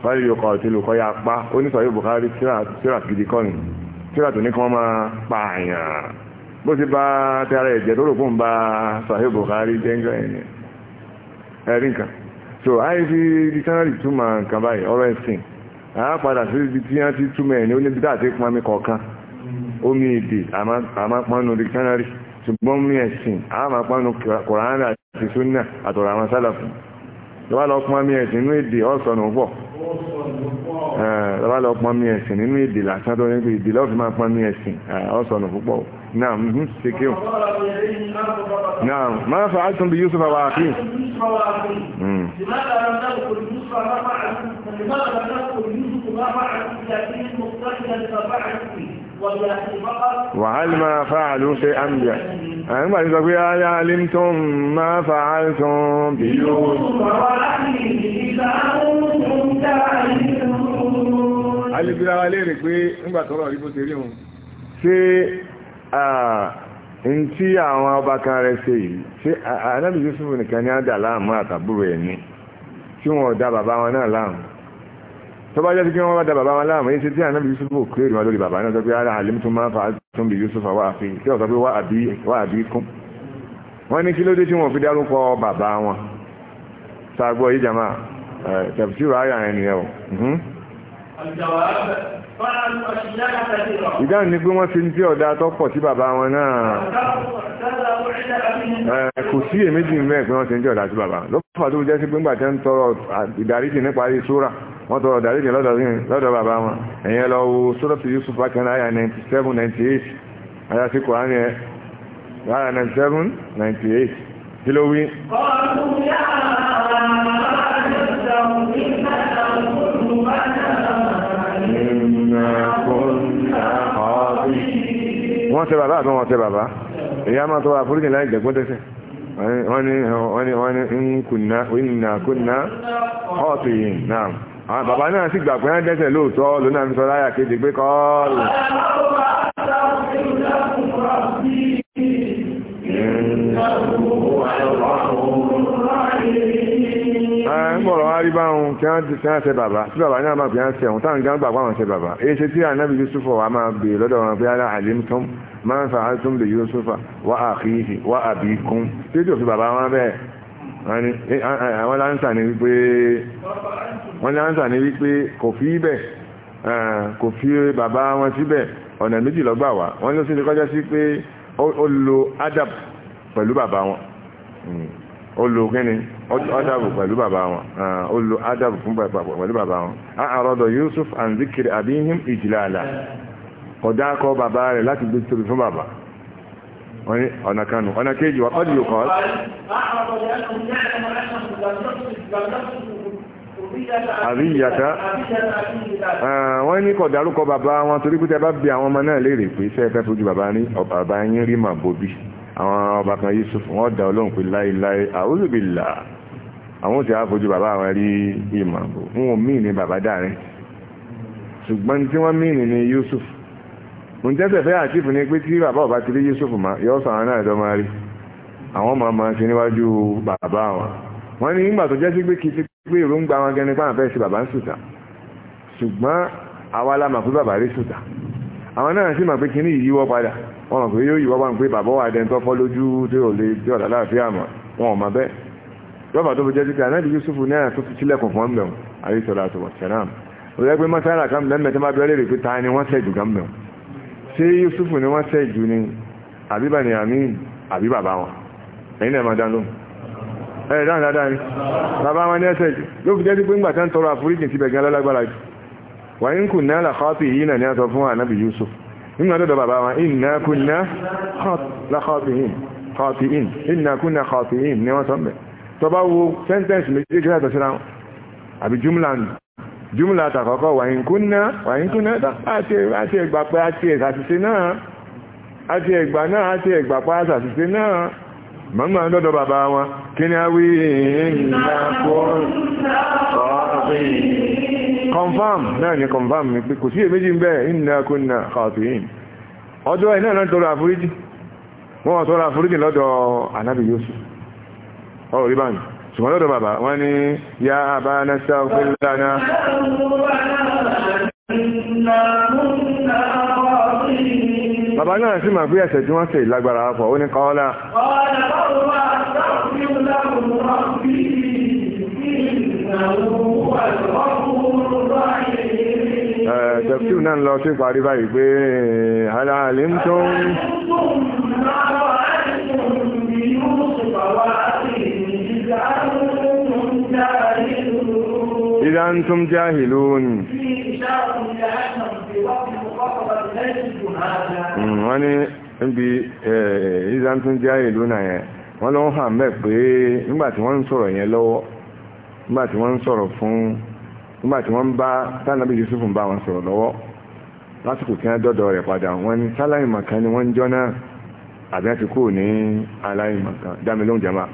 fáyé yóò kọ̀ tí lùkọ́ ya pa onísọ̀ yóò Bukhari tíra gidi kọ́ni tíra tó ní kan máa pààyàn bó ti bá tẹ́ra ẹ̀jẹ̀ tó rò fún bá Sahih Bukhari jẹ́ńgọ́ ẹ̀yìn ẹ̀rí nǹkan so àyè fi dictionary túmọ̀ nǹkan báyìí ọ̀rọ̀ ẹ̀sìn àá padà sí ibi tí wọ́n ti túmọ̀ ẹ̀ ní oníbi dáàtí pọnmi kọ̀ọ̀kan omi èdè àmàpánu dictionary ṣùgbọ́n mi ẹ̀sìn àmàpánu kọ̀ránà àti súnà àtọ̀rọ̀ àwọn sálàfù lọ́wọ́ lọ pọnmi ẹ̀sìn nínú èdè ọ̀sọ̀nù pọ̀ war ẹ̀sìn nínú نعم سكيو نعم ما فعلتم بيوسف وأخيه لماذا لم تدخل يوسف ما فعل لماذا لم تدخل يوسف ما فعل بأخيه مقتحلا ففعل وهل ما فعلوا شيئا بي أما يقول علمتم ما فعلتم بيوسف وأخيه إذا أنتم تعلمون alìbíra wa léèrè pé nígbà n tí àwọn ọba kan rẹ̀ ṣe yìí ṣé anábì Yusuf nìkan ní àdà láàmú àtàbúrò ẹ̀ ní tí wọn dá bàbá wọn náà láàmú tó bá jẹ́ sí kí wọ́n bá dá bàbá wọn láàmú yìí ṣe tí ànábì Yusuf ò kéré wọn lórí bàbá náà sọ pé ara àlẹ́ tó máa fa tó ń bi Yusuf wá àfi tí wọ́n sọ pé wá àbí kún wọ́n ní kí ló dé tí wọ́n fi dárúkọ bàbá wọn sàgbọ́ yìí jàmá tẹ̀síwáyà ẹni ẹ̀ ìdáhùn ni pé wọ́n fi ń tí ọ̀dá tó pọ̀ sí bàbá wọn náà kò sí èméjì mẹ́ẹ̀ pé wọ́n ti ń tí ọ̀dá sí bàbá ló fà tó jẹ́ sí pé ńgbà tẹ́ ń tọrọ ìdáríjì nípa rí sóra wọ́n tọrọ ìdáríjì lọ́dọ̀ bàbá wọn ẹ̀yẹn lọ wo sórọ́tù Yusuf akẹ́lá àyà 97 98 àyà sí Kùránì ẹ̀ àyà 97 98 kí ló wí. wọ́n ṣe bàbá àbí wọ́n ṣe bàbá èyí á máa tọrọ àforíjì láì jẹ̀gbọ́n tẹ́sẹ̀ wọ́n ní wọ́n ní wọ́n ní nkùnà ìnàkùnà ọ̀tù yìí náà àwọn bàbá náà sì gbà pé wọ́n dẹ́sẹ̀ lóòótọ́ lónà ń sọ láyà kejì pé kọ́ọ̀lù. ń bọ̀rọ̀ wá rí báwọn kí wọ́n ti kí wọ́n ṣe bàbá tí bàbá náà máa fi hàn sẹ́wọ̀n táwọn gan gbà pàwọn ṣe bàbá èyí ṣe tí ànábì yusufu wa máa bèè lọ́dọ̀ wọn pé ara àlímtún máa ń fa àtún lè yusufa wá àkíyèsí wá àbíkún tí ó fi bàbá wọn bẹ́ẹ̀ wọ́n láǹsà ní eh, wípé wọ́n láǹsà ní wípé kò fi ibẹ̀ eh, kò fi bàbá wọn síbẹ̀ ọ̀nà méjì lọ́gbà wá wọ́n adab pẹ̀lú bàbá wọn hmm. ó adabu pẹ̀lú bàbá wọn ah, ó lo adabu fún pẹ̀lú bàbá wọn a àrọ́dọ̀ Yusuf and zikiri abihim ìjìláàlá kọjá kọ bàbá rẹ̀ láti gbé tóbi fún bàbá wọ́n ní ọ̀nà kanu ọ̀nà kejì wà ọdí yòkọ́ àríyàtá ah, wọ́n ní kọ̀ bàbá wọn torí pé bá bí àwọn ọmọ náà léèrè pé iṣẹ́ ẹ̀fẹ́ fojú bàbá ní bàbá yín rí mà àwọn ọba kan Yusuf wọ́n dá ọlọ́run pé láéláé àúzùbìlà àwọn tí a fojú bàbá àwọn rí ìmọ̀ wọn míì ní bàbá dáre ṣùgbọ́n tí wọ́n míì ní Yusuf mo tẹ́sẹ̀ fẹ́ àtìfù ní pé tí bàbá ọba ti rí Yusuf ma yọ́ sàn án náà ẹ̀dọ́ máa rí àwọn ọmọ ọmọ ṣe níwájú bàbá wọn wọ́n ní ìgbà tó jẹ́ sí pé kí sí pé èròǹgbà wọn gẹni pàrọ̀ fẹ́ sí bàbá ń sùtà ṣùgbọ́n àwa la mà pé bàbá rí sùtà àwọn náà sì mà pé kíní ìyíwọ́ padà wọn mọ̀ pé yóò yíwọ́ wọn pé bàbá wà dẹ́ntọ́ fọ́ lójú tí ò lè tí ọ̀dà láàfin àmọ́ wọn ò mọ̀ bẹ́ẹ̀ lọ́fà tó fi jẹ́ títà náà di Yusuf náà tó fi sílẹ̀kùn fún ọmọ ayé sọ̀rọ̀ àtọ̀wọ̀ sẹ́ràn ó yẹ pé mọ́sára kan lẹ́mẹ̀ tó máa bẹ̀rẹ̀ rè pé ta ni wọ́n sẹ́jù gan mẹ́wọ̀n ṣé Yusuf ni wọ́n sẹ́jù ni àbí bàní àmì àbí bàbá wọn ẹ̀yin náà máa dá lóhùn ẹ̀ dáhùn dáadáa ni bàbá wọn ní ẹsẹ̀ ló fi jẹ́ sí pé ńgbà tá ń tọrọ àforíjì síbẹ̀ gan tọba wo sentence méjèèjì yàtọ̀ síra wọn àbí júmùlà nù júmùlà àtàkọ́kọ́ wàyínkúnná wàyínkúnná àti ẹgbà pé àti ẹ̀sàṣìṣe náà àti ẹgbà náà àti ẹgbà pé àṣàṣìṣe náà màmá dọ́dọ̀ ni a wí ìrìnlá confam náà ni confam ni pé kò sí èméjì ń bẹ ìnà kúnnà kàtíyìn ọjọ́ ẹ̀ náà tọrọ àforíjì wọ́n tọrọ àforíjì lọ́dọ̀ ànábì Yusuf ọ̀rọ̀ rí báyìí ṣùgbọ́n lọ́dọ̀ bàbá wọ́n ní yá àbá náṣà òfin lánàá bàbá náà sì máa gbé ẹ̀ṣẹ̀ tí wọ́n ṣe lágbára pọ̀ ó ní kọ́ọ́lá Tẹ̀kùn náà lọ sí parí báyìí pé aláàlè ń tó ń إذا أنتم جاهلون hmm, hmm, wọ́n ní ibi ìzá tún jẹ́ ìlú náà yẹn wọ́n ló ń hàn mẹ́ pé nígbàtí wọ́n ń sọ̀rọ̀ yẹn lọ́wọ́ nígbàtí wọ́n ń sọ̀rọ̀ fún nígbàtí wọ́n bá tánàbí Yusuf ń bá wọn sọ̀rọ̀ lọ́wọ́ lásìkò kí wọ́n dọ́dọ̀ rẹ̀ padà wọ́n ní sáláìmọ̀kan ni wọ́n ń jọ́nà àbí wọ́n ti kúrò ní aláìmọ̀kan dámi lóhùn jẹ́mà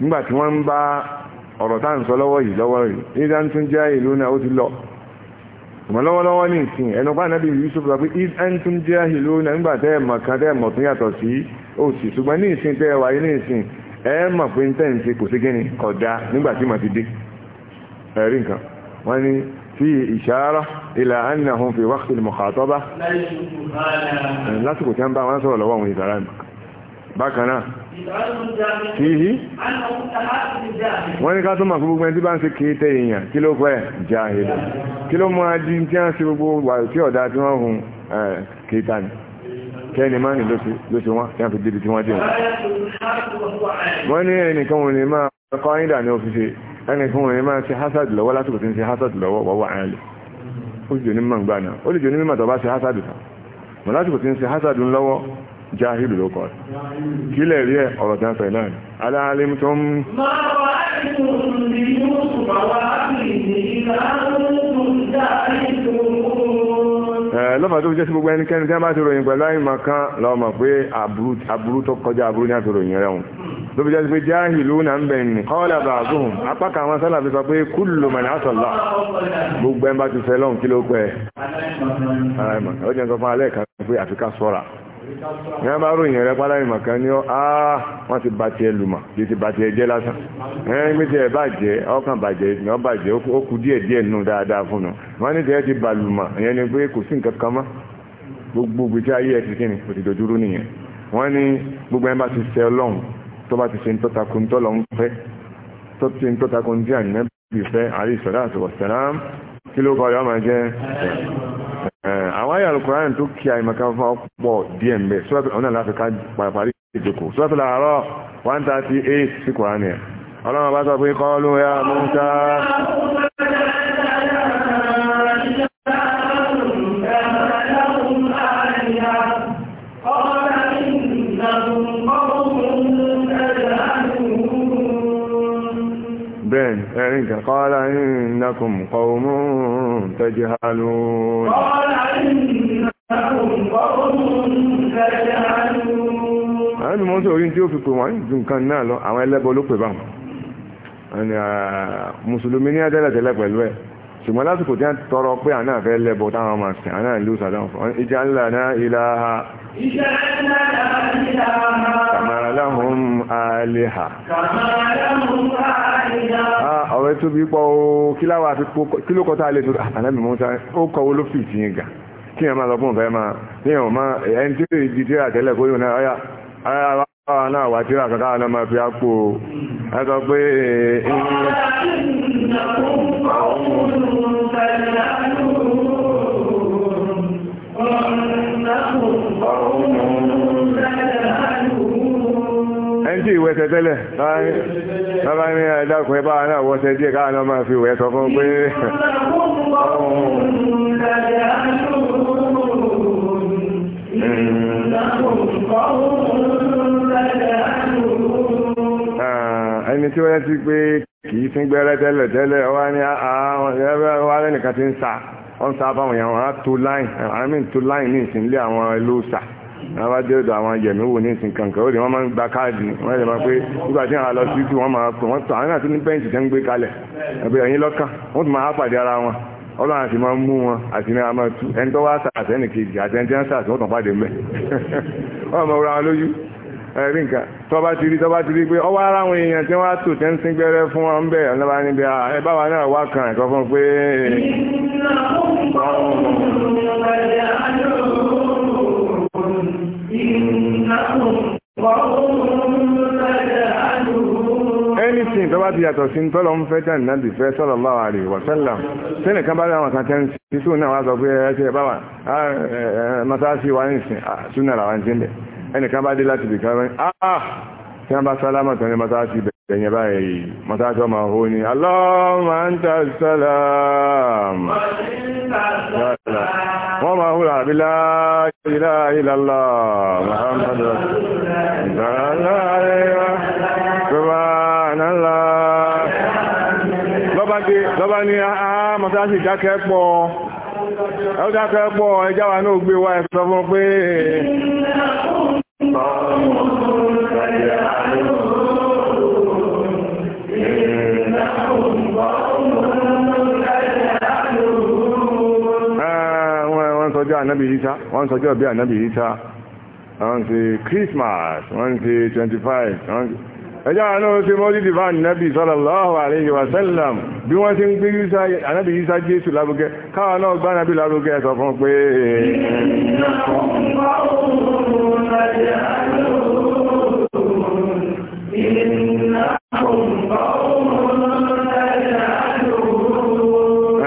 nígbà tí wọ́n ń bá ọ̀rọ̀ tá à ń sọ lọ́wọ́ yìí lọ́wọ́ yìí ìdá ń tún jẹ́ ìlú náà ó ti lọ ìmọ̀ lọ́wọ́lọ́wọ́ ní ìsìn ẹnu pa náà bí Yusuf sọ pé ìdá ń tún jẹ́ ìlú náà nígbà tẹ́ ẹ̀ mọ̀ kan tẹ́ ẹ̀ mọ̀ tún yàtọ̀ sí òsì ṣùgbọ́n ní ìsìn tẹ́ wáyé ní ìsìn ẹ mọ̀ pé ń tẹ́ kò sí kíni kódà nígbà mà ti dé ẹ̀rí nǹkan wọ́n ní fi ìṣàárọ̀ ilà annahum fi wákìtì mọ̀kàtọ́ lásìkò tí wọ́n bá wọn sọ̀rọ̀ lọ́wọ́ àwọn ìsàrá bákan náà fìhí wọ́n ní ká tó mọ̀ gbogbo ẹni bá ń ṣe kìí tẹ èèyàn kí ló pẹ́ jahil kí ló máa di tí wọ́n ṣe gbogbo wà tí tí wọ́n hun kìí ni kẹ́ni máa ní ló ṣe wọ́n tí fi débi tí wọ́n dé wọ́n ní ẹnìkan wọn ni máa kọ́ ayídà ní ọ́fíìsì ẹnìkan wọn ni máa ṣe hasad lọ́wọ́ lásìkò tí ń ṣe lọ́wọ́ ó sì jò ní gbà náà ó sì jò ní mímọ̀ tó bá ṣe tán mọ̀ lásìkò tí ń ṣe jáhìlù ló kọ́ kí lè rí ẹ̀ sọ tó ń lọ́fà tó jẹ́ gbogbo ẹnikẹ́ni tí a bá ti ròyìn pẹ̀lú àìmọ̀ kan lọ́mọ̀ pé àbúrú tó kọjá àbúrú ní àti ròyìn rẹ̀ wọn ló fi pé ń apá kan sálà fi sọ pé kúlù mọ̀ ní àtọ̀lá gbogbo ẹ̀ bá ti fẹ́ lọ́hùn kí ló pẹ́ ẹ̀ sọ fún alẹ́ kan pé ní a bá ròyìn rẹ pálá ìmọ̀ kan ní ọ́ wọ́n ti bá tiẹ̀ lùmọ̀ bí ti bá tiẹ̀ jẹ́ lásán ẹ̀ẹ́n gbé tiẹ̀ bàjẹ́ ọkàn bàjẹ́ ní ọ bàjẹ́ ó kù díẹ̀ díẹ̀ nù dáadáa fún un wọ́n ní tiẹ̀ ti bà lùmọ̀ ìyẹn ni pé kò sí nǹkan kan mọ́ gbogbo gbèsè ayé ẹ̀ ti kí ni kò ti dojúrú nìyẹn wọ́n ní gbogbo ẹ̀ bá ti ṣe ọlọ́run tó bá ti ṣe ń tọ́ta kun tọ́lọ́ ń fẹ́ tó ti ń Eh, àwọn ayé alukuraani tó kí àyèmọ̀ká fún ọ̀pọ̀ díẹ̀ mbẹ́ sọ́dọ̀ ọ̀nà láfíkà parí ìjókòó sọ́dọ̀ làárọ̀ one thirty eight sí kuraani ọlọ́run bá sọ pé kọ́ ló yá mú sáá. عليك قال إنكم قوم تجهلون قال إنكم قوم تجهلون أنا ممكن في أنت يوفي قوانين جنكان نالو أما إلا بولو قبام أنا مسلمين يا دلة دلة بلوه ṣùgbọ́n lásìkò tí أنا tọrọ pé àná àfẹ́ أنا táwọn máa sìn لنا ìlú Kama lahum aliha. Ọ̀rẹ́ tó bí pọ̀ oó kí láwà àti kí ló kọta ó kọ ló fi ti Kí ẹ máa lọ fún máa ní máa ẹni tí ó di tíra tẹ́lẹ̀ kó yóò náà ara náà wà tíra kankan ọmọ fi ápò ẹ pé ẹ̀yìn. ìwẹ̀sẹ̀ tẹ́lẹ̀ bàbá ní ẹ̀dàkùn ẹbá náà wọ́sẹ̀ díẹ̀ káà náà máa fi ìwẹ̀ sọ fún pé ah, ẹni tí wọ́n ti pé kìí sín gbẹ́rẹ́ tẹ́lẹ̀ tẹ́lẹ̀ wá ní àwọn ẹgbẹ́ nìkan ti ń sa ọ́n sábà náà bá dé àwọn yẹ̀mí wò ní ìsìn kankan ó lè wọ́n máa ń gba káàdì wọ́n lè máa pé nígbà tí wọ́n lọ tí wọ́n máa pè wọ́n tàn án náà ní bẹ́ǹtì tẹ́ ń gbé ara wọn ọlọ́run àti máa mú wọn àti ní àmọ́ tu ẹni tó wá sàtẹ́nì kejì àti ẹni tí wọ́n sàtẹ́ wọ́n tàn pàdé mẹ́ ra tó bá ti rí tó bá ti rí pé ọwọ́ ara àwọn èèyàn tí wọ́n á tò tẹ́ ń fún wọn bẹ́ẹ̀ kan ẹ̀kọ́ fún anything tó bá ti yàtọ̀ sí tọ́lọ ń fẹ́ tẹ́lẹ̀ náà dìfẹ́ sallallahu alaihi wa sallam tẹ́lẹ̀ kan bá rí àwọn kan tẹ́ sí súnà wá sọ pé ẹ̀ẹ́sẹ̀ báwà mọ́sáàsì wá ní ìsìn súnà làwọn jẹ́ tí wọ́n bá sálámà tán ní masáàsì bẹ̀yẹn báyìí Allahumma anta salam wọ́n máa hùrà bí la ilaha illallah Muhammadu lọ́bá ní àá ah, ah, masáàsì dákẹ́ pọ̀ ẹ̀ọ́ dákẹ́ pọ̀ náà gbé wá ẹ̀sọ́ pé ànábì ìrísá wọ́n sọjọ́ bí ànábì ìrísá wọ́n ti Christmas wọ́n ti twenty-five ẹjọ́ àánú sí mọ́lìdì bá nàbì sallallahu alayhi wa sallam bí wọ́n ti ń gbé ànábì yísá jésù lárugẹ káwọn náà gbá nàbì lárugẹ ẹ̀sọ̀ fún pé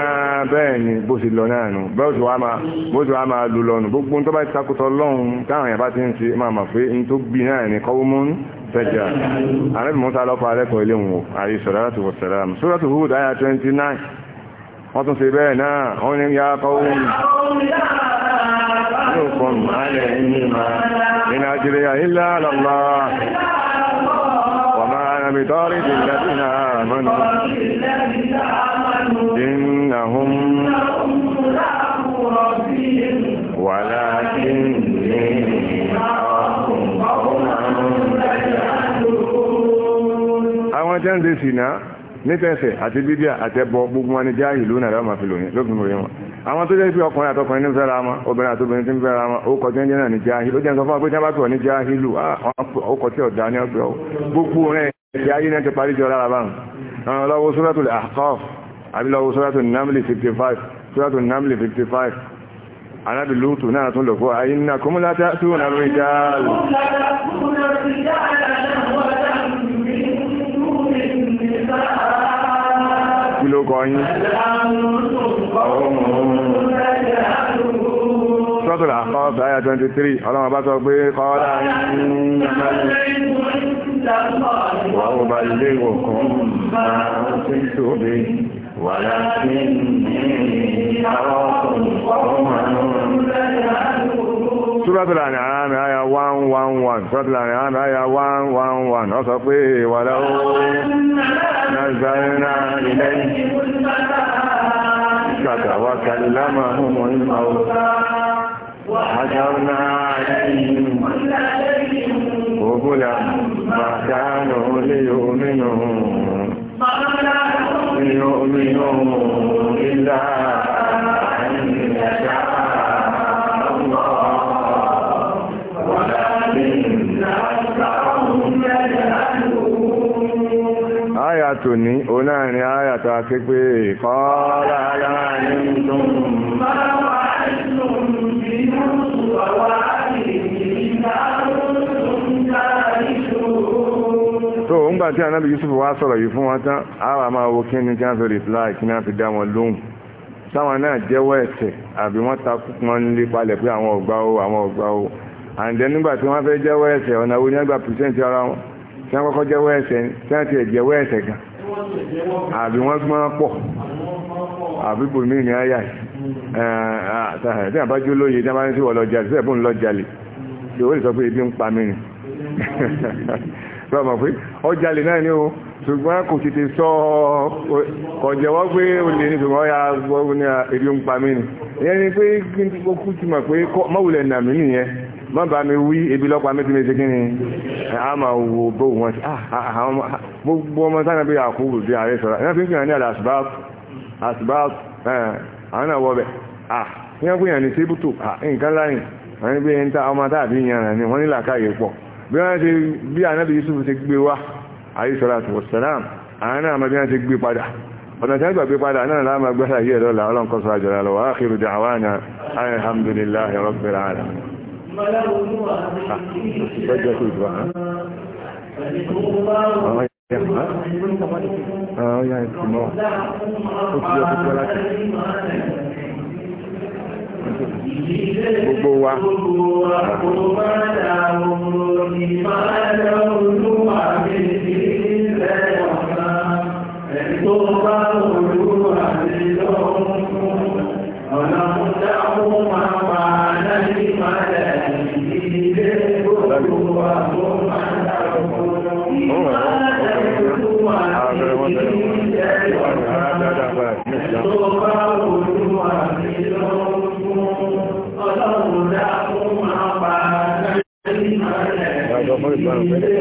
ah, bẹ́ẹ̀ni bó ti lọ náà máa lù lọ gbogbo tó bá ti takùtọ̀ lọ́hùn táwọn èèyàn ti ń ṣe máa mà pé n tó gbi náà ní kọ́wọ́mọ́nù sẹ́jà ààrẹ mọ́ta lọ́pàá alẹ́kọ̀ọ́ ilé wọn àrí sọ̀rọ̀tù wọ̀sẹ̀láàmù sọ́rọ̀tù Hud àyà 29 wọ́n tún ṣe bẹ́ẹ̀ náà wọ́n ni ya kọ́wọ́n yóò kọ́ mọ́lẹ̀ ìnìmá ìnà àjíríyà àwọn tẹ́ ń ṣe sì náà nítẹ̀sẹ̀ àti bídíà àtẹ́bọ gbogbo wọn ni jáàyè lónà àdáwà máa fi lòyìn lófin mòye wọn àwọn tó jẹ́ pé ọkùnrin àtọkùnrin ní fẹ́ra wọn obìnrin àtobìnrin tí ń fẹ́ra wọn ó kọjá jẹ́ náà ní jáàyè ló jẹ́ sọ fún wa pé tí wọ́n bá tọ̀ ní jáàyè lù ó kọjá ọ̀dà ní ọgbẹ́ ọ gbogbo rẹ̀ ìyá náà ti parí jọ lára báwọn lọ́wọ́ Namli 55 suratul Namli 55 anábì lóòtù náà tún lọ fún àyínà kúmúlátà tó nà rí jáàlù ló kọ yín sọ́tùlà kọ́ fàáyà 23 ọlọ́run bá sọ pé kọ́ọ́lá wọ́n bá ní àwọn ọkùnrin ọmọ ọmọ Suratul An'am one 111 Suratul An'am àyà 111 ọ sọ pé wàlá ó nàzàrínà ilẹ̀ ìṣàkàwà kàlìlámà ọmọ ìmọ̀ وحجرنا عليهم قبلا ما كانوا ليؤمنوا ليؤمنوا إلا tòní òun náà ni àyàtọ̀ àti pé ìkọ́lá yára ní tó máa wà nínú ìlú àwọn àìyí so ń gbà tí anábi Yusuf wá sọ̀rọ̀ yìí fún wọn tán àwà máa wo kí ní kí á fi kí ní á fi dá wọn lóhùn sáwọn náà jẹ́wọ́ ẹ̀ṣẹ̀ àbí wọ́n ta púpọ̀ nílé palẹ̀ pé àwọn ọ̀gbá o àwọn ọ̀gbá o àǹdẹ́ nígbà tí wọ́n fẹ́ jẹ́wọ́ ẹ̀ṣẹ̀ ọ̀nà wo nígbà pìrìsẹ́ǹtì ara wọn tí wọ́n kọ́kọ́ jẹ́wọ́ ẹ̀ṣẹ̀ gan àbí wọ́n gbọ́n pọ̀ àbí bòmí ní àyà tí a bá jó lóye tí a bá ní sí wọ́n lọ jalè síbẹ̀ bó ń lọ jalè tí ó lè sọ pé ibi ń pa mí ni lọ́mọ̀ pé ọ jalè náà ni o ṣùgbọ́n kò tètè sọ kọ̀jẹ̀wọ́ pé o lè ní ṣùgbọ́n ọya gbọ́ ní ibi ń pa mí ni ìyẹn pé kí n ti kó ti mọ̀ pé mọ́wùlẹ̀ nà mí nìyẹn má bá mi wí ebi lọ́pàá méjì méjì kí ni a máa wo bó wọn sí ah, ah, ah, gbogbo ọmọ sáà bí àkóbò bí ààrẹ sọ̀rọ̀ ẹ̀yàn fi ń fìyàn ní àdá asibáàbù àwọn náà wọ́ bẹ̀ ẹ̀yàn fi hàn ní síbùtù nǹkan láyìn wọ́n ní bí ẹni tá ọmọ táàbí yànrà ni wọ́n ní làkàyè pọ̀ bí wọ́n ṣe bí ànábì Yusuf ti gbé wá ààrẹ sọ̀rọ̀ àtùwọ̀sálàm àwọn náà bí wọ́n ti Ìgbẹ́jọ́ tó ìdúwà náà. Àwọn ìyàmù náà. Àwọn ìyà ìfìmọ̀. Ó ti yọ púpọ̀ láti. Gbogbo wa. Gbogbo wa. Yeah.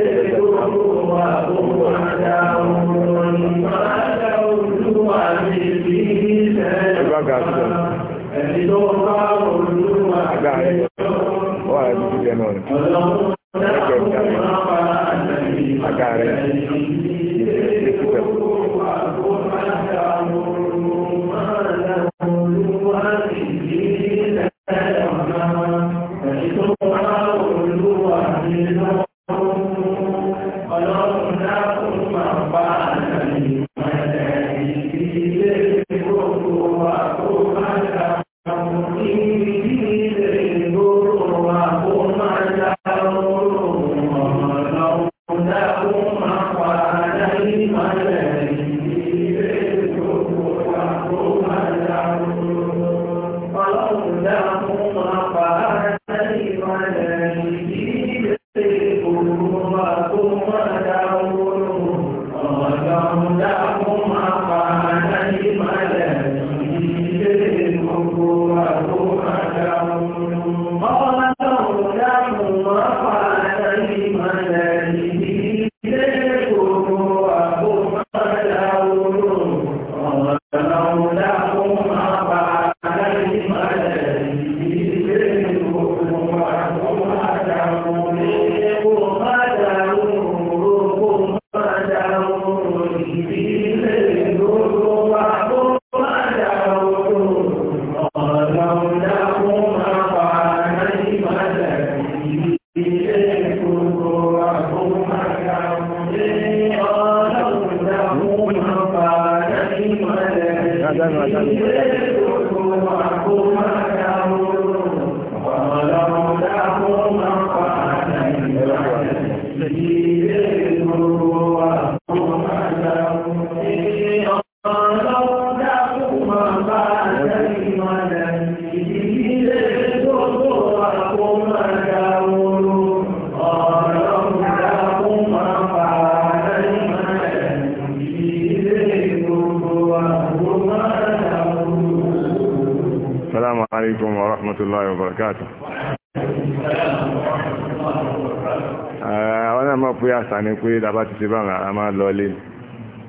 pé tàbá ti ṣe báwọn a máa lọ lé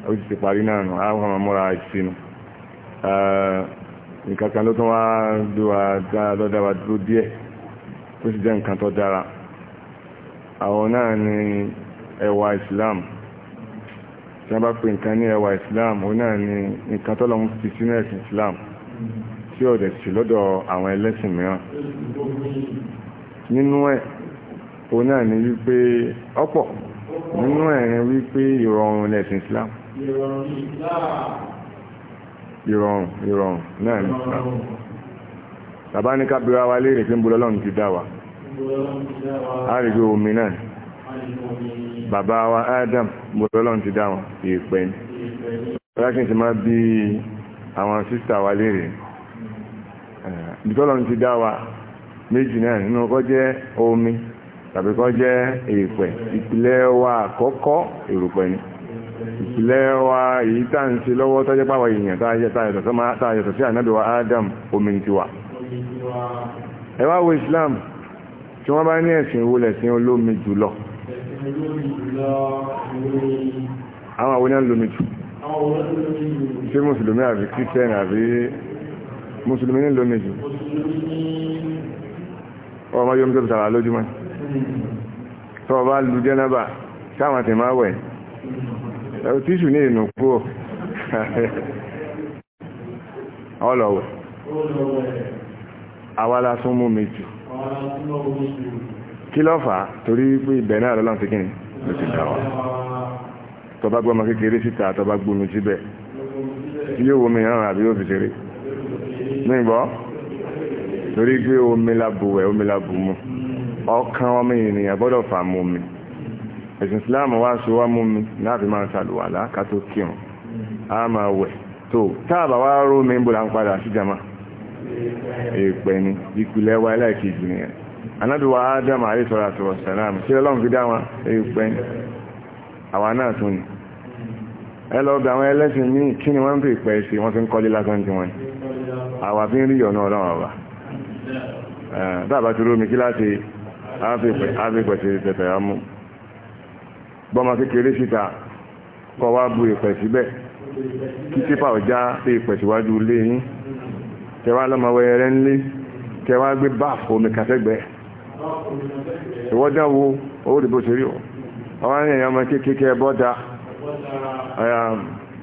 ó ti ṣe parí náà nù àwọn ọmọ múra ìsinú nǹkan kan ló tún wá lọ́dáwà dúró díẹ̀ tó sì jẹ́ nǹkan tó dára àwọn náà ni ẹwà Islam tí wọ́n bá pè nǹkan ní ẹwà Islam òun náà ni nǹkan tó lọ́mú ti sínú ẹ̀sìn Islam tí ọ̀dẹ̀ sí lọ́dọ̀ àwọn ẹlẹ́sìn mìíràn nínú ẹ̀ òun náà ni wípé ọ̀pọ̀ nínú ẹ̀rin wípé ìrọ̀rùn lẹ̀sìn Islam ìrọ̀rùn ìrọ̀rùn náà ní Islam bàbá ní kábíra wa léèrè pé ń bọ́lọ́ lọ́nà ti dá wa a rí omi náà bàbá wa Adam bọ́lọ́ lọ́nà ti dá wọn ìpẹ́ ní ọlákin ti máa bí àwọn sísà wa léèrè bítọ́lọ́nà ti dá méjì náà nínú ọkọ́ jẹ́ omi tàbí kọ́ jẹ́ èèpẹ̀ ìpìlẹ̀ wa àkọ́kọ́ èrùpẹ̀ ni ìpìlẹ̀ wa èyí tá ń ṣe lọ́wọ́ tọ́jẹ́ pàwọ̀ èèyàn tààyẹ̀tọ̀ sí ànábì Adam omi ti wà ẹ wá wo Islam tí wọ́n bá ní ẹ̀sìn wo lẹ̀sìn olómi jùlọ àwọn àwọn oníyàn lómi jù ṣé mùsùlùmí àbí kírísítẹ́nì àbí mùsùlùmí ní lómi jù ọmọ yóò mú tó bìtàrà lójúmọ́ tó bá lu jẹ́nàbà sáwọn tẹ̀ máa wẹ̀ tíṣù ní ìnù kúrò ọlọ́wẹ̀ awala tún mú mi jù kí ló fà á torí pé ibẹ̀ náà lọ́lọ́n ti kíni ló ti dá wa tó bá gbọ́mọ kékeré síta tó bá gbómi síbẹ̀ yóò wo mi náà àbí yóò fi ṣeré ní ìgbọ́ torí pé omi la omi la ọkàn ọmọ ènìyàn gbọ́dọ̀ fà mú mi ẹ̀sìn islam wá ṣe wá mú mi láti máa ṣàlùwàlá ká tó a máa wẹ̀ tó táàbà wá ró mi ń bò là padà sí jama èèpẹ̀ ni ìpìlẹ̀ wa ẹlẹ́ẹ̀kejì nìyẹn àríṣọ́ra sàlám ṣé ọlọ́run fi dá èèpẹ̀ àwa náà tún ẹ lọ gba àwọn ẹlẹ́sìn ní kí ni wọ́n ń fi wọ́n fi ń kọ́lé lásán wọ́n ni àwa fi ń rí áfíìpẹ̀sì tẹ̀tẹ̀ yà mú bọ́mọ kékeré síta kọ́ wá bu ìpẹ̀ síbẹ̀ kí típà ọ̀já pé ìpẹ̀ síwájú lé yín tẹwàá lọ́mọ wẹ̀rẹ̀ ńlé tẹwàá gbé báàfù omi kàtẹ́gbẹ́ ìwọ́dá wo owó ìdìbò ṣe rí o ọwọ́ ní ẹ̀yà ọmọ kékeré ẹ bọ́ta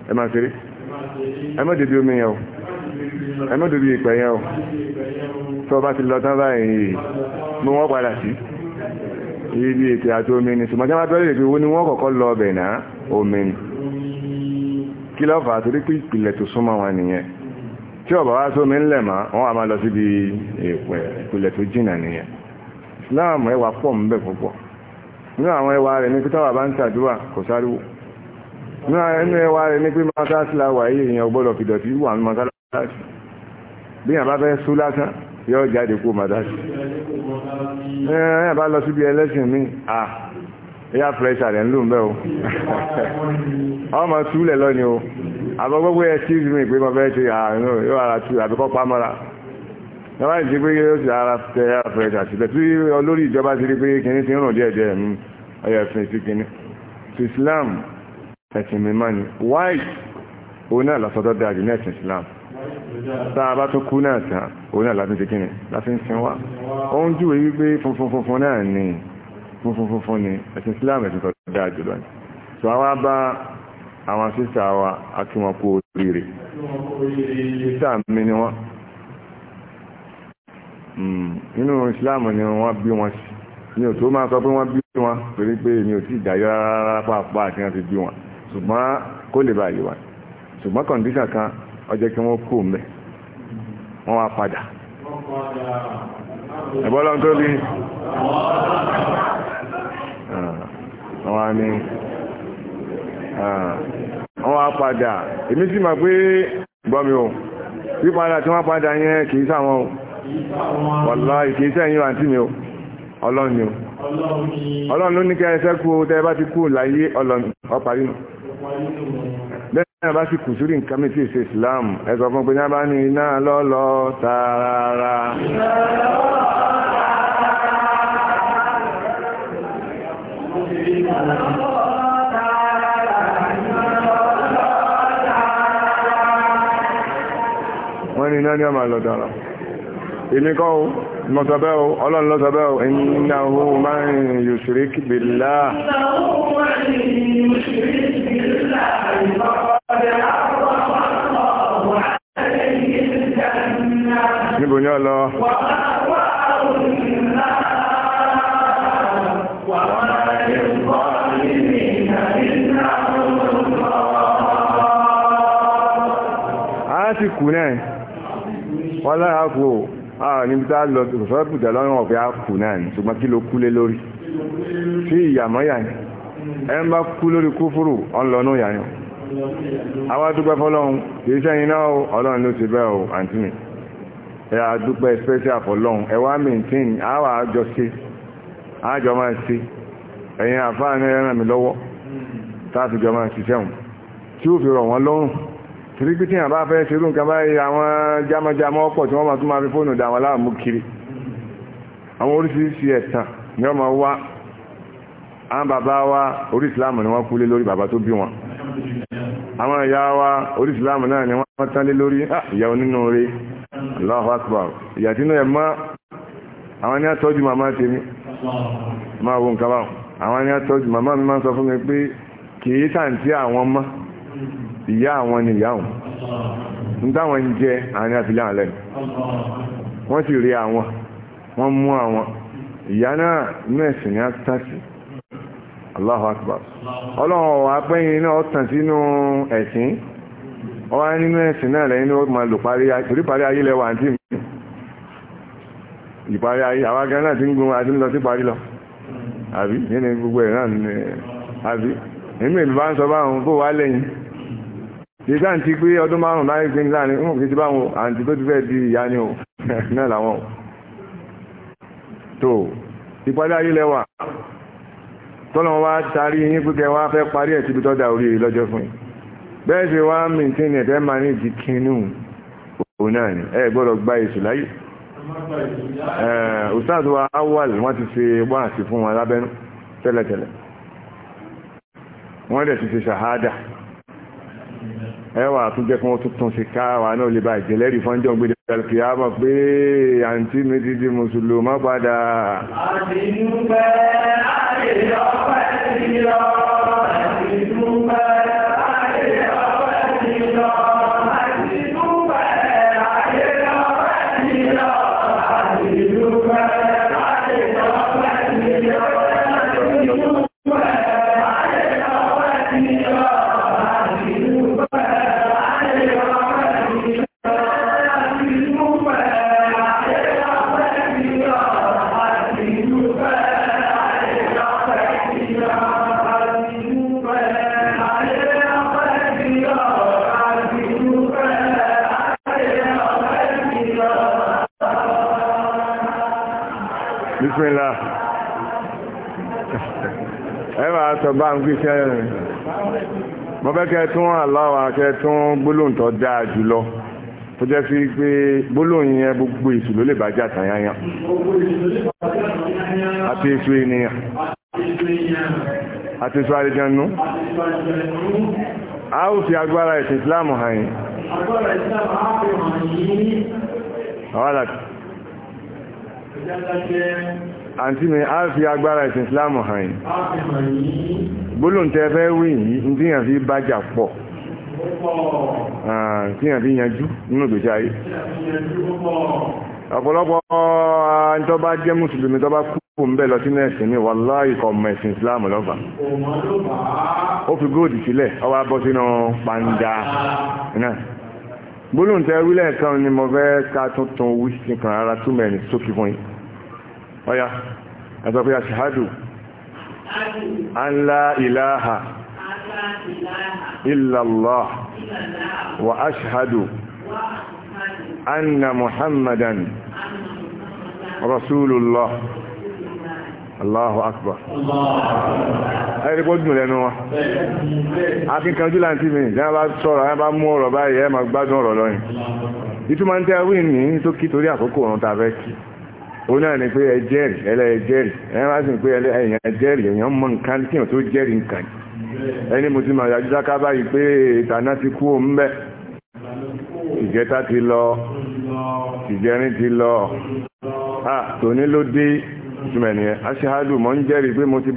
ẹ máa ṣeré ẹ má dèbí omi yẹn o ẹ má dèbí ìpẹ̀ tó bá ti lọ tán báyìí mú wọ́n padà sí ibi ètò àti omi ni ṣùgbọ́n jáwá bẹ́rẹ̀ ìpé owó ni wọ́n kọ́kọ́ lọ ọbẹ̀ náà omi ni kí ló fà á torí pé ìpìlẹ̀ tó súnmọ́ wọn nìyẹn tí ọ̀bà wá sómi ńlẹ̀ mọ́ wọ́n á máa lọ síbi èpẹ̀ ìpìlẹ̀ tó jìnà nìyẹn Islam ẹwà pọ̀ ń bẹ púpọ̀ nínú àwọn ẹwà rẹ̀ bí yàn bá fẹ́ sú lásán yóò jáde kó màdásí ẹ̀ bá lọ síbi ẹlẹ́sìn mi à ẹ̀yà pẹ̀lẹ́sà rẹ̀ ń lò ń bẹ́ o ọmọ túlẹ̀ lọ ni o àbọ̀ gbogbo ẹ̀ tí mi pé mo fẹ́ ṣe àrùn yóò ara tú àbíkọ́ pamọ́ra lọ́wọ́ ìṣe pé yóò ṣe ara tẹ ẹ̀yà pẹ̀lẹ́sà sílẹ̀ tí olórí ìjọba ti rí pé kìnní ti ń rùn díẹ̀ díẹ̀ mi ọyọ̀ ẹ̀sìn sí kìnní Islam ẹ̀sìn mi mọ́ ni wáì òun náà lọ́sọ̀tọ̀ dáa jù ní ẹ̀sìn Islam tá a bá tún kú náà tán òun náà láti ṣe kí ni láti ń sin wá ó ń júwe wípé funfun funfun náà ni funfun funfun ni ẹ̀sìn Islam ẹ̀sìn tó dáa jùlọ ni so àwa bá àwọn sísà wa àti wọn kú oríire sísà mi ni wọn nínú hmm, Islam ni wọn bí wọn sí mi ò tó máa sọ pé wọn bí wọn torí pé mi ò tí ì dáyọ rárá pàápàá àti wọn fi bí wọn ṣùgbọ́n kó lè bàyè wa ṣùgbọ́n kọ̀ǹdíṣà kan ọjọ́ kí wọ́n kú mẹ́ wọ́n wá padà ẹ̀bọ́lọ́n tó bí ah, wọ́n wá ní ah, wọ́n wá padà èmi sì mọ̀ pé gbọ́mi o pípadà tí wọ́n padà yẹn kìí sáwọn wọ̀lá ìkìí sẹ́yìn rántí mi o ọlọ́run ni o ọlọ́run ló ní kẹ́ ẹsẹ́ kú tẹ́ bá ti kú láyé ọlọ́run ọparí náà bá sì kù sórí nǹkan mẹ́tí ìṣe Islam ẹ̀sọ fún pé bá ní iná lọ́lọ́ tààrà wọ́n ní iná ní ọmọ àlọ́dọ̀ọ̀rọ̀ èmi kọ́ o mọ̀sọ̀bẹ́ o ọlọ́run lọ́sọ̀bẹ́ o innahu man yushrik billah níbo ní ọlọ àásìkò náà wọ́n lára kú àà níbi tá lọ sọ́pùtẹ̀ lọ́rùn ọ̀fẹ́ àkù náà ṣùgbọ́n kí ló kúlé lórí sí ìyàmọ́yà ni ẹ ń bá kú lórí kúfúrù ọlọ́nù yàyàn àwa dúpẹ́ fọlọ́run kìí sẹ́yìn náà o ọlọ́run ló ti bẹ́ẹ̀ o àǹtí mi ẹ á special fọlọ́run ẹ wá maintain àwa àjọ ṣe àjọ máa ṣe ẹ̀yin àfáàní ẹran mi lọ́wọ́ táàfi jọ máa ṣiṣẹ́ wọn tí ó fi rọ̀ wọ́n lọ́rùn torí pé tí àwọn bá fẹ́ ṣerú nǹkan báyìí àwọn jámọ́jámọ́ ọ̀pọ̀ tí wọ́n máa tún máa fi fóònù dà wọ́n láàmú kiri àwọn oríṣiríṣi ẹ̀tàn ni wọ́n máa wá àwọn bàbá wa orí ìsìláàmù ni wọ́n kú lé lórí bàbá tó bí wọn àwọn ìyá wa orí ìsìláàmù náà ni wọ́n tán lé lórí ìyá onínú rí Allahu Akbar tínú ẹ̀ mọ́ àwọn ni a tọ́jú màmá tèmi máa wo nǹkan báwọn àwọn ni a tọ́jú màmá mi máa sọ fún mi pé kìí tàǹtí àwọn mọ́ ìyá àwọn ni ìyá wọn ń táwọn ń jẹ àwọn ni a fi lé àwọn lẹ́nu wọ́n sì rí àwọn wọ́n mú àwọn ìyá náà inú ẹ̀sìn ni a tà sí Allahu Akbar ọlọ́run wà pẹ́yìn náà tàn sínú ẹ̀sìn ọwá nínú ẹ̀sìn náà lẹ́yìn ó máa lò parí ayé lẹ́wà àti ìparí ayé àwọn agan náà ti ń gun àti lọ sí parí lọ àbí nínú gbogbo ẹ̀ náà ní àbí èmi ìlú bá ń sọ báwọn bó wá lẹ́yìn ìgbà tí pé ọdún márùn-ún láyé pé nígbà ní òun kìí ti báwọn àǹtí tó ti fẹ́ di ìyá ni ò náà làwọn tó ìparí ayé lẹ́wà tọ́lọ́wọ́ wá tarí yín pé kẹ́ wá fẹ́ parí ẹ̀ síbi tọ́jà orí rẹ̀ lọ́jọ́ fún yín bẹ́ẹ̀ ṣe wá mìntín ẹ̀ fẹ́ máa ní ìdí kínú òun náà ni ẹ gbọ́dọ̀ gba èṣù láyé ustaz wa awal wọ́n ti ṣe wáàsí fún wọn lábẹ́nú tẹ́lẹ̀tẹ́lẹ̀ wọ́n dẹ̀ ti ṣe ṣàhádà ẹwà àtúnjẹ́ fún tuntun sí káwà náà lè bá ìjẹ̀lẹ́rì fọ́njọ́ gbé dẹ̀lẹ̀kì á mọ̀ pé àǹtí mi ti di padà àti ìlú bẹ́ẹ̀ àìlọ́pẹ́ ìlọ́pẹ́ sọ bá ń gbéṣẹ́ rẹ̀ mo fẹ́ kẹ́ tún aláwa kẹ́ tún gbólóhùn tó dáa jùlọ tó jẹ́ sí pé gbólóhùn yẹn gbogbo èṣù ló lè bá jà tàn yányán àti èṣù ènìyàn àti èṣù àlejànú a ó fi agbára ẹ̀sìn Islam hàn yín agbára Islam á fi hàn yín àǹtí mi á fi agbára ìsìn Islam hàn yìí gbólóhùn tẹ́ fẹ́ wí yìí ní tíyàn fi bájà pọ̀ tíyàn fi yanjú nínú ìgbésí ayé ọ̀pọ̀lọpọ̀ tó bá jẹ́ mùsùlùmí tó bá kú ń bẹ́ lọ sínú ẹ̀sìn ní wàláhì kò mọ ẹ̀sìn Islam lọ́fà ó fi góòdì sílẹ̀ ó wá bọ́ sínú pàǹdà náà gbólóhùn tẹ́ wílẹ̀ kan ni mo fẹ́ ká tuntun wí sí kan ara túmẹ̀ ní sókè fún yìí ọya ẹ̀sọ́ pé aṣíhádù an la ilaha illallah wa aṣíhádù anna muhammadan rasulullah Allahu akbar. Ẹni pọ́ dùn lẹ́nu wọn. Akínkanjú láti mi, jẹ́ bá sọ̀rọ̀, ẹ bá mú ọ̀rọ̀ báyìí, ẹ máa gbádùn ọ̀rọ̀ lọ́yìn. Ìtumọ̀ ń tẹ́ wí ní tó kí torí àkókò ọ̀run tàbẹ́ kí. òun náà ni pé ẹ jẹ́rìí ẹlẹ́ ẹ jẹ́rìí ẹ máa sì ń pé ẹlẹ́ ẹ̀yàn ẹ jẹ́rìí èèyàn mọ nǹkan kí èèyàn tó jẹ́rìí ẹni mo ti báyìí pe ìtàná ti kú o ijeta ti lọ ìjẹrin ti lọ à tòní ló dé ìtumẹ̀ mo ti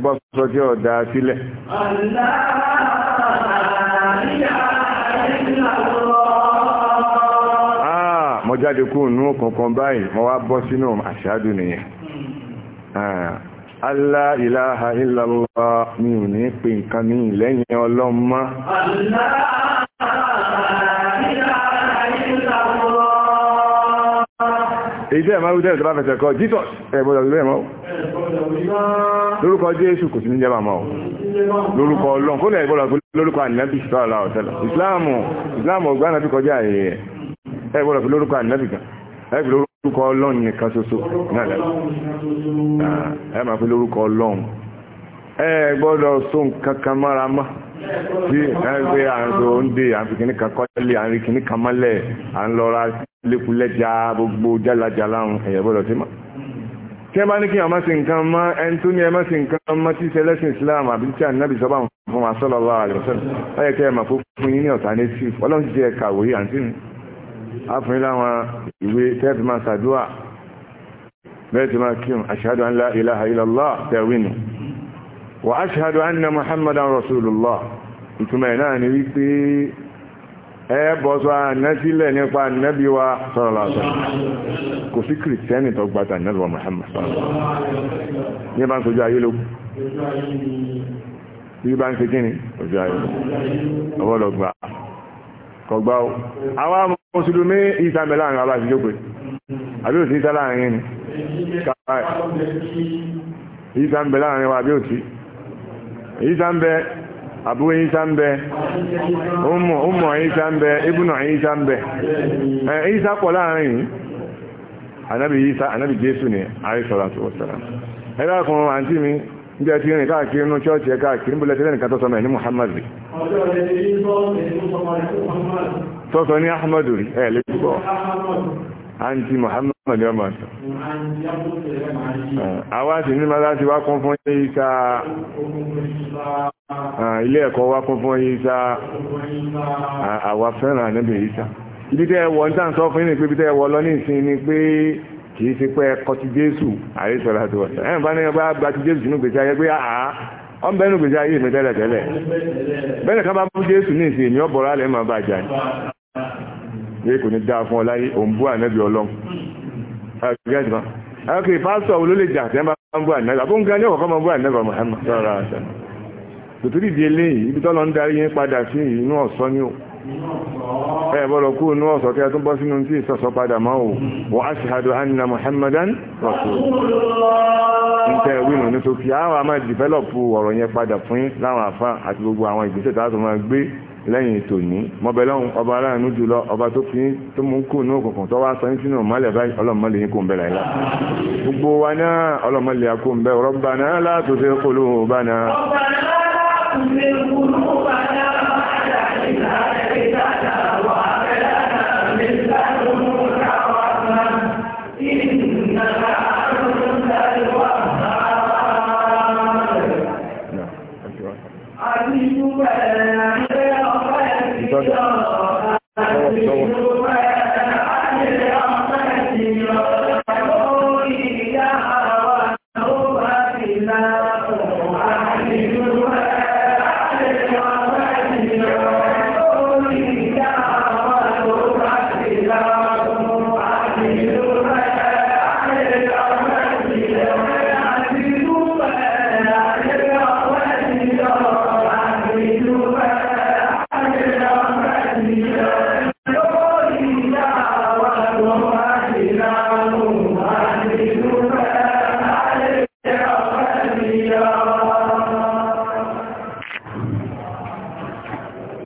jáde kú nú kankan báyìí wọ́n wá bọ́ sínú àṣádù nìyẹn Allah ilaha illallah mi ò ní pè nǹkan ní ìlẹ́yìn ọlọ́mọ́. Allah ilaha illallah. Èyí tẹ́ ẹ̀mọ́ ìdẹ́ ìjọba fẹ̀sẹ̀ kọ Jesus ẹ̀bọ̀dọ̀ ìlú ẹ̀mọ́. Lórúkọ Jésù kò sí ní jẹ́bà mọ́. e fi lórúkọ lórúkọ ọlọ́run yẹn fi lórúkọ ọlọ́run ah, ẹgbọ́dọ̀ so nǹkan kan mára tí ẹgbẹ́ àrùn àfikíní àríkíní gbogbo ẹ̀yẹ̀gbọ́dọ̀ tí ẹ bá ní kí ọmọ sí nǹkan ẹni tó ní sí nǹkan tí Islam àbí tí ànábì sọ́bà fún wa sallallahu alaihi wasallam láyé fún yín ní ọlọ́run ti ẹ̀ka àfin láwọn ìwé tẹ́ẹ̀tì máa sàdúà bẹ́ẹ̀ ti máa kírun ashhadu an la ilaha illallah tẹ̀wínù wa ashhadu anna muhammadan rasulullah ìtumọ̀ ẹ̀ náà ni wípé ẹ́bọ̀sọ́ ànẹ́sílẹ̀ nípa nẹ́bí wa sọ́rọ̀lọ́sọ́ kò sí kìrìsìtẹ́nì bá ń sojú ayé ló bí bá ń se kíni kọgbá o àwọn mùsùlùmí ìsàmì láàrin aláàrin jókòó àbí ìsà láàrin ní kàáì ìsàmì láàrin wa àbí òsì ìsàmì àbúwé ìsàmì ọmọ ìsàmì ibùnà ìsàmì ìsà láàrin yìí isa jésù níjẹ́ ti rìn káàkiri inú ṣọ́ọ̀ṣì ẹ káàkiri níbo lẹ́tẹ̀lẹ́ nìkan tọ́sọ mẹ́rin ní Muhammad rí tọ́sọ ní Ahmad rí ẹ̀ lè túbọ̀ àǹtí Muhammad ọmọ ọ̀sán àwa sì ní mara sí wá kún fún Ìsá ilé ẹ̀kọ́ wá kún fún Ìsá àwa fẹ́ràn ànábì Ìsá ibi tẹ́ ẹ wọ ní fún ní pé ibi tẹ́ ẹ wọ lọ ní ìsìn ni pé kìí ṣe pé ẹkọ ti jésù àríṣọ́lá tó wọ́n ẹ̀ bá ní ọba gba ti jésù nínú gbèsè ayé pé àá ọ̀n bẹ́ẹ̀ nínú gbèsè ayé mi tẹ́lẹ̀ tẹ́lẹ̀ bẹ́ẹ̀ ká bá bú jésù ní ìsìn èmi ọ̀bọ̀rọ̀ alẹ́ máa bá jà ní kò ní dáa fún ọ láyé òun bú ànábì ọlọ́run ọkì pásítọ̀ wo ló lè jà tẹ́ bá ń bú ànábì àbó nǹkan ní ọ̀kọ́ máa bú ànábì Muhammad sọ́ra àṣà tòtúrì di eléyìí ibi tọ́lọ́ ń darí yín padà sí inú ọ̀sán ni ó ẹ bọ́lọ̀ kú ní ọ̀sọ̀ kí a tún bọ́ sínú tí ìsọ̀sọ̀ padà máa wò wọ́n á sì hàdù anna muhammadan rasul nǹkan ìwínú ní sókè àwọn a máa dìfẹ́lọ̀pù ọ̀rọ̀ yẹn padà fún láwọn àfá àti gbogbo àwọn ìgbésẹ̀ tààtù máa gbé lẹ́yìn tòní mọ́bẹ̀lọ́hún ọba aláàánú jùlọ ọba tó fi tó mú kù ní òkùnkùn tó wá sọ ní sínú mọ́lẹ̀ báyìí ọlọ́mọlẹ̀ yín kò ń bẹ̀rẹ̀ ilá gbogbo wa náà ọlọ́mọlẹ̀ kò ń bẹ̀ Rabbana la tuzigh qulubana Rabbana lọ́dọ̀